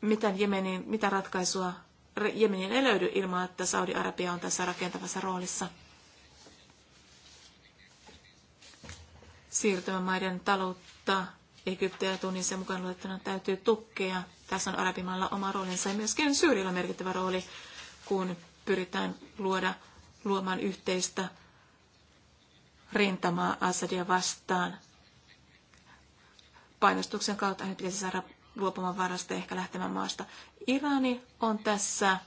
Mitä, Jemenin, mitä ratkaisua Jemenin ei löydy ilman, että Saudi-Arabia on tässä rakentavassa roolissa. Siirtymämaiden taloutta Egyptiä ja Tunisia mukaan luettuna täytyy tukea. Tässä on Arabimaalla oma roolinsa ja myöskin Syyrillä merkittävä rooli, kun pyritään luoda luomaan yhteistä rintamaa Assadia vastaan. Painostuksen kautta hän pitäisi saada luopumaan varasta ja ehkä lähtemään maasta. Irani on tässä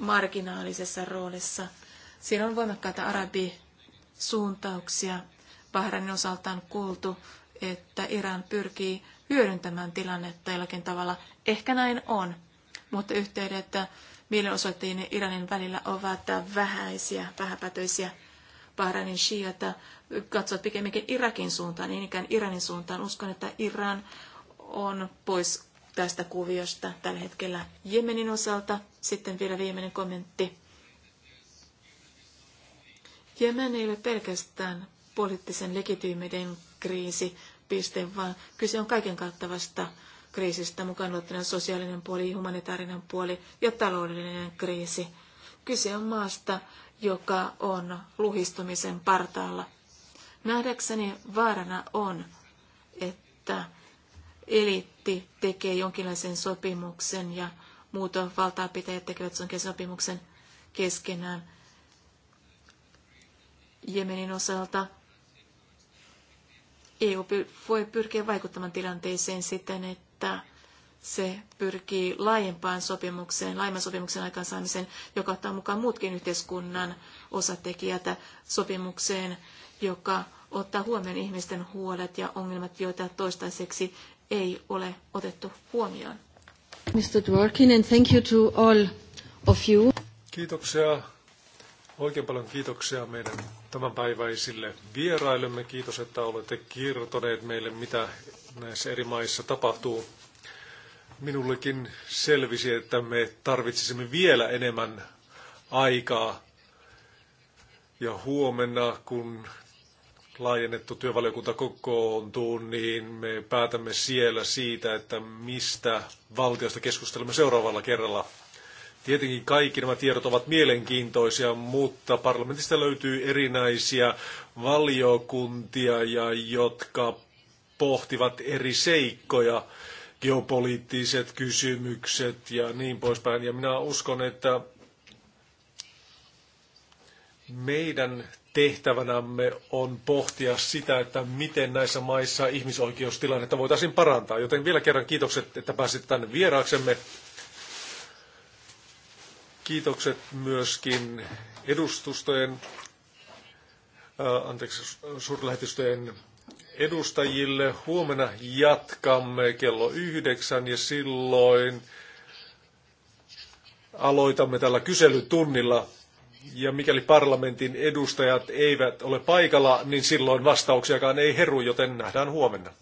marginaalisessa roolissa. Siinä on voimakkaita arabisuuntauksia. Bahrainin osaltaan kuultu että Iran pyrkii hyödyntämään tilannetta jollakin tavalla. Ehkä näin on, mutta yhteydet mielenosoittajien ja Iranin välillä ovat vähäisiä, vähäpätöisiä. Bahrainin shiata katsovat pikemminkin Irakin suuntaan, niin ikään Iranin suuntaan. Uskon, että Iran on pois tästä kuviosta tällä hetkellä Jemenin osalta. Sitten vielä viimeinen kommentti. Jemen ei ole pelkästään poliittisen legitiimiden kriisi, piste, vaan kyse on kaiken kattavasta kriisistä, mukaan luettuna sosiaalinen puoli, humanitaarinen puoli ja taloudellinen kriisi. Kyse on maasta, joka on luhistumisen partaalla. Nähdäkseni vaarana on, että eliitti tekee jonkinlaisen sopimuksen ja muut valtaapitäjät tekevät sen sopimuksen keskenään. Jemenin osalta EU voi pyrkiä vaikuttamaan tilanteeseen siten, että se pyrkii laajempaan sopimukseen, laajemman sopimuksen aikaansaamiseen, joka ottaa mukaan muutkin yhteiskunnan osatekijät sopimukseen, joka ottaa huomioon ihmisten huolet ja ongelmat, joita toistaiseksi ei ole otettu huomioon. Mr. Dworkin, and thank you to all of you. Kiitoksia. Oikein paljon kiitoksia meidän tämänpäiväisille vierailemme. Kiitos, että olette kertoneet meille, mitä näissä eri maissa tapahtuu. Minullekin selvisi, että me tarvitsisimme vielä enemmän aikaa. Ja huomenna, kun laajennettu työvaliokunta kokoontuu, niin me päätämme siellä siitä, että mistä valtiosta keskustelemme seuraavalla kerralla. Tietenkin kaikki nämä tiedot ovat mielenkiintoisia, mutta parlamentista löytyy erinäisiä valiokuntia, ja jotka pohtivat eri seikkoja, geopoliittiset kysymykset ja niin poispäin. Ja minä uskon, että meidän tehtävänämme on pohtia sitä, että miten näissä maissa ihmisoikeustilannetta voitaisiin parantaa. Joten vielä kerran kiitokset, että pääsit tänne vieraaksemme. Kiitokset myöskin edustustojen, anteeksi, suurlähetystojen edustajille. Huomenna jatkamme kello yhdeksän ja silloin aloitamme tällä kyselytunnilla. Ja mikäli parlamentin edustajat eivät ole paikalla, niin silloin vastauksiakaan ei heru, joten nähdään huomenna.